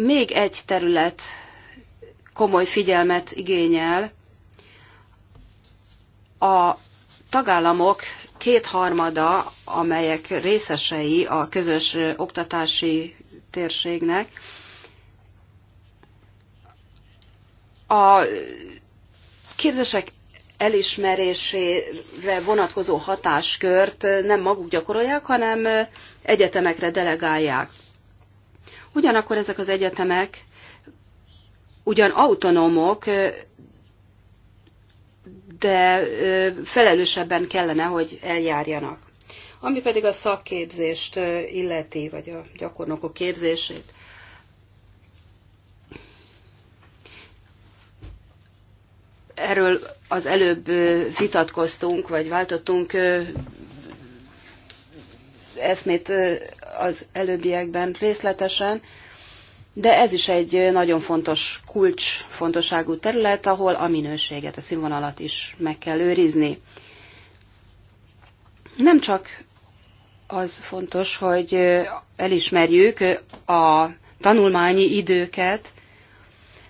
Még egy terület komoly figyelmet igényel. A tagállamok kétharmada, amelyek részesei a közös oktatási térségnek, a képzések elismerésére vonatkozó hatáskört nem maguk gyakorolják, hanem egyetemekre delegálják. Ugyanakkor ezek az egyetemek ugyan autonómok, de felelősebben kellene, hogy eljárjanak. Ami pedig a szakképzést illeti, vagy a gyakornokok képzését. Erről az előbb vitatkoztunk, vagy váltottunk eszmét az előbbiekben részletesen, de ez is egy nagyon fontos kulcs fontosságú terület, ahol a minőséget, a színvonalat is meg kell őrizni. Nem csak az fontos, hogy elismerjük a tanulmányi időket,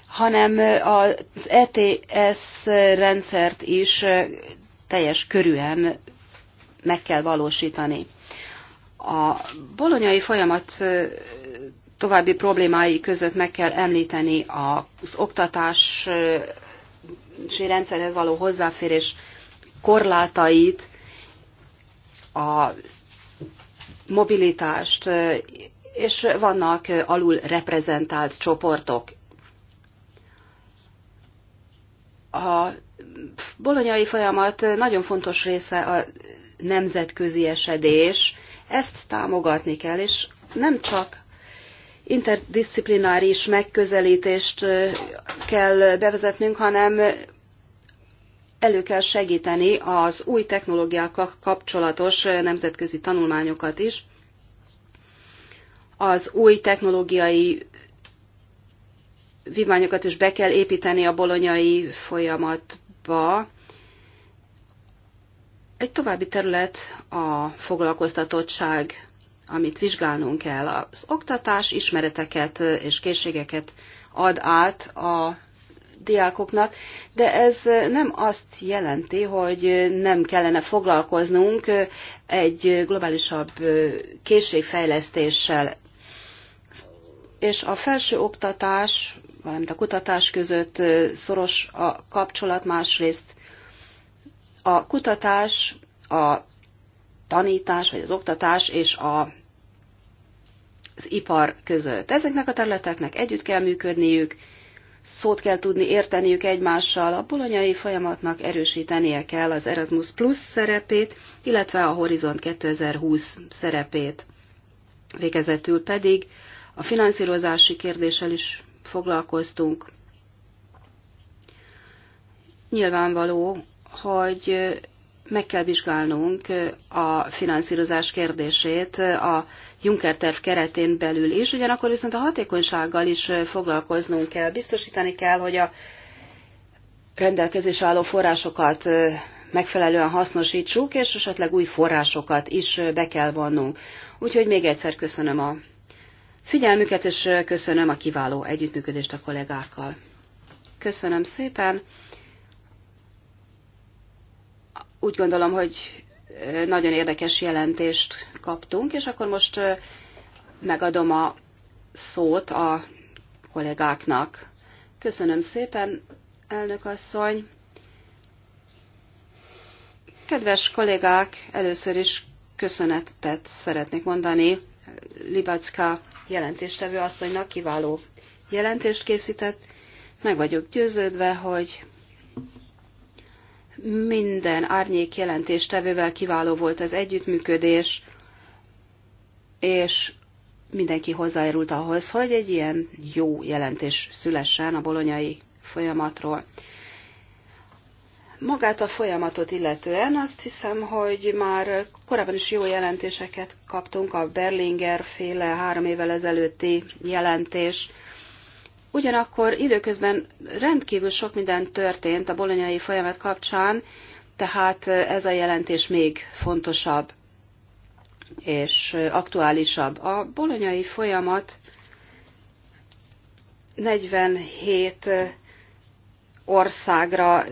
hanem az ETS rendszert is teljes körűen meg kell valósítani. A bolonyai folyamat további problémái között meg kell említeni az oktatási rendszerhez való hozzáférés korlátait, a mobilitást, és vannak alul reprezentált csoportok. A bolonyai folyamat nagyon fontos része a nemzetközi esedés, ezt támogatni kell, és nem csak interdisziplináris megközelítést kell bevezetnünk, hanem elő kell segíteni az új technológiákkal kapcsolatos nemzetközi tanulmányokat is. Az új technológiai vívmányokat is be kell építeni a bolonyai folyamatba, egy további terület a foglalkoztatottság, amit vizsgálnunk kell. Az oktatás ismereteket és készségeket ad át a diákoknak, de ez nem azt jelenti, hogy nem kellene foglalkoznunk egy globálisabb készségfejlesztéssel. És a felső oktatás, valamint a kutatás között szoros a kapcsolat, másrészt a kutatás, a tanítás vagy az oktatás és a az ipar között. Ezeknek a területeknek együtt kell működniük, szót kell tudni érteniük egymással, a bolonyai folyamatnak erősítenie kell az Erasmus Plus szerepét, illetve a Horizont 2020 szerepét. Végezetül pedig a finanszírozási kérdéssel is foglalkoztunk. Nyilvánvaló, hogy meg kell vizsgálnunk a finanszírozás kérdését a Juncker terv keretén belül is, ugyanakkor viszont a hatékonysággal is foglalkoznunk kell. Biztosítani kell, hogy a rendelkezés álló forrásokat megfelelően hasznosítsuk, és esetleg új forrásokat is be kell vonnunk. Úgyhogy még egyszer köszönöm a figyelmüket, és köszönöm a kiváló együttműködést a kollégákkal. Köszönöm szépen! Úgy gondolom, hogy nagyon érdekes jelentést kaptunk, és akkor most megadom a szót a kollégáknak. Köszönöm szépen, elnök asszony. Kedves kollégák, először is köszönetet szeretnék mondani Libacka jelentéstevő asszonynak kiváló jelentést készített. Meg vagyok győződve, hogy minden árnyék jelentéstevővel kiváló volt az együttműködés, és mindenki hozzájárult ahhoz, hogy egy ilyen jó jelentés szülessen a bolonyai folyamatról. Magát a folyamatot illetően azt hiszem, hogy már korábban is jó jelentéseket kaptunk, a Berlinger féle három évvel ezelőtti jelentés Ugyanakkor időközben rendkívül sok minden történt a bolonyai folyamat kapcsán, tehát ez a jelentés még fontosabb és aktuálisabb. A bolonyai folyamat 47 országra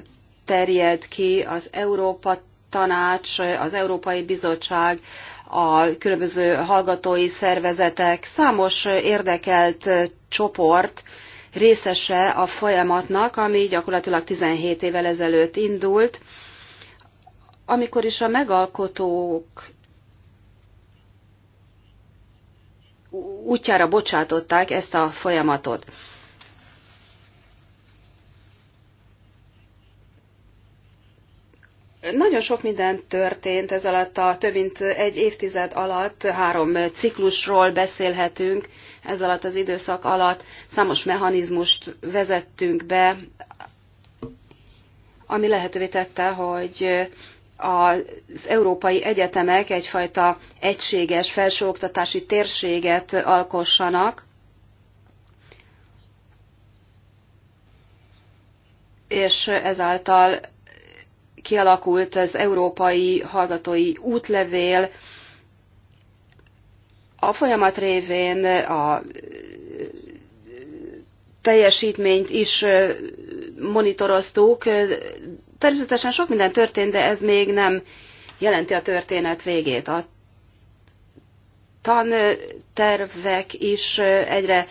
terjed ki az Európa Tanács, az Európai Bizottság, a különböző hallgatói szervezetek, számos érdekelt csoport, részese a folyamatnak, ami gyakorlatilag 17 évvel ezelőtt indult, amikor is a megalkotók útjára bocsátották ezt a folyamatot. Nagyon sok minden történt ez alatt a több mint egy évtized alatt, három ciklusról beszélhetünk, ez alatt az időszak alatt számos mechanizmust vezettünk be, ami lehetővé tette, hogy az európai egyetemek egyfajta egységes felsőoktatási térséget alkossanak, és ezáltal kialakult az európai hallgatói útlevél, a folyamat révén a teljesítményt is monitoroztuk. Természetesen sok minden történt, de ez még nem jelenti a történet végét. A tantervek is egyre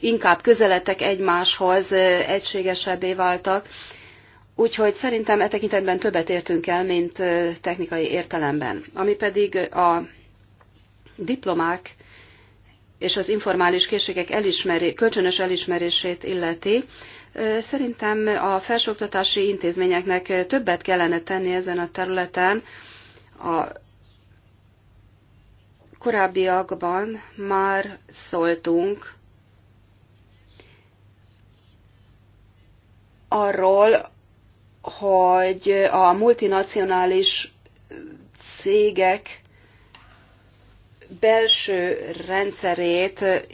inkább közeledtek egymáshoz, egységesebbé váltak. Úgyhogy szerintem e tekintetben többet értünk el, mint technikai értelemben. Ami pedig a diplomák és az informális készségek elismeri kölcsönös elismerését illeti, szerintem a felsőoktatási intézményeknek többet kellene tenni ezen a területen. A korábbiakban már szóltunk arról, hogy a multinacionális cégek belső rendszerét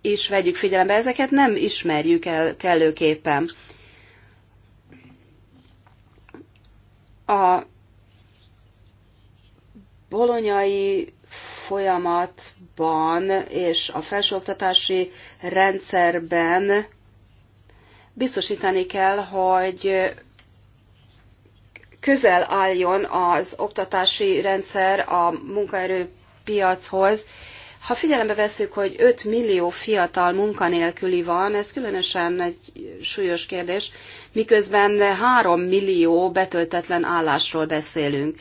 is vegyük figyelembe. Ezeket nem ismerjük el kellőképpen. A bolonyai folyamatban és a felsőoktatási rendszerben biztosítani kell, hogy közel álljon az oktatási rendszer a munkaerő piachoz. Ha figyelembe vesszük, hogy 5 millió fiatal munkanélküli van, ez különösen egy súlyos kérdés, miközben 3 millió betöltetlen állásról beszélünk.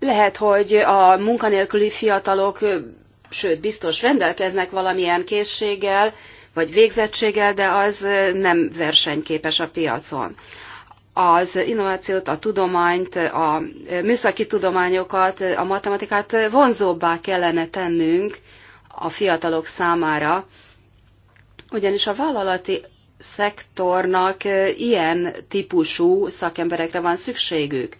Lehet, hogy a munkanélküli fiatalok, sőt, biztos rendelkeznek valamilyen készséggel, vagy végzettséggel, de az nem versenyképes a piacon az innovációt, a tudományt, a műszaki tudományokat, a matematikát vonzóbbá kellene tennünk a fiatalok számára, ugyanis a vállalati szektornak ilyen típusú szakemberekre van szükségük.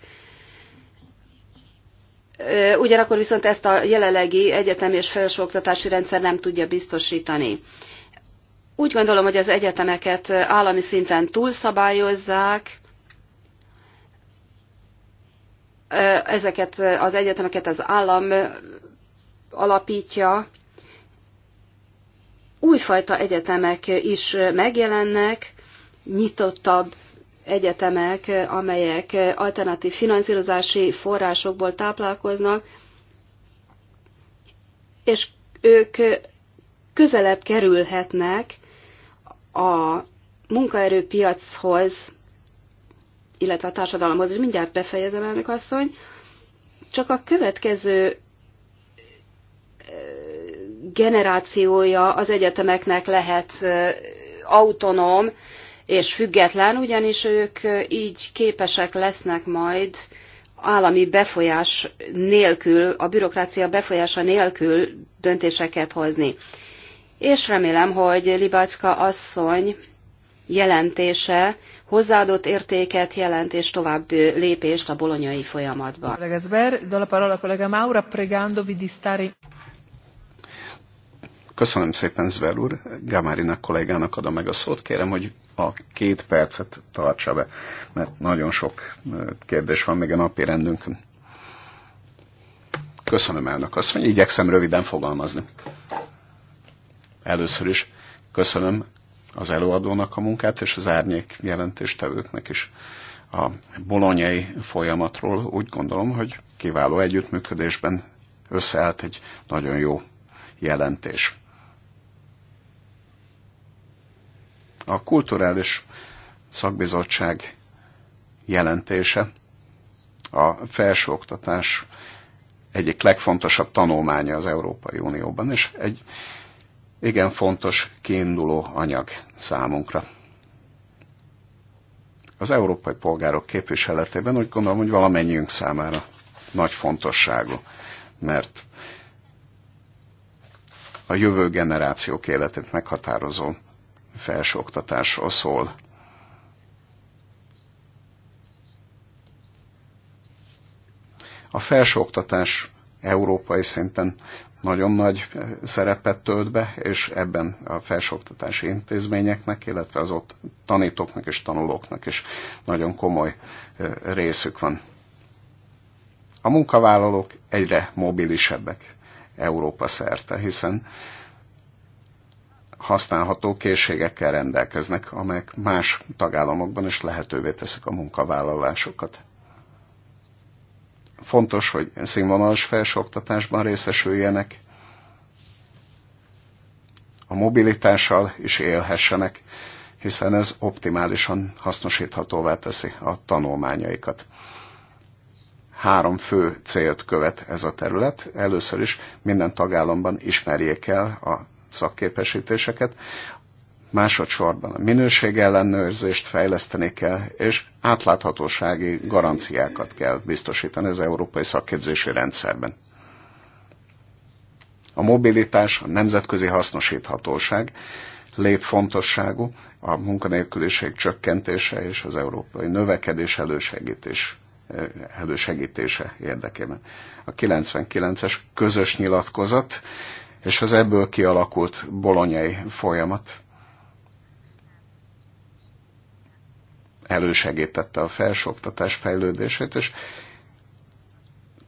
Ugyanakkor viszont ezt a jelenlegi egyetemi és felsőoktatási rendszer nem tudja biztosítani. Úgy gondolom, hogy az egyetemeket állami szinten túlszabályozzák, ezeket az egyetemeket az állam alapítja. Újfajta egyetemek is megjelennek, nyitottabb egyetemek, amelyek alternatív finanszírozási forrásokból táplálkoznak, és ők közelebb kerülhetnek a munkaerőpiachoz, illetve a társadalomhoz, és mindjárt befejezem, elnök asszony, csak a következő eh, generációja az egyetemeknek lehet eh, autonóm és független, ugyanis ők eh, így képesek lesznek majd állami befolyás nélkül, a bürokrácia befolyása nélkül döntéseket hozni. És remélem, hogy Libacka asszony jelentése hozzáadott értéket jelent és tovább lépést a bolonyai folyamatban. Köszönöm szépen, Zver úr. Gamárinak kollégának adom meg a szót. Kérem, hogy a két percet tartsa be, mert nagyon sok kérdés van még a napi rendünkön. Köszönöm elnök azt, hogy igyekszem röviden fogalmazni. Először is köszönöm az előadónak a munkát, és az árnyék jelentéstevőknek is a bolonyai folyamatról úgy gondolom, hogy kiváló együttműködésben összeállt egy nagyon jó jelentés. A kulturális szakbizottság jelentése a felsőoktatás egyik legfontosabb tanulmánya az Európai Unióban, és egy igen fontos kiinduló anyag számunkra. Az európai polgárok képviseletében úgy gondolom, hogy valamennyiünk számára nagy fontosságú, mert a jövő generációk életét meghatározó felsőoktatásról szól. A felsőoktatás európai szinten nagyon nagy eh, szerepet tölt be, és ebben a felsőoktatási intézményeknek, illetve az ott tanítóknak és tanulóknak is nagyon komoly eh, részük van. A munkavállalók egyre mobilisebbek Európa szerte, hiszen használható készségekkel rendelkeznek, amelyek más tagállamokban is lehetővé teszik a munkavállalásokat fontos, hogy színvonalas felsőoktatásban részesüljenek, a mobilitással is élhessenek, hiszen ez optimálisan hasznosíthatóvá teszi a tanulmányaikat. Három fő célt követ ez a terület. Először is minden tagállamban ismerjék el a szakképesítéseket. Másodszorban a ellenőrzést fejleszteni kell, és átláthatósági garanciákat kell biztosítani az európai szakképzési rendszerben. A mobilitás, a nemzetközi hasznosíthatóság létfontosságú, a munkanélküliség csökkentése és az európai növekedés elősegítés elősegítése érdekében. A 99-es közös nyilatkozat és az ebből kialakult bolonyai folyamat elősegítette a felsőoktatás fejlődését, és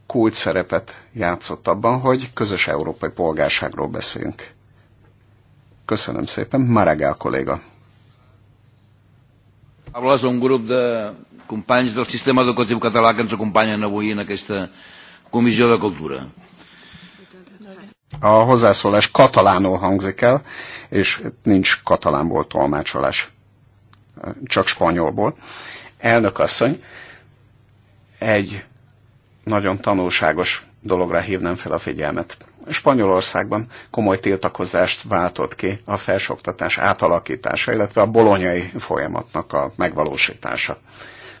kulcs szerepet játszott abban, hogy közös európai polgárságról beszéljünk. Köszönöm szépen, Maragál kolléga. Hablas a un grup de companys del sistema educatiu català que ens acompanyen avui en aquesta comissió de cultura. A hozzászólás katalánul hangzik el, és nincs katalánból tolmácsolás csak spanyolból. Elnök asszony, egy nagyon tanulságos dologra hívnám fel a figyelmet. Spanyolországban komoly tiltakozást váltott ki a felsoktatás átalakítása, illetve a bolonyai folyamatnak a megvalósítása.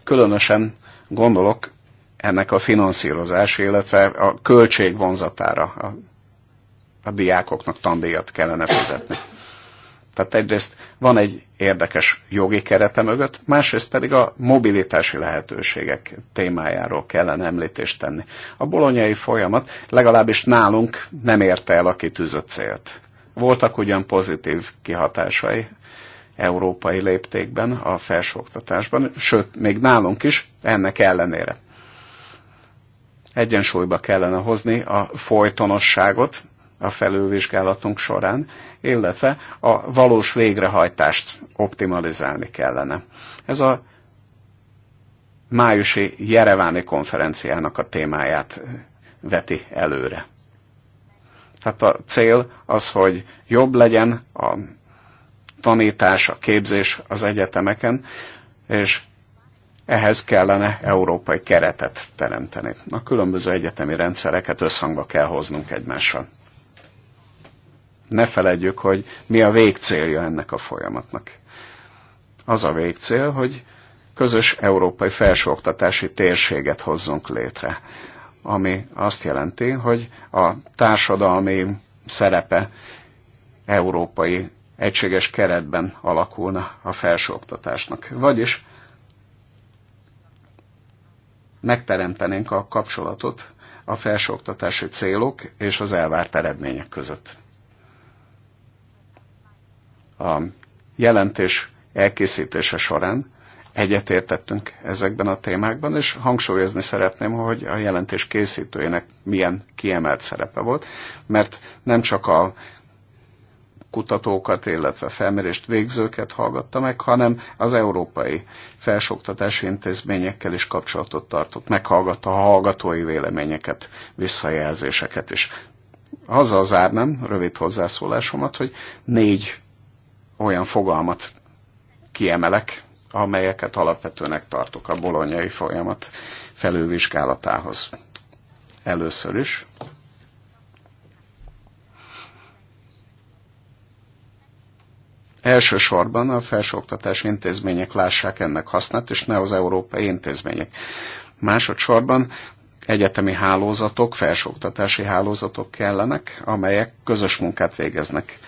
Különösen gondolok ennek a finanszírozása, illetve a költség vonzatára a, a diákoknak tandíjat kellene fizetni. Tehát egyrészt van egy érdekes jogi kerete mögött, másrészt pedig a mobilitási lehetőségek témájáról kellene említést tenni. A bolonyai folyamat legalábbis nálunk nem érte el a kitűzött célt. Voltak ugyan pozitív kihatásai európai léptékben, a felsőoktatásban, sőt, még nálunk is, ennek ellenére. Egyensúlyba kellene hozni a folytonosságot, a felülvizsgálatunk során, illetve a valós végrehajtást optimalizálni kellene. Ez a májusi Jereváni konferenciának a témáját veti előre. Tehát a cél az, hogy jobb legyen a tanítás, a képzés az egyetemeken, és ehhez kellene európai keretet teremteni. A különböző egyetemi rendszereket összhangba kell hoznunk egymással ne feledjük, hogy mi a végcélja ennek a folyamatnak. Az a végcél, hogy közös európai felsőoktatási térséget hozzunk létre, ami azt jelenti, hogy a társadalmi szerepe európai egységes keretben alakulna a felsőoktatásnak. Vagyis megteremtenénk a kapcsolatot a felsőoktatási célok és az elvárt eredmények között a jelentés elkészítése során egyetértettünk ezekben a témákban, és hangsúlyozni szeretném, hogy a jelentés készítőjének milyen kiemelt szerepe volt, mert nem csak a kutatókat, illetve felmérést végzőket hallgatta meg, hanem az európai Felsoktatási intézményekkel is kapcsolatot tartott, meghallgatta a hallgatói véleményeket, visszajelzéseket is. Azzal zárnám rövid hozzászólásomat, hogy négy olyan fogalmat kiemelek, amelyeket alapvetőnek tartok a bolonyai folyamat felülvizsgálatához. Először is elsősorban a felsőoktatás intézmények lássák ennek hasznát, és ne az európai intézmények. Másodszorban egyetemi hálózatok, felsőoktatási hálózatok kellenek, amelyek közös munkát végeznek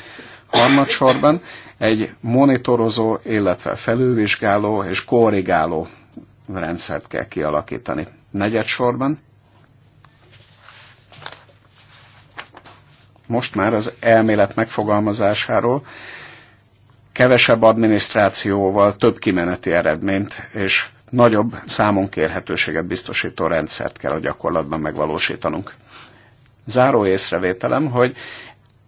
Harmadsorban egy monitorozó, illetve felülvizsgáló és korrigáló rendszert kell kialakítani. Negyedsorban most már az elmélet megfogalmazásáról kevesebb adminisztrációval több kimeneti eredményt és nagyobb számon kérhetőséget biztosító rendszert kell a gyakorlatban megvalósítanunk. Záró észrevételem, hogy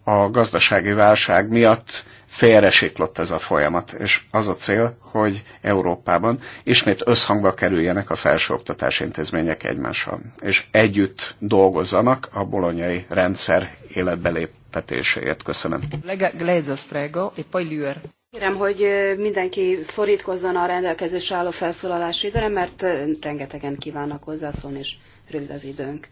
a gazdasági válság miatt félresiklott ez a folyamat, és az a cél, hogy Európában ismét összhangba kerüljenek a felsőoktatási intézmények egymással, és együtt dolgozzanak a bolonyai rendszer életbeléptetéséért. Köszönöm. E Kérem, hogy mindenki szorítkozzon a rendelkezés álló felszólalási időre, mert rengetegen kívánnak hozzászólni, és rövid az időnk.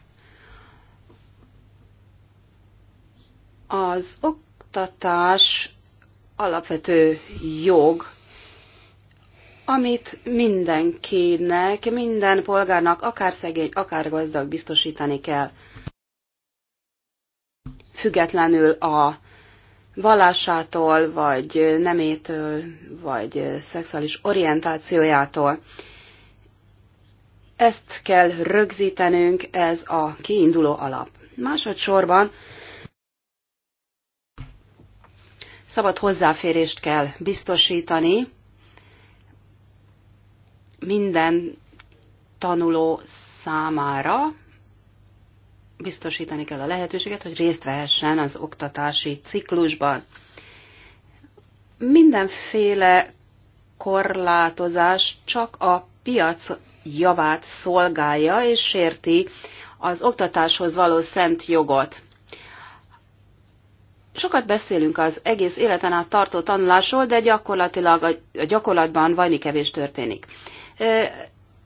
Az oktatás alapvető jog, amit mindenkinek, minden polgárnak, akár szegény, akár gazdag biztosítani kell. Függetlenül a vallásától, vagy nemétől, vagy szexuális orientációjától. Ezt kell rögzítenünk, ez a kiinduló alap. Másodszorban szabad hozzáférést kell biztosítani minden tanuló számára, biztosítani kell a lehetőséget, hogy részt vehessen az oktatási ciklusban. Mindenféle korlátozás csak a piac javát szolgálja és sérti az oktatáshoz való szent jogot. Sokat beszélünk az egész életen át tartó tanulásról, de gyakorlatilag a gyakorlatban valami kevés történik.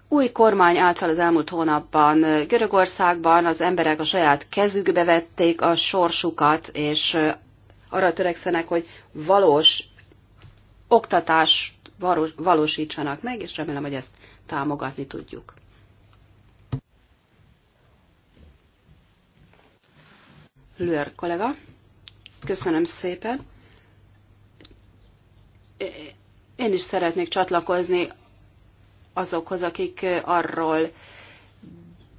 Új kormány állt fel az elmúlt hónapban Görögországban, az emberek a saját kezükbe vették a sorsukat, és arra törekszenek, hogy valós oktatást valósítsanak meg, és remélem, hogy ezt támogatni tudjuk. Lőr kollega. Köszönöm szépen. Én is szeretnék csatlakozni azokhoz, akik arról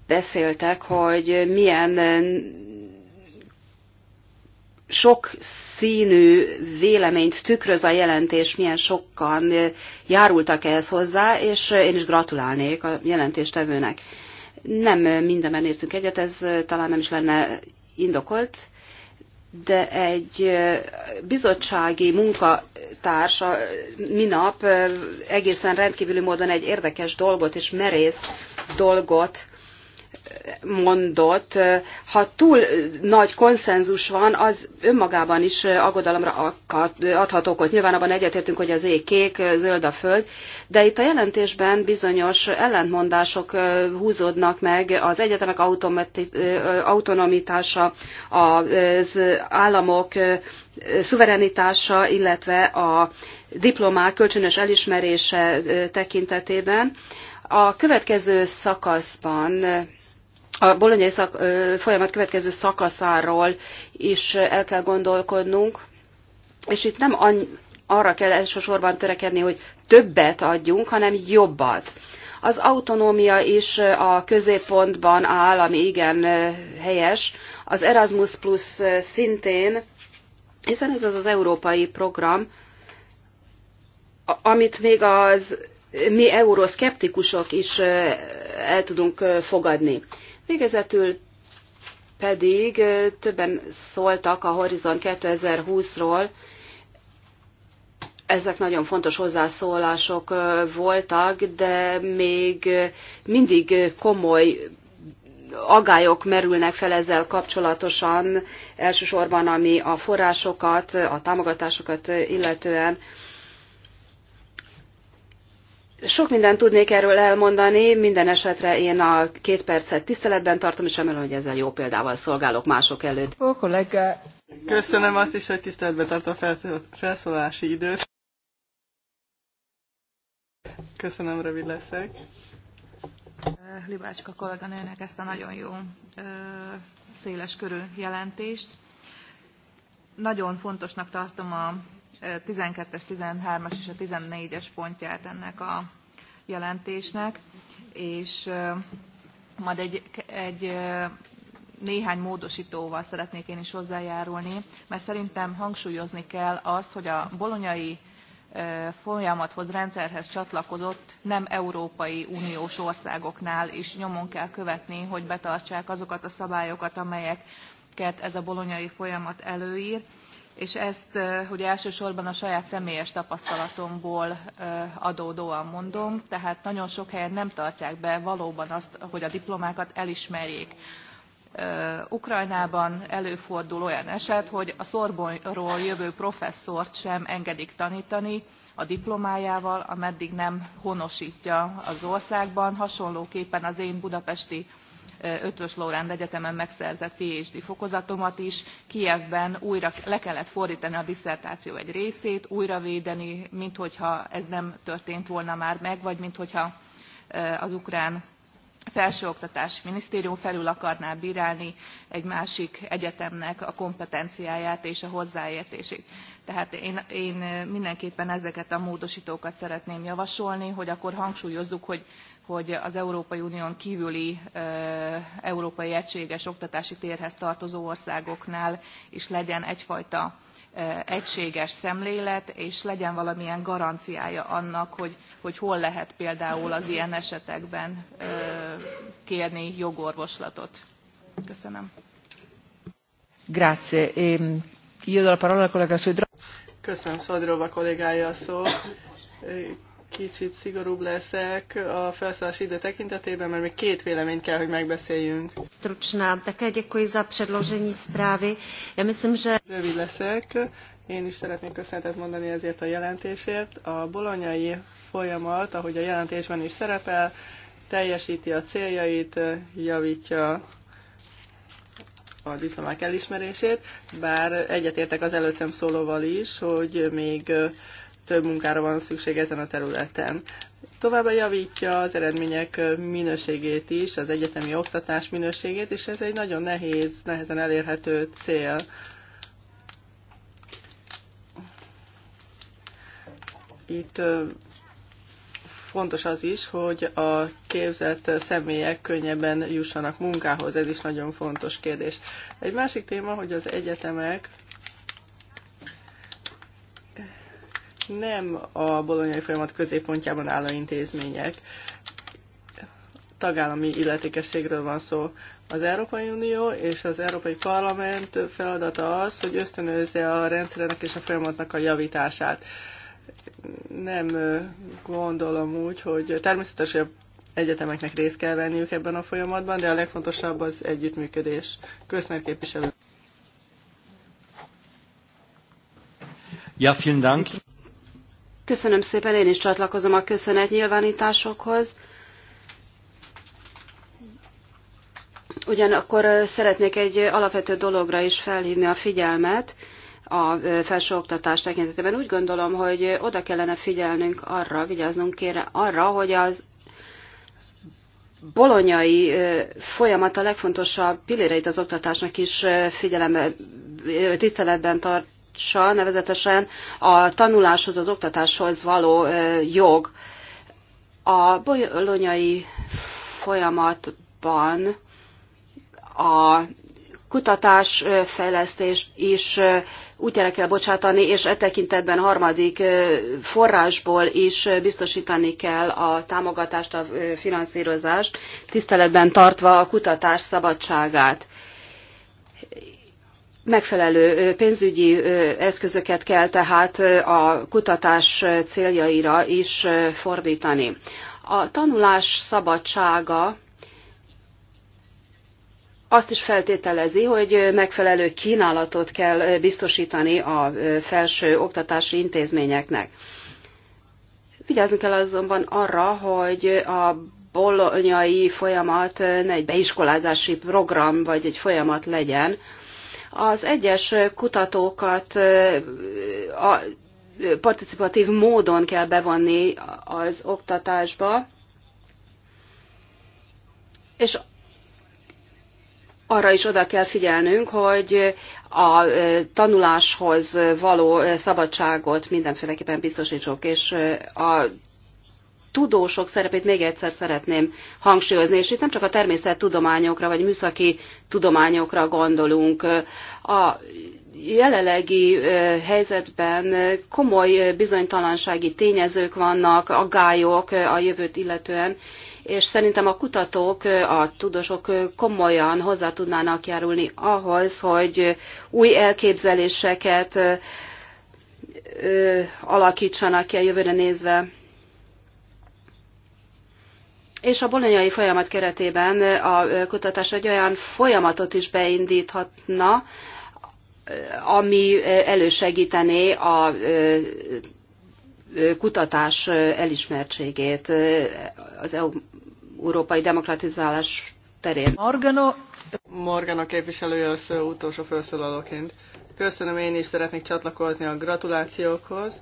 beszéltek, hogy milyen sok színű véleményt tükröz a jelentés, milyen sokan járultak ehhez hozzá, és én is gratulálnék a jelentéstevőnek. Nem mindenben értünk egyet, ez talán nem is lenne indokolt, de egy bizottsági munkatársa minap egészen rendkívüli módon egy érdekes dolgot és merész dolgot mondott, ha túl nagy konszenzus van, az önmagában is aggodalomra adhat okot. Nyilván abban egyetértünk, hogy az ég kék, zöld a föld, de itt a jelentésben bizonyos ellentmondások húzódnak meg az egyetemek autonomitása, az államok szuverenitása, illetve a diplomák kölcsönös elismerése tekintetében. A következő szakaszban a bolonyai szak, folyamat következő szakaszáról is el kell gondolkodnunk, és itt nem arra kell elsősorban törekedni, hogy többet adjunk, hanem jobbat. Az autonómia is a középpontban áll, ami igen helyes. Az Erasmus Plus szintén, hiszen ez az az európai program, amit még az mi euroszkeptikusok is el tudunk fogadni. Végezetül pedig többen szóltak a Horizon 2020-ról, ezek nagyon fontos hozzászólások voltak, de még mindig komoly agályok merülnek fel ezzel kapcsolatosan, elsősorban ami a forrásokat, a támogatásokat illetően. Sok mindent tudnék erről elmondani, minden esetre én a két percet tiszteletben tartom, és remélem, hogy ezzel jó példával szolgálok mások előtt. Ó, kollega, köszönöm azt is, hogy tiszteletben tartom a felszólási időt. Köszönöm, rövid leszek. Eh, Libácska kolléganőnek ezt a nagyon jó eh, széles körű jelentést. Nagyon fontosnak tartom a 12-es, 13-as és a 14-es pontját ennek a jelentésnek, és majd egy, egy néhány módosítóval szeretnék én is hozzájárulni, mert szerintem hangsúlyozni kell azt, hogy a bolonyai folyamathoz, rendszerhez csatlakozott nem Európai Uniós országoknál is nyomon kell követni, hogy betartsák azokat a szabályokat, amelyeket ez a bolonyai folyamat előír és ezt ugye elsősorban a saját személyes tapasztalatomból adódóan mondom, tehát nagyon sok helyen nem tartják be valóban azt, hogy a diplomákat elismerjék. Ukrajnában előfordul olyan eset, hogy a szorbonról jövő professzort sem engedik tanítani a diplomájával, ameddig nem honosítja az országban. Hasonlóképpen az én budapesti ötvös loránd Egyetemen megszerzett PhD fokozatomat is. Kijevben újra le kellett fordítani a disszertáció egy részét, újra védeni, minthogyha ez nem történt volna már meg, vagy minthogyha az ukrán felsőoktatási minisztérium felül akarná brálni egy másik egyetemnek a kompetenciáját és a hozzáértését. Tehát én, én mindenképpen ezeket a módosítókat szeretném javasolni, hogy akkor hangsúlyozzuk, hogy hogy az Európai Unión kívüli európai egységes oktatási térhez tartozó országoknál is legyen egyfajta egységes szemlélet és legyen valamilyen garanciája annak hogy, hogy hol lehet például az ilyen esetekben kérni jogorvoslatot. Köszönöm. Grazie. Ehm, la parola al collega Köszönöm, Szodrova kollégája a szó kicsit szigorúbb leszek a felszállás ide tekintetében, mert még két véleményt kell, hogy megbeszéljünk. Stručná, také děkuji za předložení zprávy. Já myslím, že... Rövid leszek. Én is szeretnék köszönetet mondani ezért a jelentésért. A bolonyai folyamat, ahogy a jelentésben is szerepel, teljesíti a céljait, javítja a diplomák elismerését, bár egyetértek az előttem szólóval is, hogy még több munkára van szükség ezen a területen. Továbbá javítja az eredmények minőségét is, az egyetemi oktatás minőségét, és ez egy nagyon nehéz, nehezen elérhető cél. Itt fontos az is, hogy a képzett személyek könnyebben jussanak munkához, ez is nagyon fontos kérdés. Egy másik téma, hogy az egyetemek nem a bolonyai folyamat középpontjában álló intézmények. Tagállami illetékességről van szó. Az Európai Unió és az Európai Parlament feladata az, hogy ösztönözze a rendszernek és a folyamatnak a javítását. Nem gondolom úgy, hogy természetesen a egyetemeknek részt kell venniük ebben a folyamatban, de a legfontosabb az együttműködés. Köszönöm képviselő. Ja, vielen Dank. Köszönöm szépen, én is csatlakozom a köszönetnyilvánításokhoz. Ugyanakkor szeretnék egy alapvető dologra is felhívni a figyelmet a felsőoktatás tekintetében. Úgy gondolom, hogy oda kellene figyelnünk arra, vigyáznunk kéne arra, hogy az bolonyai folyamat a legfontosabb pilléreit az oktatásnak is figyelembe, tiszteletben tart, tanácsa, nevezetesen a tanuláshoz, az oktatáshoz való jog. A bolonyai folyamatban a kutatás, fejlesztést is útjára kell bocsátani, és e tekintetben harmadik forrásból is biztosítani kell a támogatást, a finanszírozást, tiszteletben tartva a kutatás szabadságát. Megfelelő pénzügyi eszközöket kell tehát a kutatás céljaira is fordítani. A tanulás szabadsága azt is feltételezi, hogy megfelelő kínálatot kell biztosítani a felső oktatási intézményeknek. Vigyázzunk kell azonban arra, hogy a bolonyai folyamat ne egy beiskolázási program vagy egy folyamat legyen, az egyes kutatókat a participatív módon kell bevonni az oktatásba, és arra is oda kell figyelnünk, hogy a tanuláshoz való szabadságot mindenféleképpen biztosítsuk, és a tudósok szerepét még egyszer szeretném hangsúlyozni, és itt nem csak a természettudományokra vagy műszaki tudományokra gondolunk. A jelenlegi helyzetben komoly bizonytalansági tényezők vannak, aggályok a jövőt illetően, és szerintem a kutatók, a tudósok komolyan hozzá tudnának járulni ahhoz, hogy új elképzeléseket alakítsanak ki a jövőre nézve és a bolonyai folyamat keretében a kutatás egy olyan folyamatot is beindíthatna, ami elősegítené a kutatás elismertségét az EU, európai demokratizálás terén. Morgano, Morgano képviselője az utolsó felszólalóként. Köszönöm, én is szeretnék csatlakozni a gratulációkhoz.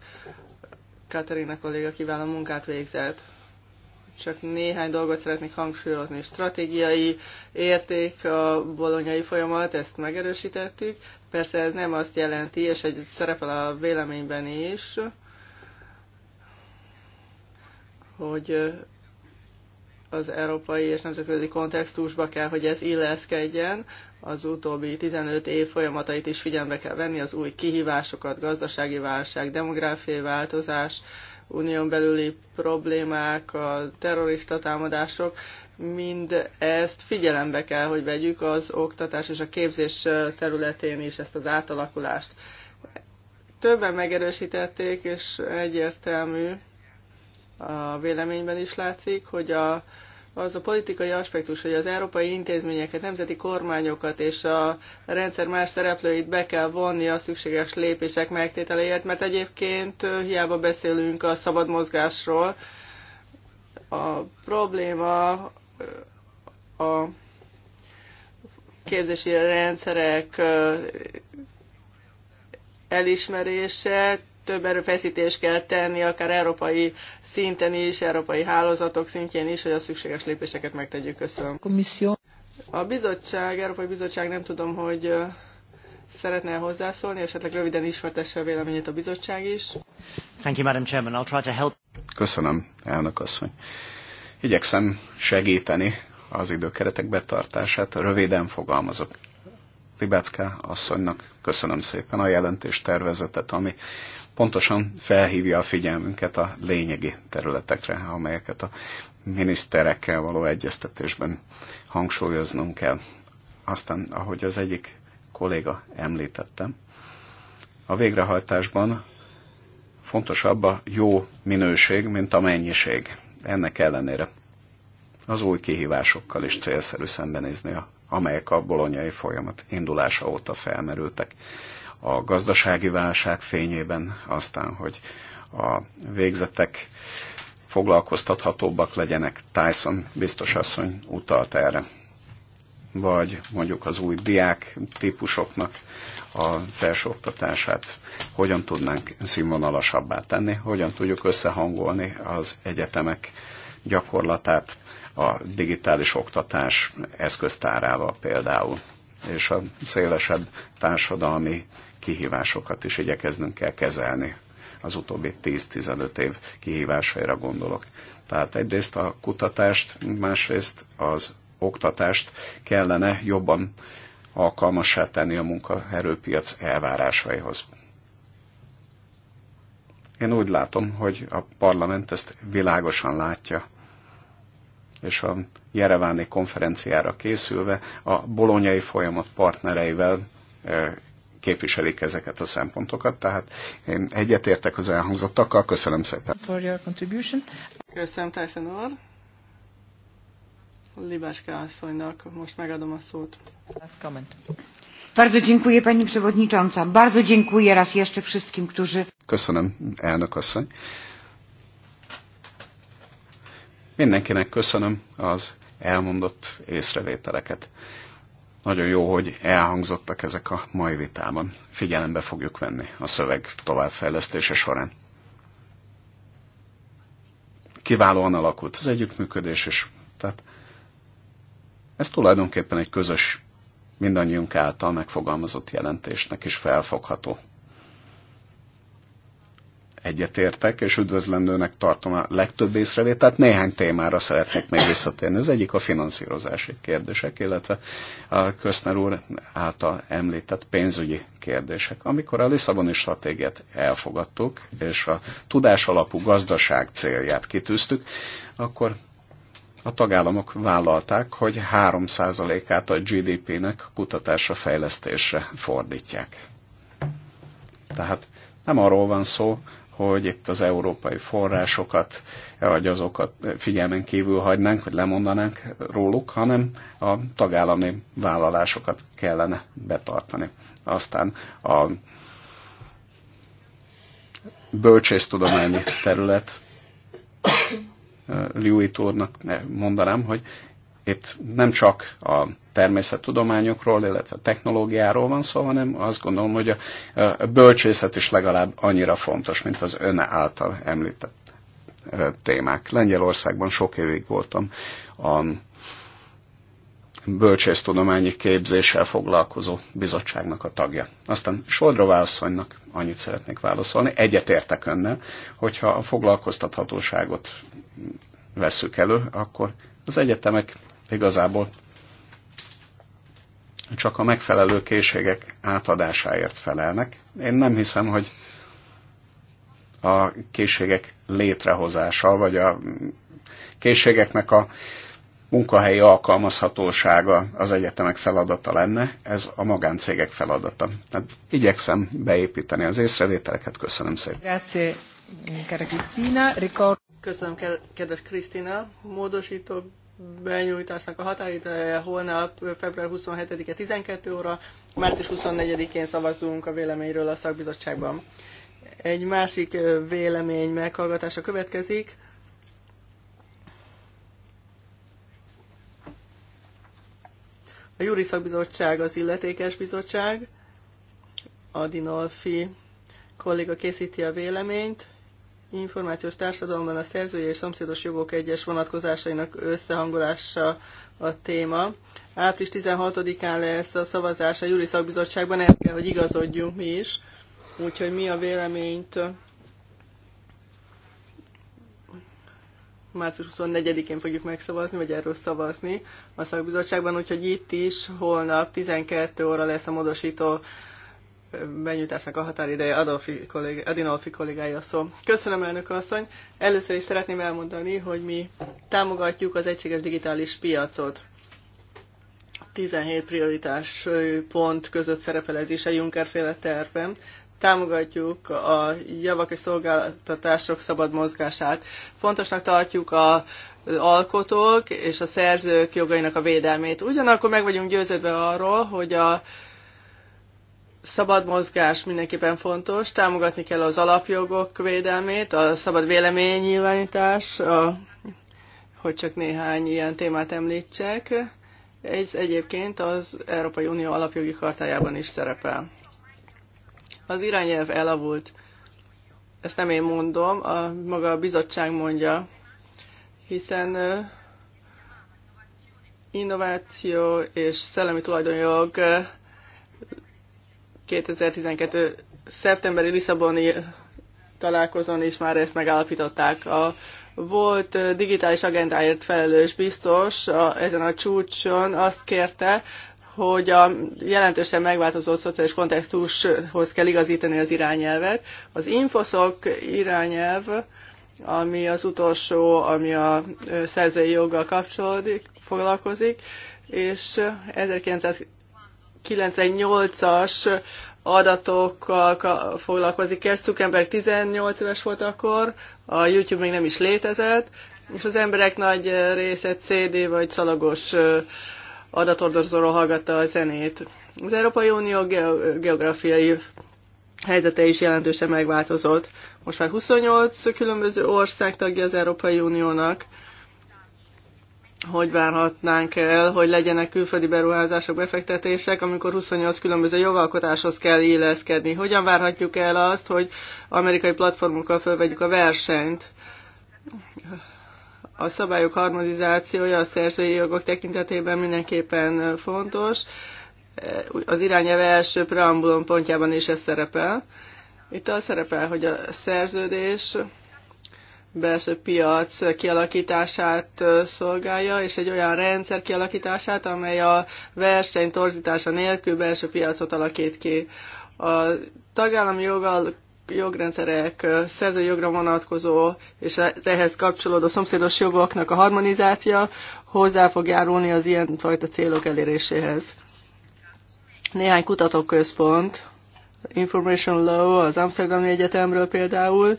Katerina kolléga kiváló munkát végzett. Csak néhány dolgot szeretnék hangsúlyozni. Stratégiai érték a bolonyai folyamat, ezt megerősítettük. Persze ez nem azt jelenti, és egy szerepel a véleményben is, hogy az európai és nemzetközi kontextusba kell, hogy ez illeszkedjen. Az utóbbi 15 év folyamatait is figyelme kell venni, az új kihívásokat, gazdasági válság, demográfiai változás, unión belüli problémák, a terrorista támadások, mind ezt figyelembe kell, hogy vegyük az oktatás és a képzés területén is ezt az átalakulást. Többen megerősítették, és egyértelmű a véleményben is látszik, hogy a az a politikai aspektus, hogy az európai intézményeket, nemzeti kormányokat és a rendszer más szereplőit be kell vonni a szükséges lépések megtételéért, mert egyébként hiába beszélünk a szabad mozgásról. A probléma a képzési rendszerek elismerése, több erőfeszítést kell tenni, akár európai szinten is, európai hálózatok szintjén is, hogy a szükséges lépéseket megtegyük. Köszönöm. A bizottság, Európai Bizottság nem tudom, hogy szeretne hozzászólni, esetleg röviden ismertesse a véleményét a bizottság is. Thank you, Madam Chairman. I'll try to help. Köszönöm, elnök asszony. Igyekszem segíteni az időkeretek betartását, röviden fogalmazok. Libecka asszonynak köszönöm szépen a jelentés tervezetet, ami pontosan felhívja a figyelmünket a lényegi területekre, amelyeket a miniszterekkel való egyeztetésben hangsúlyoznunk kell. Aztán, ahogy az egyik kolléga említette, a végrehajtásban fontosabb a jó minőség, mint a mennyiség. Ennek ellenére az új kihívásokkal is célszerű szembenézni, amelyek a bolonyai folyamat indulása óta felmerültek a gazdasági válság fényében, aztán, hogy a végzetek foglalkoztathatóbbak legyenek. Tyson biztos asszony utalt erre. Vagy mondjuk az új diák típusoknak a felsőoktatását hogyan tudnánk színvonalasabbá tenni, hogyan tudjuk összehangolni az egyetemek gyakorlatát a digitális oktatás eszköztárával például, és a szélesebb társadalmi kihívásokat is igyekeznünk kell kezelni. Az utóbbi 10-15 év kihívásaira gondolok. Tehát egyrészt a kutatást, másrészt az oktatást kellene jobban alkalmassá tenni a munkaerőpiac elvárásaihoz. Én úgy látom, hogy a parlament ezt világosan látja, és a Jereváni konferenciára készülve a bolonyai folyamat partnereivel eh, képviselik ezeket a szempontokat, tehát én egyetértek az elhangzottakkal, köszönöm szépen. For your contribution. Köszönöm, Tyson úr. Libáska asszonynak most megadom a szót. Last comment. Bardzo dziękuję Pani Przewodnicząca. Bardzo dziękuję raz jeszcze wszystkim, którzy... Köszönöm, elnök asszony. Mindenkinek köszönöm az elmondott észrevételeket. Nagyon jó, hogy elhangzottak ezek a mai vitában. Figyelembe fogjuk venni a szöveg továbbfejlesztése során. Kiválóan alakult az együttműködés, és tehát ez tulajdonképpen egy közös mindannyiunk által megfogalmazott jelentésnek is felfogható egyetértek, és üdvözlendőnek tartom a legtöbb észrevételt. Néhány témára szeretnék még visszatérni. Az egyik a finanszírozási kérdések, illetve a Köszner úr által említett pénzügyi kérdések. Amikor a Lisszaboni stratégiát elfogadtuk, és a tudás alapú gazdaság célját kitűztük, akkor a tagállamok vállalták, hogy 3%-át a GDP-nek kutatásra fejlesztésre fordítják. Tehát nem arról van szó, hogy itt az európai forrásokat, vagy azokat figyelmen kívül hagynánk, hogy lemondanánk róluk, hanem a tagállami vállalásokat kellene betartani. Aztán a bölcsésztudományi terület Liuit úrnak mondanám, hogy itt nem csak a természettudományokról, illetve a technológiáról van szó, hanem azt gondolom, hogy a, bölcsészet is legalább annyira fontos, mint az ön által említett témák. Lengyelországban sok évig voltam a bölcsésztudományi képzéssel foglalkozó bizottságnak a tagja. Aztán Soldrová asszonynak annyit szeretnék válaszolni, egyetértek önnel, hogyha a foglalkoztathatóságot veszük elő, akkor az egyetemek Igazából csak a megfelelő készségek átadásáért felelnek. Én nem hiszem, hogy a készségek létrehozása, vagy a készségeknek a munkahelyi alkalmazhatósága az egyetemek feladata lenne, ez a magáncégek feladata. Tehát igyekszem beépíteni az észrevételeket. Köszönöm szépen. Grazie, Köszönöm, kedves Krisztina. Módosítok benyújtásnak a határideje holnap február 27-e 12 óra, március 24-én szavazunk a véleményről a szakbizottságban. Egy másik vélemény meghallgatása következik. A Júri Szakbizottság az illetékes bizottság. Adinolfi kolléga készíti a véleményt, információs társadalomban a szerzői és szomszédos jogok egyes vonatkozásainak összehangolása a téma. Április 16-án lesz a szavazás a Júli Szakbizottságban, el kell, hogy igazodjunk mi is. Úgyhogy mi a véleményt március 24-én fogjuk megszavazni, vagy erről szavazni a szakbizottságban, úgyhogy itt is holnap 12 óra lesz a módosító benyújtásnak a határideje Adolfi kollégá, Adinolfi kollégája szó. Köszönöm, elnök asszony. Először is szeretném elmondani, hogy mi támogatjuk az egységes digitális piacot. 17 prioritás pont között szerepel ez is a Juncker féle tervben. Támogatjuk a javak és szolgáltatások szabad mozgását. Fontosnak tartjuk a alkotók és a szerzők jogainak a védelmét. Ugyanakkor meg vagyunk győződve arról, hogy a szabad mozgás mindenképpen fontos, támogatni kell az alapjogok védelmét, a szabad véleménynyilvánítás, a, hogy csak néhány ilyen témát említsek. Ez egyébként az Európai Unió alapjogi kartájában is szerepel. Az irányelv elavult. Ezt nem én mondom, a, maga a bizottság mondja, hiszen innováció és szellemi tulajdonjog 2012. szeptemberi Lisszaboni találkozón is már ezt megállapították. A volt digitális agendáért felelős biztos a, ezen a csúcson azt kérte, hogy a jelentősen megváltozott szociális kontextushoz kell igazítani az irányelvet. Az infoszok irányelv, ami az utolsó, ami a szerzői joggal kapcsolódik, foglalkozik, és 98-as adatokkal foglalkozik ez. Zuckerberg 18 éves volt akkor, a YouTube még nem is létezett, és az emberek nagy része CD vagy szalagos adatordozóról hallgatta a zenét. Az Európai Unió geográfiai helyzete is jelentősen megváltozott. Most már 28 különböző ország tagja az Európai Uniónak, hogy várhatnánk el, hogy legyenek külföldi beruházások, befektetések, amikor 28 különböző jogalkotáshoz kell illeszkedni? Hogyan várhatjuk el azt, hogy amerikai platformokkal fölvegyük a versenyt? A szabályok harmonizációja a szerzői jogok tekintetében mindenképpen fontos. Az irányelve első preambulon pontjában is ez szerepel. Itt az szerepel, hogy a szerződés belső piac kialakítását szolgálja, és egy olyan rendszer kialakítását, amely a verseny torzítása nélkül belső piacot alakít ki. A tagállami jogal, jogrendszerek, szerző jogra vonatkozó és e-, ehhez kapcsolódó szomszédos jogoknak a harmonizáció hozzá fog járulni az ilyenfajta célok eléréséhez. Néhány kutatóközpont, Information Law az Amsterdami Egyetemről például,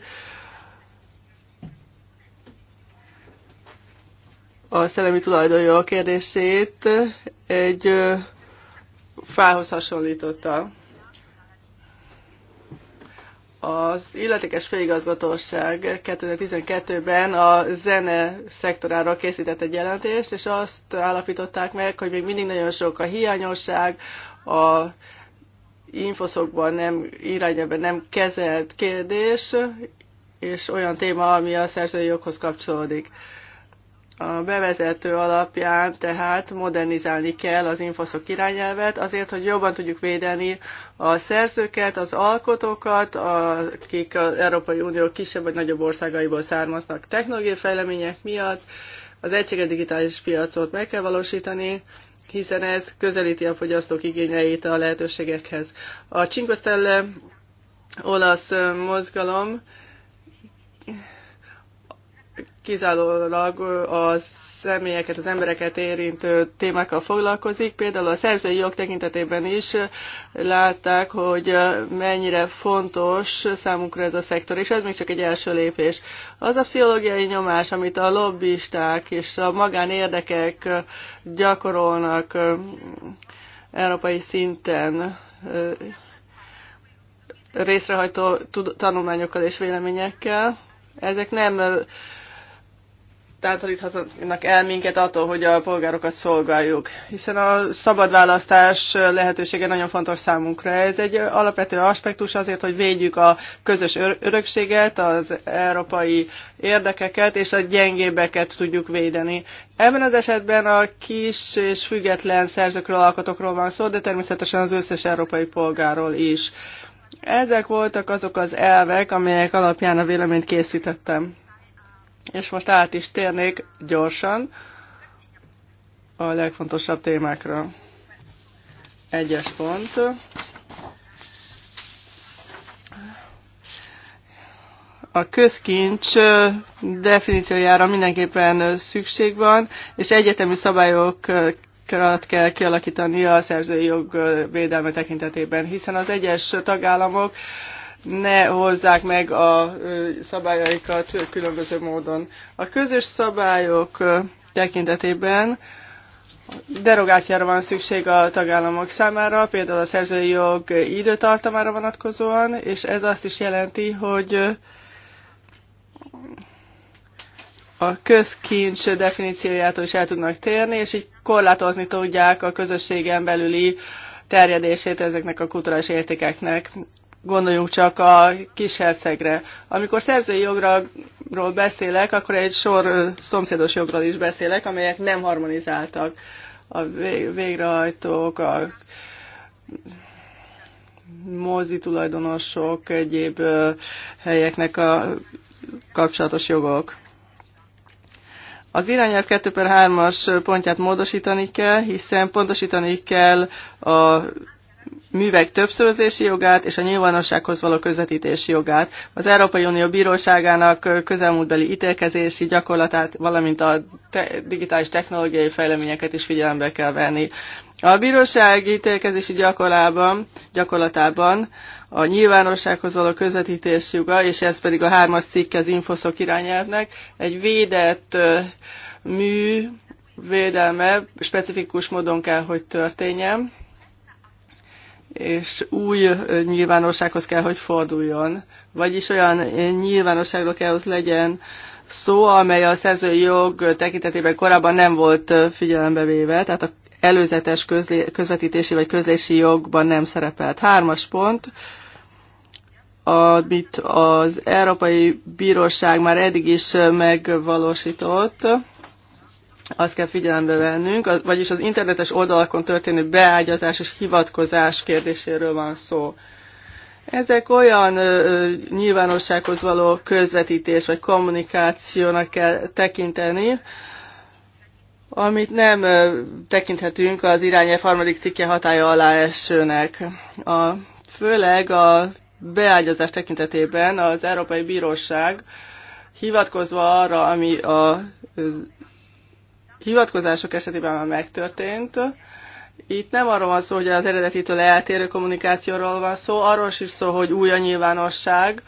a szellemi a kérdését egy fához hasonlította. Az illetékes főigazgatóság 2012-ben a zene szektorára készített egy jelentést, és azt állapították meg, hogy még mindig nagyon sok a hiányosság, a infoszokban nem, irányában nem kezelt kérdés, és olyan téma, ami a szerzői joghoz kapcsolódik. A bevezető alapján tehát modernizálni kell az infoszok irányelvet azért, hogy jobban tudjuk védeni a szerzőket, az alkotókat, akik az Európai Unió kisebb vagy nagyobb országaiból származnak technológiai fejlemények miatt. Az egységes digitális piacot meg kell valósítani, hiszen ez közelíti a fogyasztók igényeit a lehetőségekhez. A Cinque Stelle olasz mozgalom kizárólag a személyeket, az embereket érintő témákkal foglalkozik. Például a szerzői jog tekintetében is látták, hogy mennyire fontos számunkra ez a szektor, és ez még csak egy első lépés. Az a pszichológiai nyomás, amit a lobbisták és a magánérdekek gyakorolnak eh, európai szinten, eh, részrehajtó tanulmányokkal és véleményekkel, ezek nem eh, tántoríthatnak el minket attól, hogy a polgárokat szolgáljuk. Hiszen a szabad választás lehetősége nagyon fontos számunkra. Ez egy alapvető aspektus azért, hogy védjük a közös örökséget, az európai érdekeket és a gyengébeket tudjuk védeni. Ebben az esetben a kis és független szerzőkről, alkotokról van szó, de természetesen az összes európai polgáról is. Ezek voltak azok az elvek, amelyek alapján a véleményt készítettem. És most át is térnék gyorsan a legfontosabb témákra. Egyes pont. a közkincs definíciójára mindenképpen szükség van, és egyetemi szabályok kell kialakítani a szerzői jog védelme tekintetében, hiszen az egyes tagállamok ne hozzák meg a szabályaikat különböző módon. A közös szabályok tekintetében derogáciára van szükség a tagállamok számára, például a szerzői jog időtartamára vonatkozóan, és ez azt is jelenti, hogy a közkincs definíciójától is el tudnak térni, és így korlátozni tudják a közösségen belüli terjedését ezeknek a kulturális értékeknek. Gondoljunk csak a kishercegre. Amikor szerzői jogról beszélek, akkor egy sor szomszédos jogról is beszélek, amelyek nem harmonizáltak. A végrehajtók, a mozi tulajdonosok, egyéb helyeknek a kapcsolatos jogok. Az irányelv 2 per 3-as pontját módosítani kell, hiszen pontosítani kell a művek többszörözési jogát és a nyilvánossághoz való közvetítési jogát, az Európai Unió Bíróságának közelmúltbeli ítélkezési gyakorlatát, valamint a te digitális technológiai fejleményeket is figyelembe kell venni. A bíróság ítélkezési gyakorlában, gyakorlatában a nyilvánossághoz való közvetítés joga, és ez pedig a hármas cikke az infoszok irányelvnek, egy védett mű védelme specifikus módon kell, hogy történjen, és új nyilvánossághoz kell, hogy forduljon. Vagyis olyan nyilvánosságról kell, hogy legyen szó, amely a szerzői jog tekintetében korábban nem volt figyelembe véve, tehát a előzetes közlé, közvetítési vagy közlési jogban nem szerepelt. Hármas pont, amit az Európai Bíróság már eddig is megvalósított, azt kell figyelembe vennünk, az, vagyis az internetes oldalakon történő beágyazás és hivatkozás kérdéséről van szó. Ezek olyan ö, nyilvánossághoz való közvetítés vagy kommunikációnak kell tekinteni, amit nem ö, tekinthetünk az irányelv harmadik cikke hatája alá esőnek. A, főleg a beágyazás tekintetében az Európai Bíróság hivatkozva arra, ami a hivatkozások esetében már megtörtént. Itt nem arról van szó, hogy az eredetitől eltérő kommunikációról van szó, arról is szó, hogy új a nyilvánosság,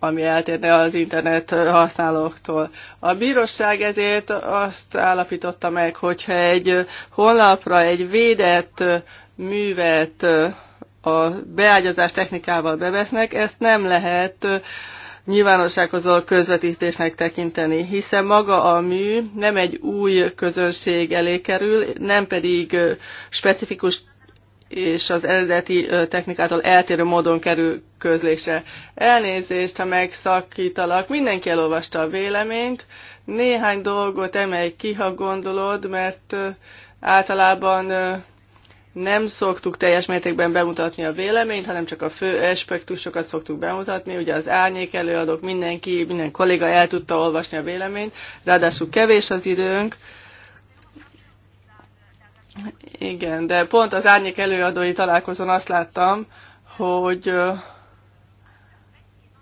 ami eltérne az internet használóktól. A bíróság ezért azt állapította meg, hogyha egy honlapra egy védett művet a beágyazás technikával bevesznek, ezt nem lehet nyilvánossághoz való közvetítésnek tekinteni, hiszen maga a mű nem egy új közönség elé kerül, nem pedig specifikus és az eredeti technikától eltérő módon kerül közlésre. Elnézést, ha megszakítalak, mindenki elolvasta a véleményt, néhány dolgot emelj ki, ha gondolod, mert általában nem szoktuk teljes mértékben bemutatni a véleményt, hanem csak a fő aspektusokat szoktuk bemutatni. Ugye az árnyék előadók, mindenki, minden kolléga el tudta olvasni a véleményt, ráadásul kevés az időnk. Igen, de pont az árnyék előadói találkozón azt láttam, hogy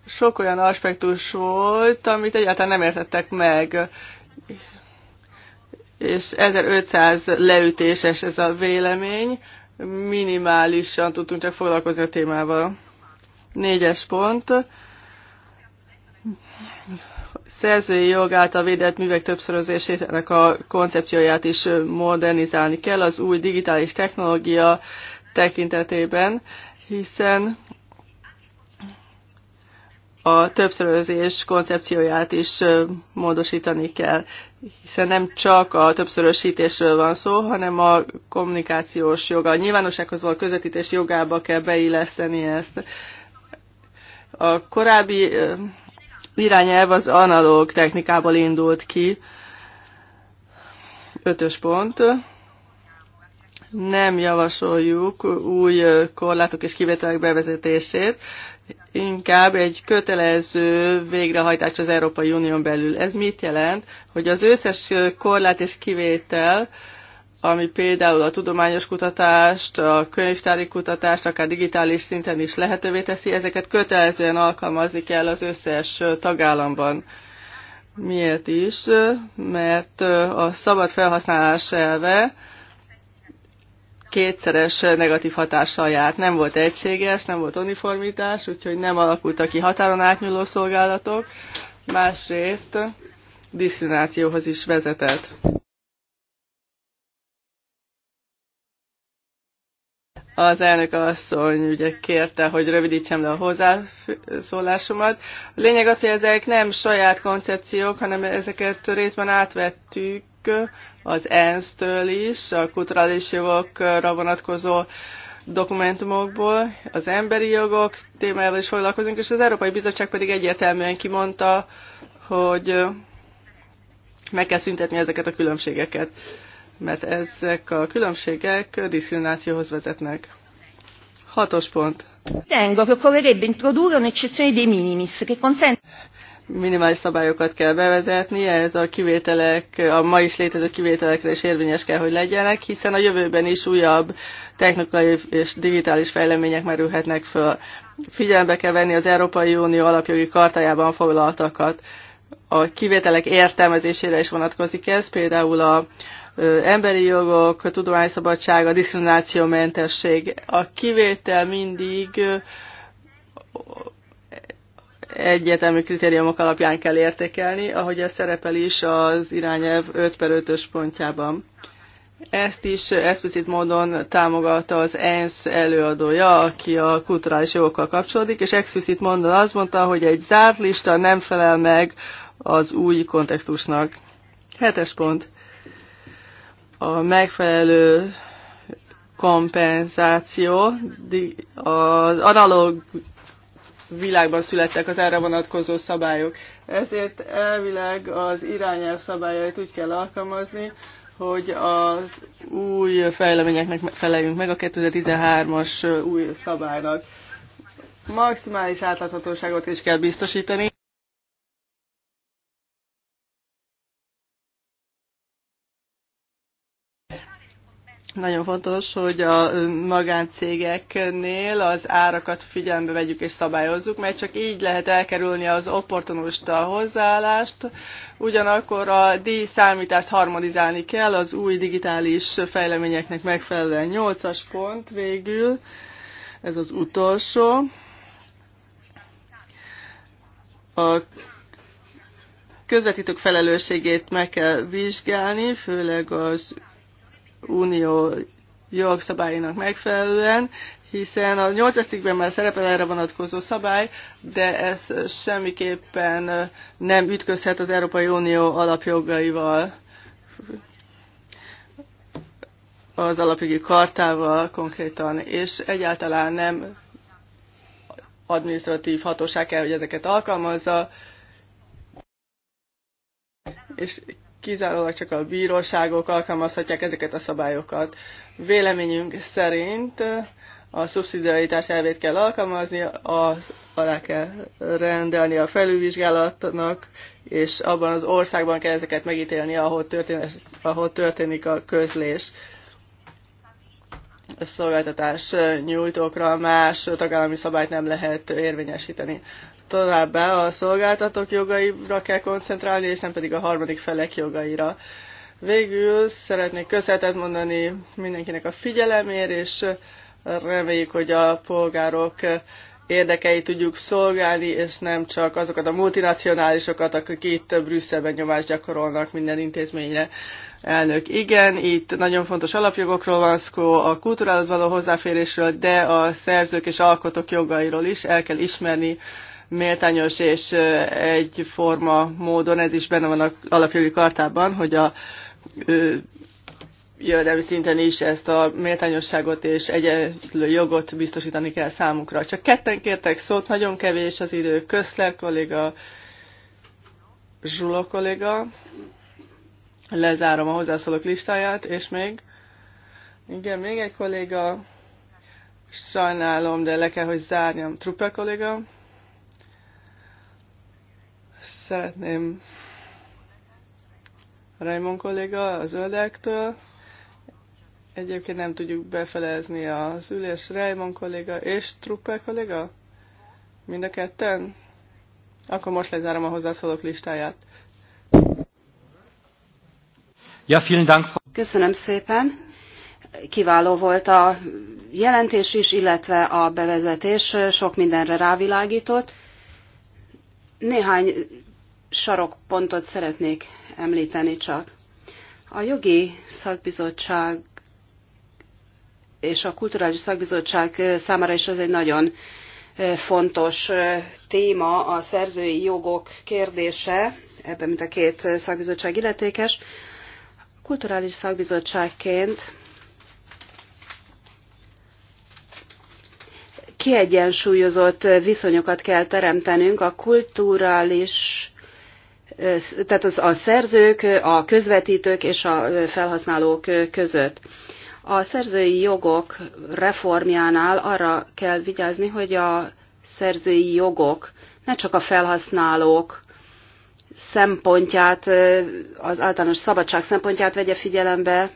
sok olyan aspektus volt, amit egyáltalán nem értettek meg és 1500 leütéses ez a vélemény, minimálisan tudtunk csak foglalkozni a témával. Négyes pont. Szerzői jog által védett művek többszörözésének a koncepcióját is modernizálni kell az új digitális technológia tekintetében, hiszen a többszörözés koncepcióját is módosítani kell, hiszen nem csak a többszörösítésről van szó, hanem a kommunikációs joga, a nyilvánossághoz való közvetítés jogába kell beilleszteni ezt. A korábbi irányelv az analóg technikából indult ki, ötös pont, nem javasoljuk új korlátok és kivételek bevezetését, inkább egy kötelező végrehajtás az Európai Unión belül. Ez mit jelent? Hogy az összes korlát és kivétel, ami például a tudományos kutatást, a könyvtári kutatást, akár digitális szinten is lehetővé teszi, ezeket kötelezően alkalmazni kell az összes tagállamban. Miért is? Mert a szabad felhasználás elve kétszeres negatív hatással járt. Nem volt egységes, nem volt uniformitás, úgyhogy nem alakultak ki határon átnyúló szolgálatok. Másrészt diszkriminációhoz is vezetett. az elnök asszony ugye kérte, hogy rövidítsem le a hozzászólásomat. A lényeg az, hogy ezek nem saját koncepciók, hanem ezeket részben átvettük az ENSZ-től is, a kulturális jogokra vonatkozó dokumentumokból, az emberi jogok témájával is foglalkozunk, és az Európai Bizottság pedig egyértelműen kimondta, hogy meg kell szüntetni ezeket a különbségeket, mert ezek a különbségek diszkriminációhoz vezetnek. Hatos pont. Tengo, che occorrerebbe introdurre un'eccezione de minimis che consente minimális szabályokat kell bevezetni, ez a kivételek, a ma is létező kivételekre is érvényes kell, hogy legyenek, hiszen a jövőben is újabb technikai és digitális fejlemények merülhetnek föl. Figyelembe kell venni az Európai Unió alapjogi kartájában foglaltakat. A kivételek értelmezésére is vonatkozik ez, például a emberi jogok, tudományszabadság, a diszkriminációmentesség. A kivétel mindig egyetemű kritériumok alapján kell értékelni, ahogy ez szerepel is az irányelv 5 per 5-ös pontjában. Ezt is explicit módon támogatta az ENSZ előadója, aki a kulturális jogokkal kapcsolódik, és explicit módon azt mondta, hogy egy zárt lista nem felel meg az új kontextusnak. Hetes pont. A megfelelő kompenzáció az analóg világban születtek az erre vonatkozó szabályok. Ezért elvileg az irányelv szabályait úgy kell alkalmazni, hogy az új fejleményeknek feleljünk meg a 2013-as új szabálynak. Maximális átláthatóságot is kell biztosítani. Nagyon fontos, hogy a magáncégeknél az árakat figyelembe vegyük és szabályozzuk, mert csak így lehet elkerülni az opportunista hozzáállást. Ugyanakkor a díj számítást harmonizálni kell az új digitális fejleményeknek megfelelően. 8-as pont végül, ez az utolsó. A közvetítők felelősségét meg kell vizsgálni, főleg az Unió jogszabályainak megfelelően, hiszen a 8 cikkben már szerepel erre vonatkozó szabály, de ez semmiképpen nem ütközhet az Európai Unió alapjogaival, az alapjogi kartával konkrétan, és egyáltalán nem administratív hatóság kell, hogy ezeket alkalmazza, és kizárólag csak a bíróságok alkalmazhatják ezeket a szabályokat. Véleményünk szerint a szubszidiaritás elvét kell alkalmazni, az alá kell rendelni a felülvizsgálatnak, és abban az országban kell ezeket megítélni, ahol, történik, ahol történik a közlés. A szolgáltatás nyújtókra más tagállami szabályt nem lehet érvényesíteni továbbá a szolgáltatók jogaira kell koncentrálni, és nem pedig a harmadik felek jogaira. Végül szeretnék köszönetet mondani mindenkinek a figyelemért, és reméljük, hogy a polgárok érdekeit tudjuk szolgálni, és nem csak azokat a multinacionálisokat, akik itt Brüsszelben nyomást gyakorolnak minden intézményre. Elnök, igen, itt nagyon fontos alapjogokról van szó, a kultúrához való hozzáférésről, de a szerzők és alkotók jogairól is el kell ismerni méltányos és egyforma módon, ez is benne van az alapjogi kartában, hogy a jövedelmi szinten is ezt a méltányosságot és egyenlő jogot biztosítani kell számukra. Csak ketten kértek szót, nagyon kevés az idő. Köszler kolléga, Zsulo kolléga. Lezárom a hozzászólók listáját, és még... Igen, még egy kolléga. Sajnálom, de le kell, hogy zárjam. Truppe kolléga. Szeretném Raymond kolléga a zöldektől. Egyébként nem tudjuk befelezni az ülés Raymond kolléga és Truppe kolléga? Mind a ketten? Akkor most lezárom a hozzászólók listáját. Ja, vielen Dank. Köszönöm szépen. Kiváló volt a jelentés is, illetve a bevezetés sok mindenre rávilágított. Néhány sarokpontot szeretnék említeni csak. A jogi szakbizottság és a kulturális szakbizottság számára is ez egy nagyon fontos téma, a szerzői jogok kérdése, ebben mint a két szakbizottság illetékes. Kulturális szakbizottságként kiegyensúlyozott viszonyokat kell teremtenünk a kulturális tehát az a szerzők, a közvetítők és a felhasználók között. A szerzői jogok reformjánál arra kell vigyázni, hogy a szerzői jogok ne csak a felhasználók szempontját, az általános szabadság szempontját vegye figyelembe,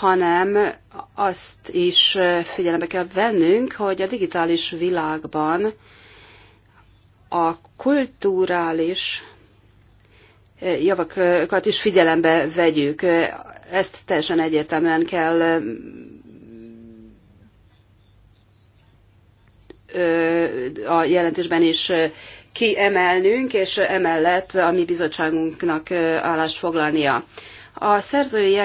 hanem azt is figyelembe kell vennünk, hogy a digitális világban a kulturális eh, javakat is figyelembe vegyük. Ezt teljesen egyértelműen kell eh, a jelentésben is eh, kiemelnünk, és emellett a mi bizottságunknak állást foglalnia. A szerzői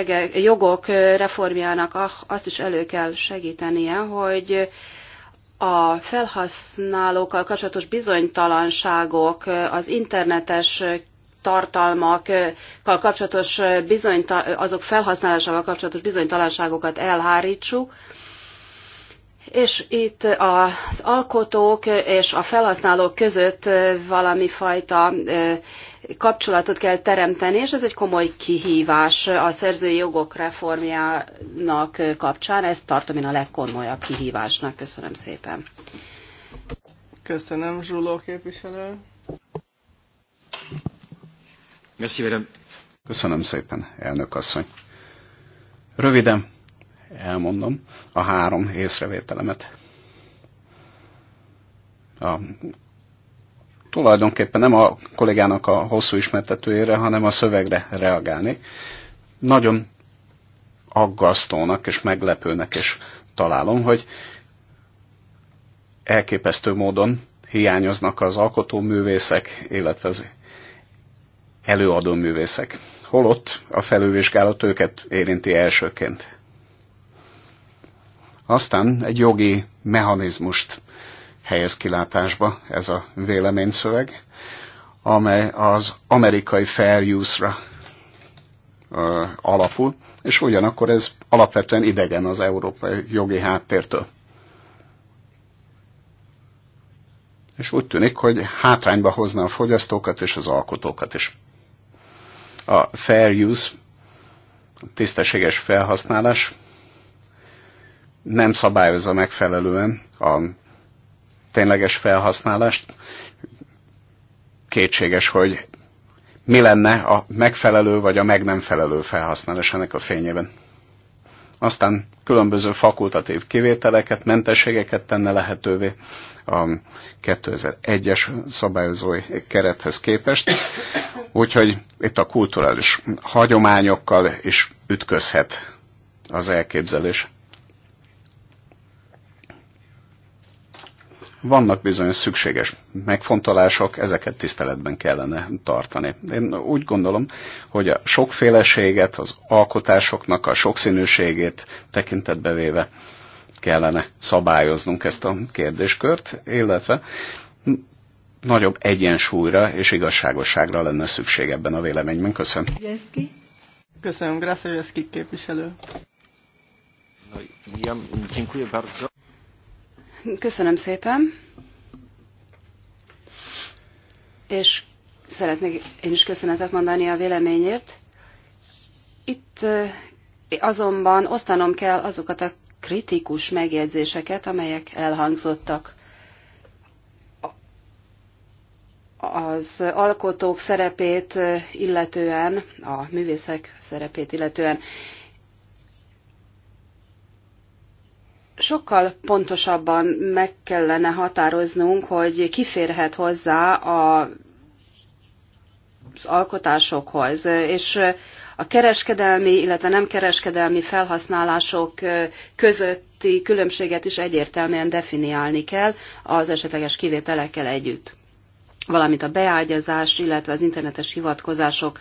jogok reformjának azt is elő kell segítenie, hogy a felhasználókkal kapcsolatos bizonytalanságok, az internetes tartalmakkal kapcsolatos bizonyta, azok felhasználásával kapcsolatos bizonytalanságokat elhárítsuk, és itt az alkotók és a felhasználók között valami fajta kapcsolatot kell teremteni, és ez egy komoly kihívás a szerzői jogok reformjának kapcsán. Ezt tartom én a legkomolyabb kihívásnak. Köszönöm szépen. Köszönöm, Zsuló képviselő. Köszönöm szépen, elnök asszony. Röviden elmondom a három észrevételemet. A tulajdonképpen nem a kollégának a hosszú ismertetőjére, hanem a szövegre reagálni. Nagyon aggasztónak és meglepőnek is találom, hogy elképesztő módon hiányoznak az alkotóművészek, illetve az előadóművészek. Holott a felülvizsgálat őket érinti elsőként. Aztán egy jogi mechanizmust helyez kilátásba ez a véleményszöveg, amely az amerikai fair use-ra alapul, és ugyanakkor ez alapvetően idegen az európai jogi háttértől. És úgy tűnik, hogy hátrányba hozna a fogyasztókat és az alkotókat is. A fair use, tisztességes felhasználás nem szabályozza megfelelően a tényleges felhasználást, kétséges, hogy mi lenne a megfelelő vagy a meg nem felelő felhasználás ennek a fényében. Aztán különböző fakultatív kivételeket, mentességeket tenne lehetővé a 2001-es szabályozói kerethez képest. Úgyhogy itt a kulturális hagyományokkal is ütközhet az elképzelés. vannak bizonyos szükséges megfontolások, ezeket tiszteletben kellene tartani. Én úgy gondolom, hogy a sokféleséget, az alkotásoknak a sokszínűségét tekintetbe véve kellene szabályoznunk ezt a kérdéskört, illetve nagyobb egyensúlyra és igazságosságra lenne szükség ebben a véleményben. Köszönöm. Köszönöm, Grasza képviselő. ja, dziękuję bardzo. Köszönöm szépen. És szeretnék én is köszönetet mondani a véleményért. Itt azonban osztanom kell azokat a kritikus megjegyzéseket, amelyek elhangzottak. Az alkotók szerepét illetően, a művészek szerepét illetően. sokkal pontosabban meg kellene határoznunk, hogy kiférhet hozzá a, az alkotásokhoz, és a kereskedelmi, illetve nem kereskedelmi felhasználások közötti különbséget is egyértelműen definiálni kell az esetleges kivételekkel együtt valamint a beágyazás, illetve az internetes hivatkozások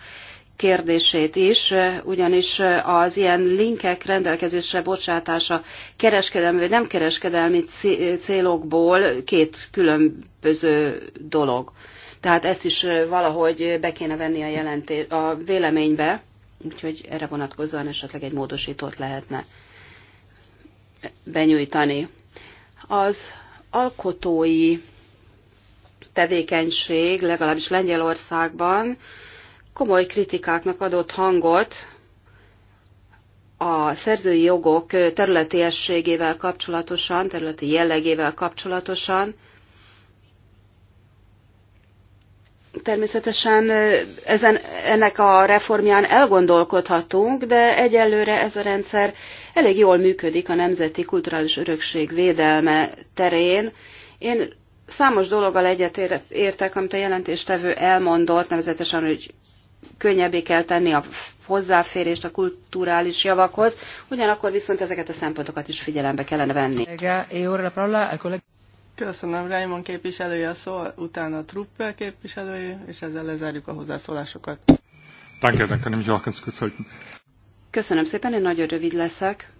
kérdését is, ugyanis az ilyen linkek rendelkezésre bocsátása kereskedelmi vagy nem kereskedelmi célokból két különböző dolog. Tehát ezt is valahogy be kéne venni a, jelenté- a véleménybe, úgyhogy erre vonatkozóan esetleg egy módosítót lehetne benyújtani. Az alkotói tevékenység, legalábbis Lengyelországban, komoly kritikáknak adott hangot a szerzői jogok területiességével kapcsolatosan, területi jellegével kapcsolatosan. Természetesen ezen, ennek a reformján elgondolkodhatunk, de egyelőre ez a rendszer elég jól működik a nemzeti kulturális örökség védelme terén. Én számos dologgal egyetértek, amit a jelentéstevő elmondott, nevezetesen, hogy könnyebbé kell tenni a hozzáférést a kulturális javakhoz, ugyanakkor viszont ezeket a szempontokat is figyelembe kellene venni. E Köszönöm, Raymond képviselője a szó, utána Truppel képviselője, és ezzel lezárjuk a hozzászólásokat. Köszönöm szépen, én nagyon rövid leszek.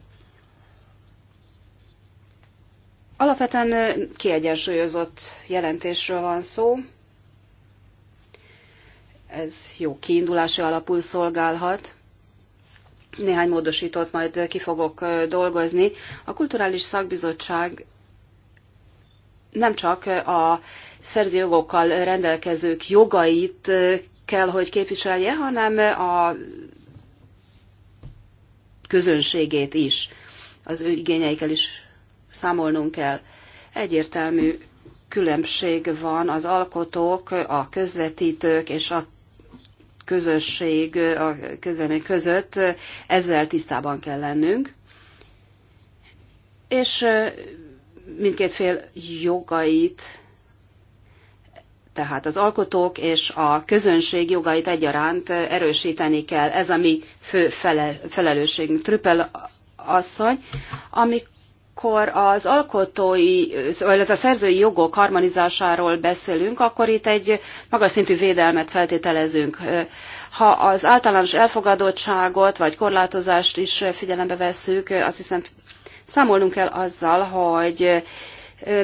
Alapvetően kiegyensúlyozott jelentésről van szó, ez jó kiindulási alapul szolgálhat. Néhány módosítót majd ki fogok dolgozni. A Kulturális Szakbizottság nem csak a jogokkal rendelkezők jogait kell, hogy képviselje, hanem a közönségét is. Az ő igényeikkel is számolnunk kell. Egyértelmű különbség van az alkotók, a közvetítők és a közösség, a közvélemény között, ezzel tisztában kell lennünk. És mindkét fél jogait, tehát az alkotók és a közönség jogait egyaránt erősíteni kell. Ez a mi fő fele, felelősségünk. Trüppel asszony, amikor amikor az alkotói, vagy szóval a szerzői jogok harmonizásáról beszélünk, akkor itt egy magas szintű védelmet feltételezünk. Ha az általános elfogadottságot vagy korlátozást is figyelembe vesszük, azt hiszem számolnunk kell azzal, hogy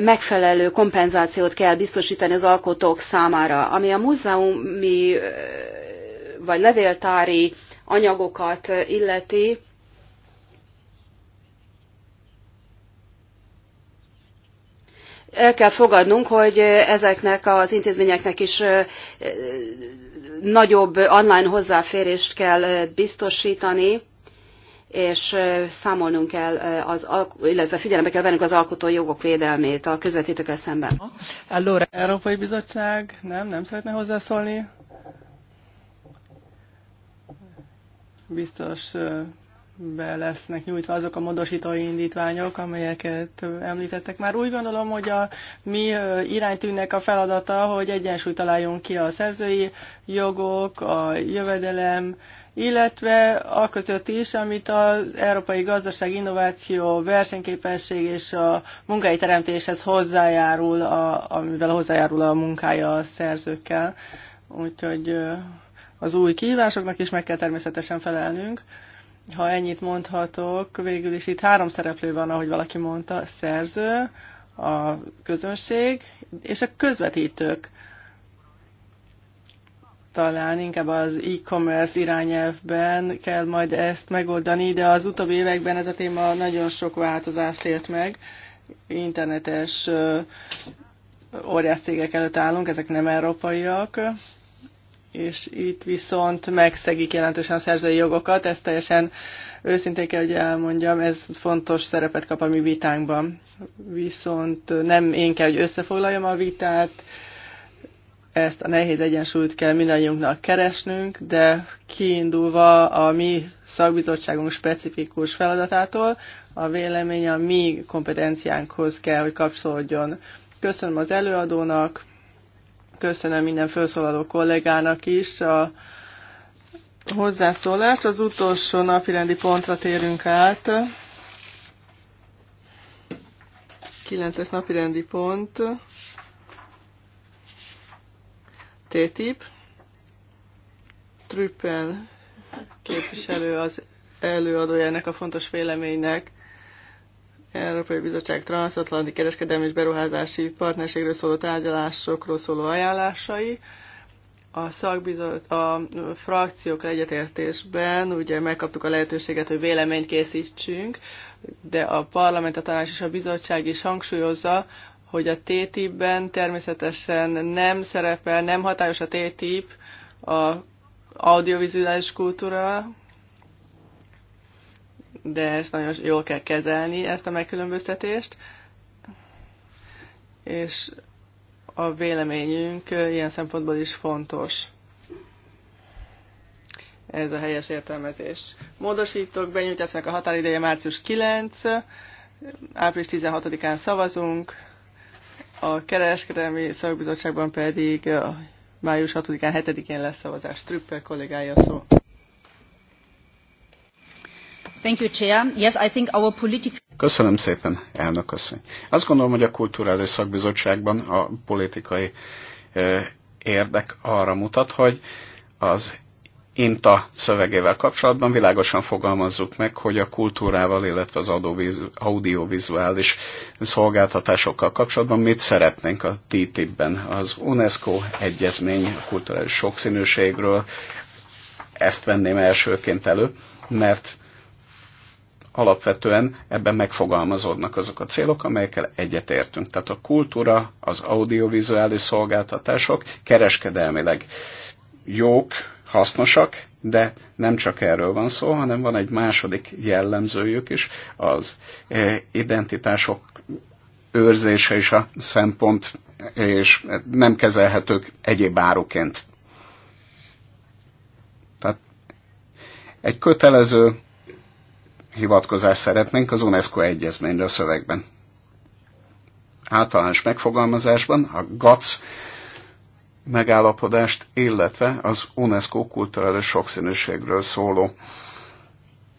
megfelelő kompenzációt kell biztosítani az alkotók számára, ami a múzeumi vagy levéltári anyagokat illeti, el kell fogadnunk, hogy ezeknek az intézményeknek is nagyobb online hozzáférést kell biztosítani, és számolnunk kell, az, illetve figyelembe kell vennünk az alkotói jogok védelmét a közvetítőkkel szemben. Allora, Európai Bizottság nem, nem szeretne hozzászólni? Biztos be lesznek nyújtva azok a módosítói indítványok, amelyeket említettek már. Úgy gondolom, hogy a mi iránytűnek a feladata, hogy egyensúlyt találjunk ki a szerzői jogok, a jövedelem, illetve a között is, amit az európai gazdaság innováció, versenyképesség és a munkai teremtéshez hozzájárul, a, amivel hozzájárul a munkája a szerzőkkel. Úgyhogy az új kihívásoknak is meg kell természetesen felelnünk ha ennyit mondhatok, végül is itt három szereplő van, ahogy valaki mondta, szerző, a közönség és a közvetítők. Talán inkább az e-commerce irányelvben kell majd ezt megoldani, de az utóbbi években ez a téma nagyon sok változást élt meg. Internetes óriás cégek előtt állunk, ezek nem európaiak, és itt viszont megszegik jelentősen a szerzői jogokat, ezt teljesen őszintén kell, hogy elmondjam, ez fontos szerepet kap a mi vitánkban. Viszont nem én kell, hogy összefoglaljam a vitát, ezt a nehéz egyensúlyt kell mindannyiunknak keresnünk, de kiindulva a mi szakbizottságunk specifikus feladatától, a vélemény a mi kompetenciánkhoz kell, hogy kapcsolódjon. Köszönöm az előadónak, Köszönöm minden felszólaló kollégának is a hozzászólást. Az utolsó napirendi pontra térünk át. 9-es napirendi pont. TTIP. Trüppel képviselő az előadójának a fontos véleménynek. Európai Bizottság transatlanti kereskedelmi és beruházási partnerségről szóló tárgyalásokról szóló ajánlásai. A, szakbizot, a frakciók egyetértésben ugye megkaptuk a lehetőséget, hogy véleményt készítsünk, de a parlament, a tanács és a bizottság is hangsúlyozza, hogy a TTIP-ben természetesen nem szerepel, nem hatályos a TTIP, a audiovizuális kultúra, de ezt nagyon jól kell kezelni, ezt a megkülönböztetést, és a véleményünk ilyen szempontból is fontos. Ez a helyes értelmezés. Módosítok, benyújtásnak a határideje március 9, április 16-án szavazunk, a kereskedelmi szakbizottságban pedig május 6-án, 7-én lesz szavazás. Trüppel kollégája szó. Köszönöm szépen, elnök asszony. Azt gondolom, hogy a Kulturális Szakbizottságban a politikai érdek arra mutat, hogy az INTA szövegével kapcsolatban világosan fogalmazzuk meg, hogy a kultúrával, illetve az audiovizuális szolgáltatásokkal kapcsolatban mit szeretnénk a TTIP-ben. Az UNESCO egyezmény a kulturális sokszínűségről ezt venném elsőként elő, mert alapvetően ebben megfogalmazódnak azok a célok, amelyekkel egyetértünk. Tehát a kultúra, az audiovizuális szolgáltatások kereskedelmileg jók, hasznosak, de nem csak erről van szó, hanem van egy második jellemzőjük is, az eh, identitások őrzése is a szempont, és nem kezelhetők egyéb áruként. Tehát egy kötelező hivatkozást szeretnénk az UNESCO egyezményre a szövegben. Általános megfogalmazásban a GATS megállapodást, illetve az UNESCO kulturális sokszínűségről szóló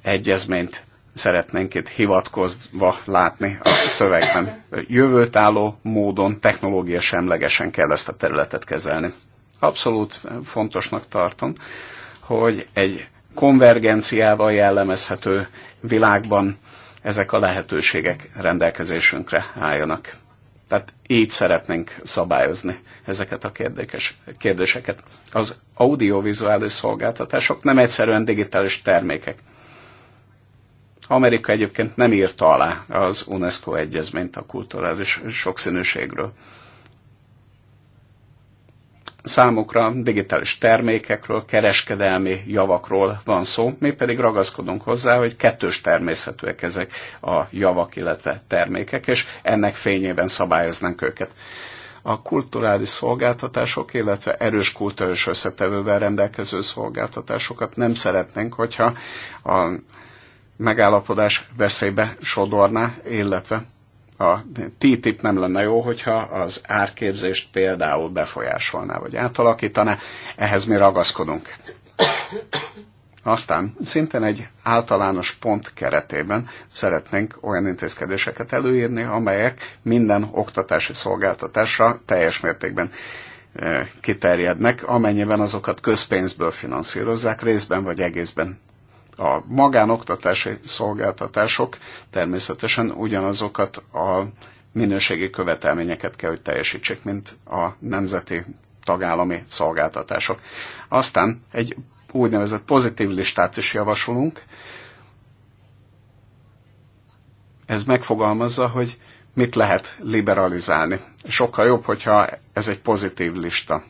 egyezményt szeretnénk itt hivatkozva látni a szövegben. Jövőt álló módon, technológia semlegesen kell ezt a területet kezelni. Abszolút fontosnak tartom, hogy egy konvergenciával jellemezhető világban ezek a lehetőségek rendelkezésünkre álljanak. Tehát így szeretnénk szabályozni ezeket a kérdékes, kérdéseket. Az audiovizuális szolgáltatások nem egyszerűen digitális termékek. Amerika egyébként nem írta alá az UNESCO egyezményt a kulturális sokszínűségről számukra digitális termékekről, kereskedelmi javakról van szó, mi pedig ragaszkodunk hozzá, hogy kettős természetűek ezek a javak, illetve termékek, és ennek fényében szabályoznánk őket. A kulturális szolgáltatások, illetve erős kulturális összetevővel rendelkező szolgáltatásokat nem szeretnénk, hogyha a megállapodás veszélybe sodorná, illetve a TTIP nem lenne jó, hogyha az árképzést például befolyásolná, vagy átalakítaná. Ehhez mi ragaszkodunk. Aztán szintén egy általános pont keretében szeretnénk olyan intézkedéseket előírni, amelyek minden oktatási szolgáltatásra teljes mértékben eh, kiterjednek, amennyiben azokat közpénzből finanszírozzák, részben vagy egészben. A magánoktatási szolgáltatások természetesen ugyanazokat a minőségi követelményeket kell, hogy teljesítsék, mint a nemzeti tagállami szolgáltatások. Aztán egy úgynevezett pozitív listát is javasolunk. Ez megfogalmazza, hogy mit lehet liberalizálni. Sokkal jobb, hogyha ez egy pozitív lista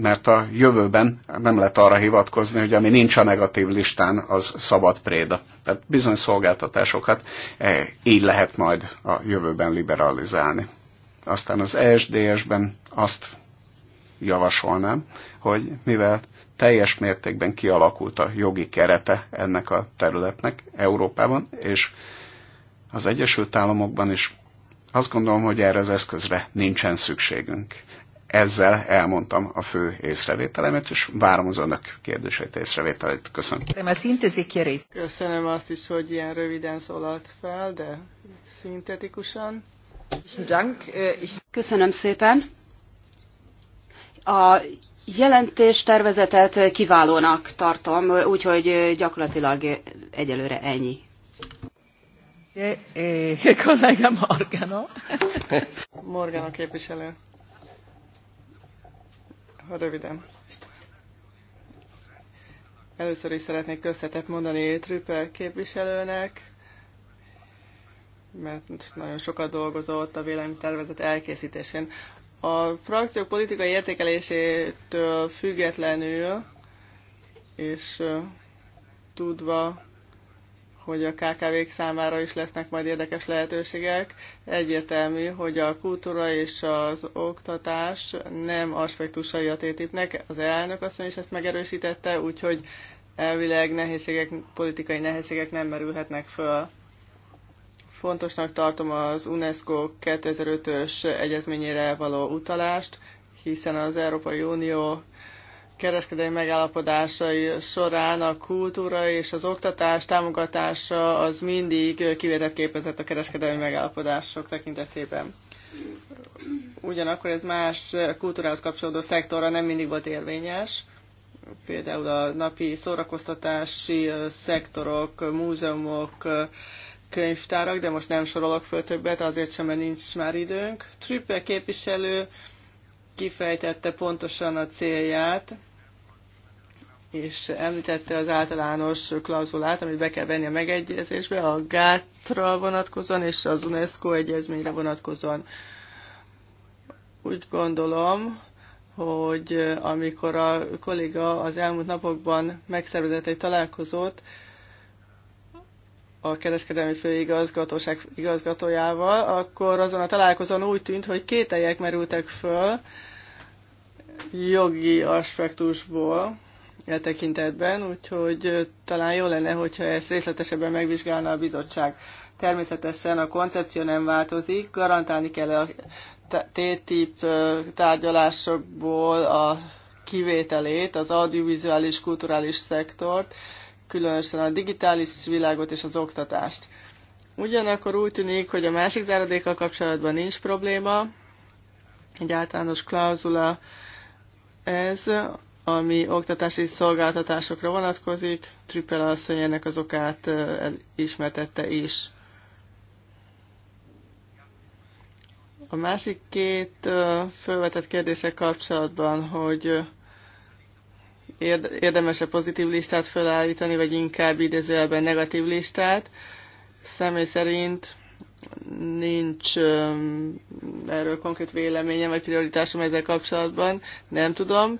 mert a jövőben nem lehet arra hivatkozni, hogy ami nincs a negatív listán, az szabad préda. Tehát bizony szolgáltatásokat e, így lehet majd a jövőben liberalizálni. Aztán az ESDS-ben azt javasolnám, hogy mivel teljes mértékben kialakult a jogi kerete ennek a területnek Európában, és az Egyesült Államokban is azt gondolom, hogy erre az eszközre nincsen szükségünk ezzel elmondtam a fő észrevételemet, és várom az önök kérdéseit, észrevételeit. Köszönöm. Köszönöm azt is, hogy ilyen röviden szólalt fel, de szintetikusan. Köszönöm szépen. A jelentés tervezetet kiválónak tartom, úgyhogy gyakorlatilag egyelőre ennyi. Eh, kollega Morgana. Morgana képviselő röviden. Először is szeretnék köszönetet mondani Trüppel képviselőnek, mert nagyon sokat dolgozott a véleménytervezet elkészítésén. A frakciók politikai értékelésétől függetlenül és tudva hogy a KKV-k számára is lesznek majd érdekes lehetőségek. Egyértelmű, hogy a kultúra és az oktatás nem aspektusai a TTIP-nek. Az elnök azt is ezt megerősítette, úgyhogy elvileg nehézségek, politikai nehézségek nem merülhetnek föl. Fontosnak tartom az UNESCO 2005-ös egyezményére való utalást, hiszen az Európai Unió kereskedelmi megállapodásai során a kultúra és az oktatás támogatása az mindig kivételképezett képezett a kereskedelmi megállapodások tekintetében. Ugyanakkor ez más kultúrához kapcsolódó szektorra nem mindig volt érvényes. Például a napi szórakoztatási szektorok, múzeumok, könyvtárak, de most nem sorolok föl többet, azért sem, mert nincs már időnk. Trüppel képviselő kifejtette pontosan a célját, és említette az általános klauzulát, amit be kell venni a megegyezésbe, a gátra vonatkozóan és az UNESCO egyezményre vonatkozóan. Úgy gondolom, hogy amikor a kolléga az elmúlt napokban megszervezett egy találkozót a kereskedelmi főigazgatóság igazgatójával, akkor azon a találkozón úgy tűnt, hogy kételjek merültek föl jogi aspektusból, e tekintetben, úgyhogy talán jó lenne, hogyha ezt részletesebben megvizsgálna a bizottság. Természetesen a koncepció nem változik, garantálni kell a T-tip tárgyalásokból a kivételét, az audiovizuális, kulturális szektort, különösen a digitális világot és az oktatást. Ugyanakkor úgy tűnik, hogy a másik záradékkal kapcsolatban nincs probléma, egy általános klauzula ez, ami oktatási szolgáltatásokra vonatkozik. Trüppel asszony ennek az okát ismertette is. A másik két felvetett kérdése kapcsolatban, hogy érdemes-e pozitív listát felállítani, vagy inkább idézőjelben negatív listát. Személy szerint nincs erről konkrét véleményem, vagy prioritásom ezzel kapcsolatban, nem tudom.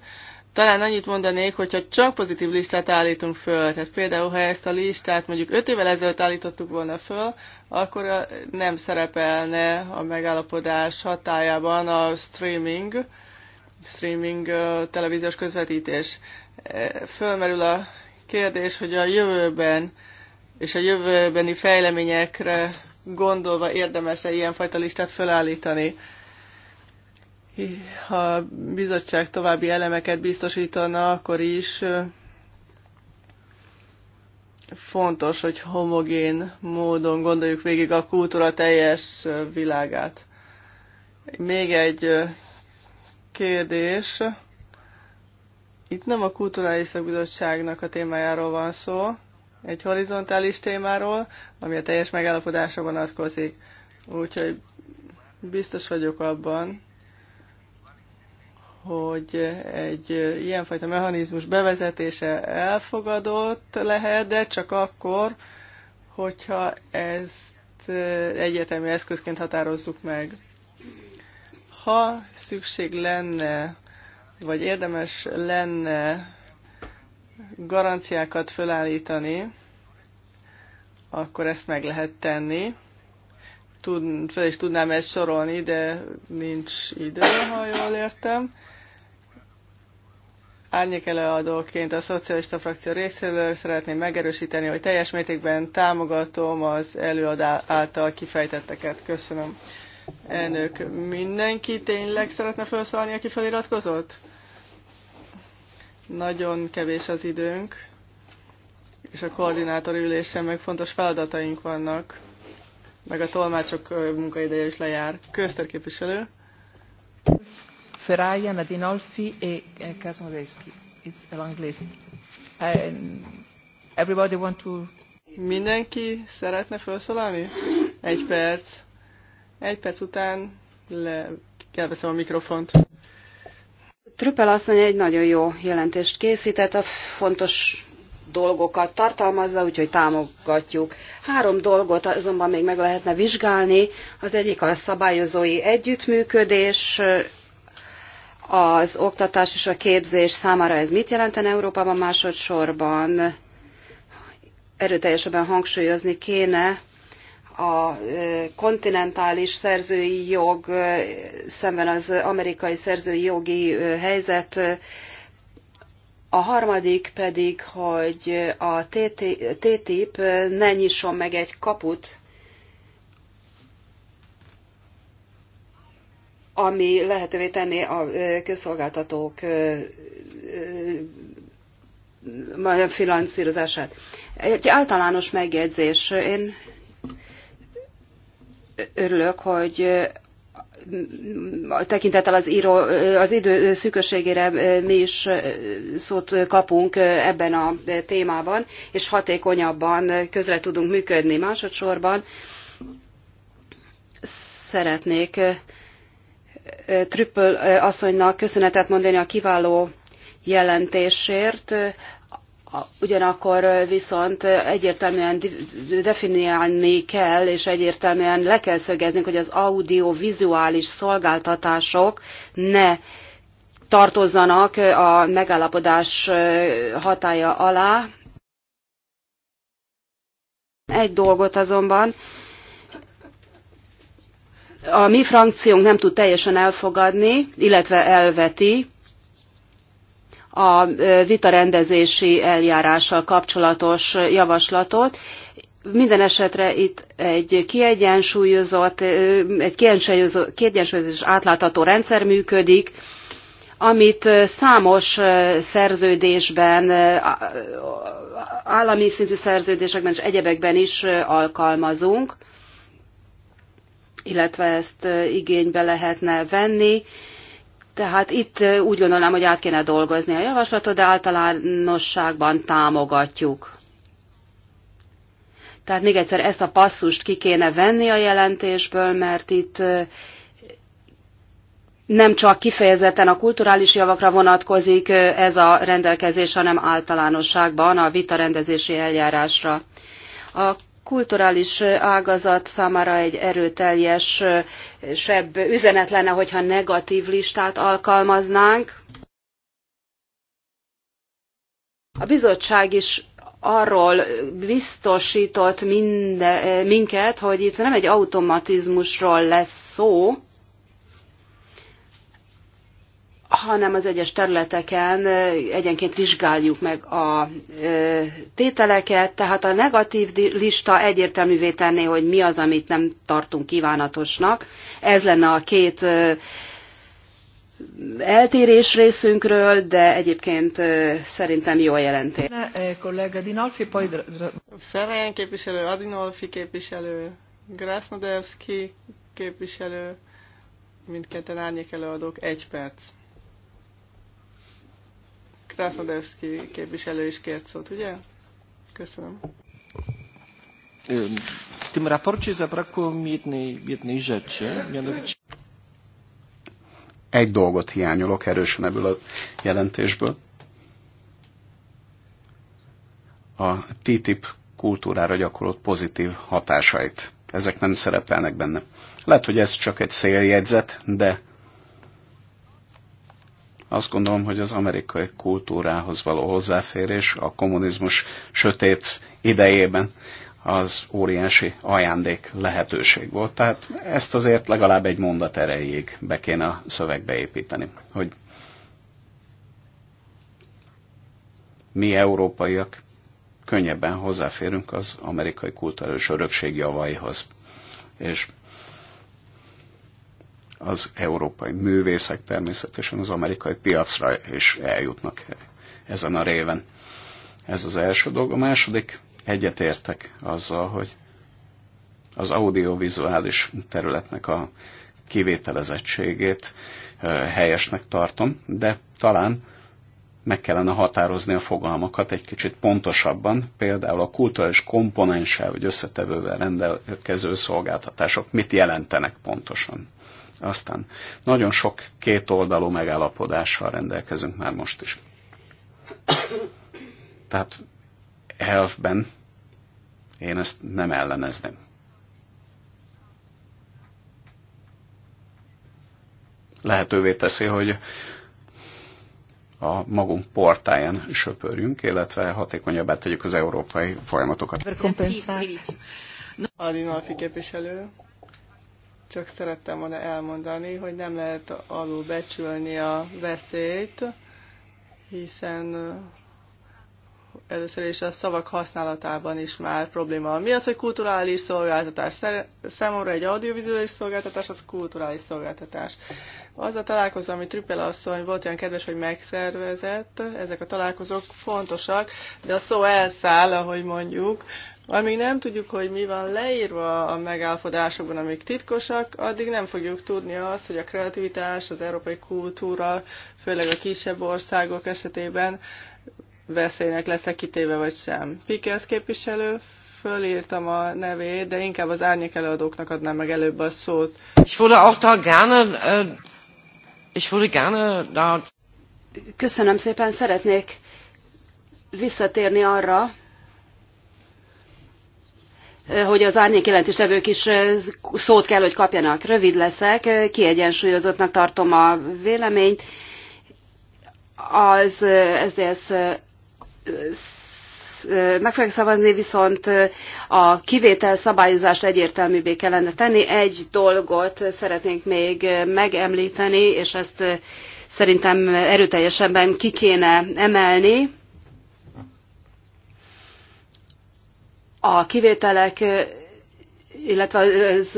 Talán annyit mondanék, hogyha csak pozitív listát állítunk föl, tehát például ha ezt a listát mondjuk 5 évvel ezelőtt állítottuk volna föl, akkor nem szerepelne a megállapodás hatájában a streaming, streaming televíziós közvetítés. E, fölmerül a kérdés, hogy a jövőben és a jövőbeni fejleményekre gondolva érdemes-e ilyenfajta listát fölállítani ha a bizottság további elemeket biztosítana, akkor is fontos, hogy homogén módon gondoljuk végig a kultúra teljes világát. Még egy kérdés. Itt nem a Kulturális Szakbizottságnak a témájáról van szó, egy horizontális témáról, ami a teljes megállapodásra vonatkozik. Úgyhogy biztos vagyok abban, hogy egy ilyenfajta mechanizmus bevezetése elfogadott lehet, de csak akkor, hogyha ezt egyértelmű eszközként határozzuk meg. Ha szükség lenne, vagy érdemes lenne garanciákat fölállítani, akkor ezt meg lehet tenni. Tud, fel is tudnám ezt sorolni, de nincs idő, ha jól értem. Árnyék előadóként a szocialista frakció részéről szeretném megerősíteni, hogy teljes mértékben támogatom az előadá által kifejtetteket. Köszönöm. Elnök, mindenki tényleg szeretne felszállni, aki feliratkozott? Nagyon kevés az időnk, és a koordinátor ülésen meg fontos feladataink vannak, meg a tolmácsok munkaideje is lejár. Közterképviselő. Ferraia, Nadine Olfi e, e It's a long list. And everybody want to... Mindenki szeretne felszólalni? Egy perc. Egy perc után le, elveszem a mikrofont. Trüppel asszony egy nagyon jó jelentést készített, a fontos dolgokat tartalmazza, úgyhogy támogatjuk. Három dolgot azonban még meg lehetne vizsgálni. Az egyik a szabályozói együttműködés, az oktatás és a képzés számára ez mit jelenten Európában másodszorban erőteljesebben hangsúlyozni kéne a kontinentális szerzői jog szemben az amerikai szerzői jogi helyzet. A harmadik pedig, hogy a TTIP ne nyisson meg egy kaput ami lehetővé tenné a közszolgáltatók finanszírozását. Egy általános megjegyzés. Én örülök, hogy tekintettel az, író, az idő szűkösségére mi is szót kapunk ebben a témában, és hatékonyabban közre tudunk működni. Másodszorban szeretnék Trüppel asszonynak köszönetet mondani a kiváló jelentésért, ugyanakkor viszont egyértelműen definiálni kell, és egyértelműen le kell szögeznünk, hogy az audiovizuális szolgáltatások ne tartozzanak a megállapodás hatája alá. Egy dolgot azonban a mi frakciónk nem tud teljesen elfogadni, illetve elveti a vitarendezési eljárással kapcsolatos javaslatot. Minden esetre itt egy kiegyensúlyozott, egy kiegyensúlyozott, kiegyensúlyozott és átlátható rendszer működik, amit számos szerződésben, állami szintű szerződésekben és egyebekben is alkalmazunk illetve ezt igénybe lehetne venni. Tehát itt úgy gondolom, hogy át kéne dolgozni a javaslatot, de általánosságban támogatjuk. Tehát még egyszer ezt a passzust ki kéne venni a jelentésből, mert itt nem csak kifejezetten a kulturális javakra vonatkozik ez a rendelkezés, hanem általánosságban a vitarendezési eljárásra. A kulturális ágazat számára egy erőteljes sebb üzenet lenne, hogyha negatív listát alkalmaznánk. A bizottság is arról biztosított minde, minket, hogy itt nem egy automatizmusról lesz szó, hanem az egyes területeken egyenként vizsgáljuk meg a tételeket, tehát a negatív lista egyértelművé tenné, hogy mi az, amit nem tartunk kívánatosnak. Ez lenne a két eltérés részünkről, de egyébként szerintem jó jelentés. Kollega eh, Dinolfi, képviselő, Adinolfi képviselő, Grasnodevski képviselő, mindketten árnyék előadók, egy perc. Krasnodevski képviselő is kért szót, ugye? Köszönöm. W tym raporcie zabrakło mi jednej, jednej rzeczy, mianowicie... Egy dolgot hiányolok erősen ebből a jelentésből. A TTIP kultúrára gyakorolt pozitív hatásait. Ezek nem szerepelnek benne. Lehet, hogy ez csak egy széljegyzet, de azt gondolom, hogy az amerikai kultúrához való hozzáférés a kommunizmus sötét idejében az óriási ajándék lehetőség volt. Tehát ezt azért legalább egy mondat erejéig be kéne a szövegbe építeni, hogy mi európaiak könnyebben hozzáférünk az amerikai kultúrás örökség javaihoz. És az európai művészek természetesen az amerikai piacra is eljutnak ezen a réven. Ez az első dolog. A második, egyetértek azzal, hogy az audiovizuális területnek a kivételezettségét helyesnek tartom, de talán meg kellene határozni a fogalmakat egy kicsit pontosabban, például a kulturális komponenssel vagy összetevővel rendelkező szolgáltatások mit jelentenek pontosan. Aztán nagyon sok kétoldalú megállapodással rendelkezünk már most is. Tehát elfben én ezt nem ellenezném. Lehetővé teszi, hogy a magunk portáján söpörjünk, illetve hatékonyabbá tegyük az európai folyamatokat. Adinolfi képviselő. Csak szerettem volna elmondani, hogy nem lehet alul becsülni a veszélyt, hiszen eh, először is a szavak használatában is már probléma. Mi az, hogy kulturális szolgáltatás? Számomra egy audiovizuális szolgáltatás, az kulturális szolgáltatás. Az a találkozó, ami Trüppel asszony volt olyan kedves, hogy megszervezett, ezek a találkozók fontosak, de a szó elszáll, ahogy mondjuk, amíg nem tudjuk, hogy mi van leírva a megállapodásokban, amik titkosak, addig nem fogjuk tudni azt, hogy a kreativitás, az európai kultúra, főleg a kisebb országok esetében veszélynek lesz-e kitéve vagy sem. Pikesz képviselő, fölírtam a nevét, de inkább az árnyék előadóknak adnám meg előbb a szót. És würde auch äh, da Köszönöm szépen, szeretnék visszatérni arra, hogy az árnyék jelentéstevők is eh, szót kell, hogy kapjanak. Rövid leszek, eh, kiegyensúlyozottnak tartom a véleményt. Az eh, SZDSZ meg fogják szavazni, viszont a kivétel szabályozást egyértelművé kellene tenni. Egy dolgot szeretnénk még megemlíteni, és ezt szerintem erőteljesebben ki kéne emelni. a kivételek, illetve az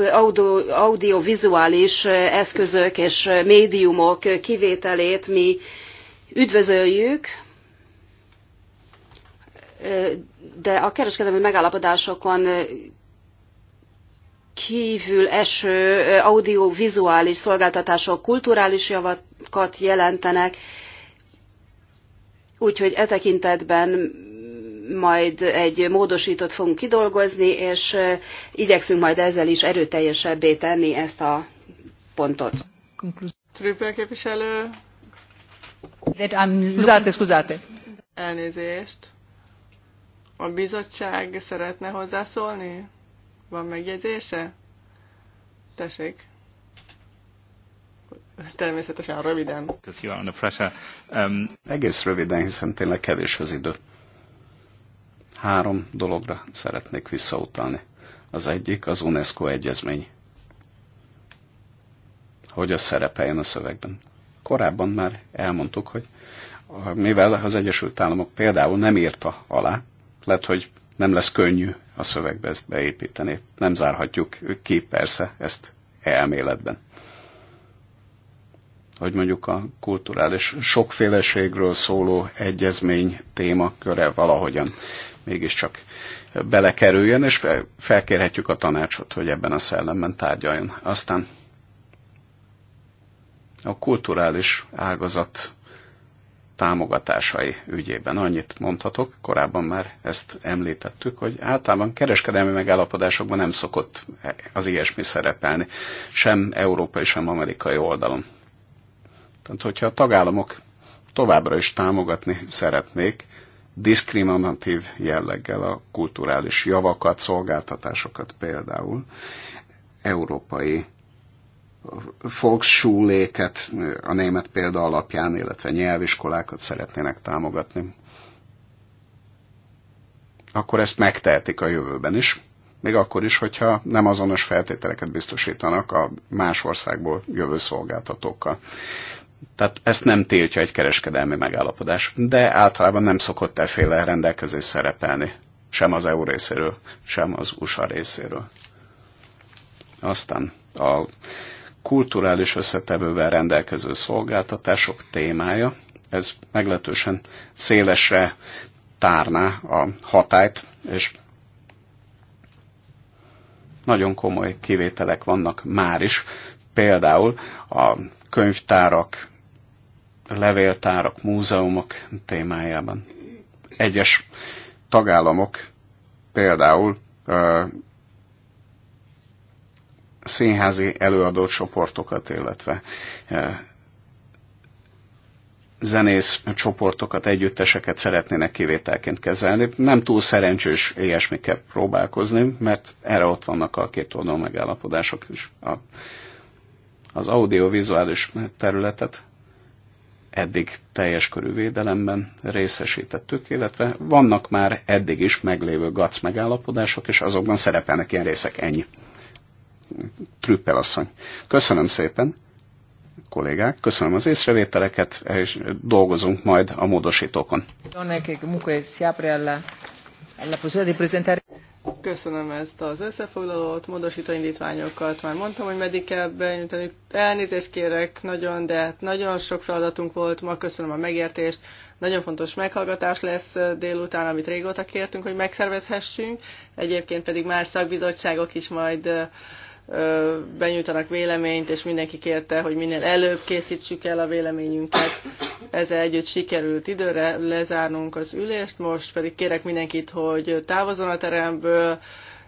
audiovizuális eszközök és médiumok kivételét mi üdvözöljük, de a kereskedelmi megállapodásokon kívül eső audiovizuális szolgáltatások kulturális javakat jelentenek, úgyhogy e tekintetben majd egy módosítót fogunk kidolgozni, és igyekszünk majd ezzel is erőteljesebbé tenni ezt a pontot. Trüppel képviselő. Scusate, scusate. Elnézést. A bizottság szeretne hozzászólni? Van megjegyzése? Tessék. Természetesen röviden. Um... Egész röviden, hiszen tényleg kevés az idő három dologra szeretnék visszautalni. Az egyik az UNESCO egyezmény. Hogy a szerepeljen a szövegben. Korábban már elmondtuk, hogy mivel az Egyesült Államok például nem írta alá, lehet, hogy nem lesz könnyű a szövegbe ezt beépíteni. Nem zárhatjuk ki persze ezt elméletben. Hogy mondjuk a kulturális sokféleségről szóló egyezmény témaköre valahogyan mégiscsak belekerüljön, és felkérhetjük a tanácsot, hogy ebben a szellemben tárgyaljon. Aztán a kulturális ágazat támogatásai ügyében annyit mondhatok, korábban már ezt említettük, hogy általában kereskedelmi megállapodásokban nem szokott az ilyesmi szerepelni, sem európai, sem amerikai oldalon. Tehát, hogyha a tagállamok továbbra is támogatni szeretnék diszkriminatív jelleggel a kulturális javakat, szolgáltatásokat például európai folksúléket a német példa alapján, illetve nyelviskolákat szeretnének támogatni, akkor ezt megtehetik a jövőben is, még akkor is, hogyha nem azonos feltételeket biztosítanak a más országból jövő szolgáltatókkal. Tehát ezt nem tiltja egy kereskedelmi megállapodás, de általában nem szokott efféle rendelkezés szerepelni, sem az EU részéről, sem az USA részéről. Aztán a kulturális összetevővel rendelkező szolgáltatások témája, ez meglehetősen szélesre tárná a hatályt, és nagyon komoly kivételek vannak már is, például a könyvtárak, levéltárak, múzeumok témájában. Egyes tagállamok például ö, színházi előadócsoportokat, illetve ö, zenész csoportokat, együtteseket szeretnének kivételként kezelni. Nem túl szerencsés ilyesmikkel próbálkozni, mert erre ott vannak a két oldalon megállapodások is. A, az audiovizuális területet eddig teljes körű védelemben részesítettük, illetve vannak már eddig is meglévő GAC megállapodások, és azokban szerepelnek ilyen részek. Ennyi. Trüppel asszony. Köszönöm szépen, kollégák, köszönöm az észrevételeket, és dolgozunk majd a módosítókon. Köszönöm ezt az összefoglalót, módosító indítványokat. Már mondtam, hogy meddig kell benyújtani. Elnézést kérek nagyon, de hát nagyon sok feladatunk volt ma. Köszönöm a megértést. Nagyon fontos meghallgatás lesz délután, amit régóta kértünk, hogy megszervezhessünk. Egyébként pedig más szakbizottságok is majd benyújtanak véleményt, és mindenki kérte, hogy minél előbb készítsük el a véleményünket. Ezzel együtt sikerült időre lezárnunk az ülést, most pedig kérek mindenkit, hogy távozzon a teremből,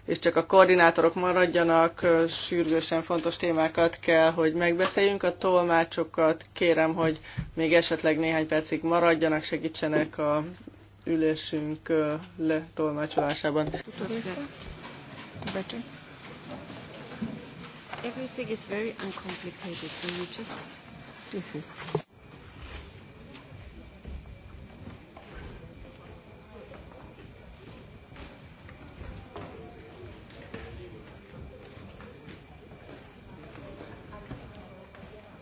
és csak a koordinátorok maradjanak, sürgősen fontos témákat kell, hogy megbeszéljünk a tolmácsokat. Kérem, hogy még esetleg néhány percig maradjanak, segítsenek a ülésünk letolmácsolásában. Better everything is very uncomplicated, so you just... This is...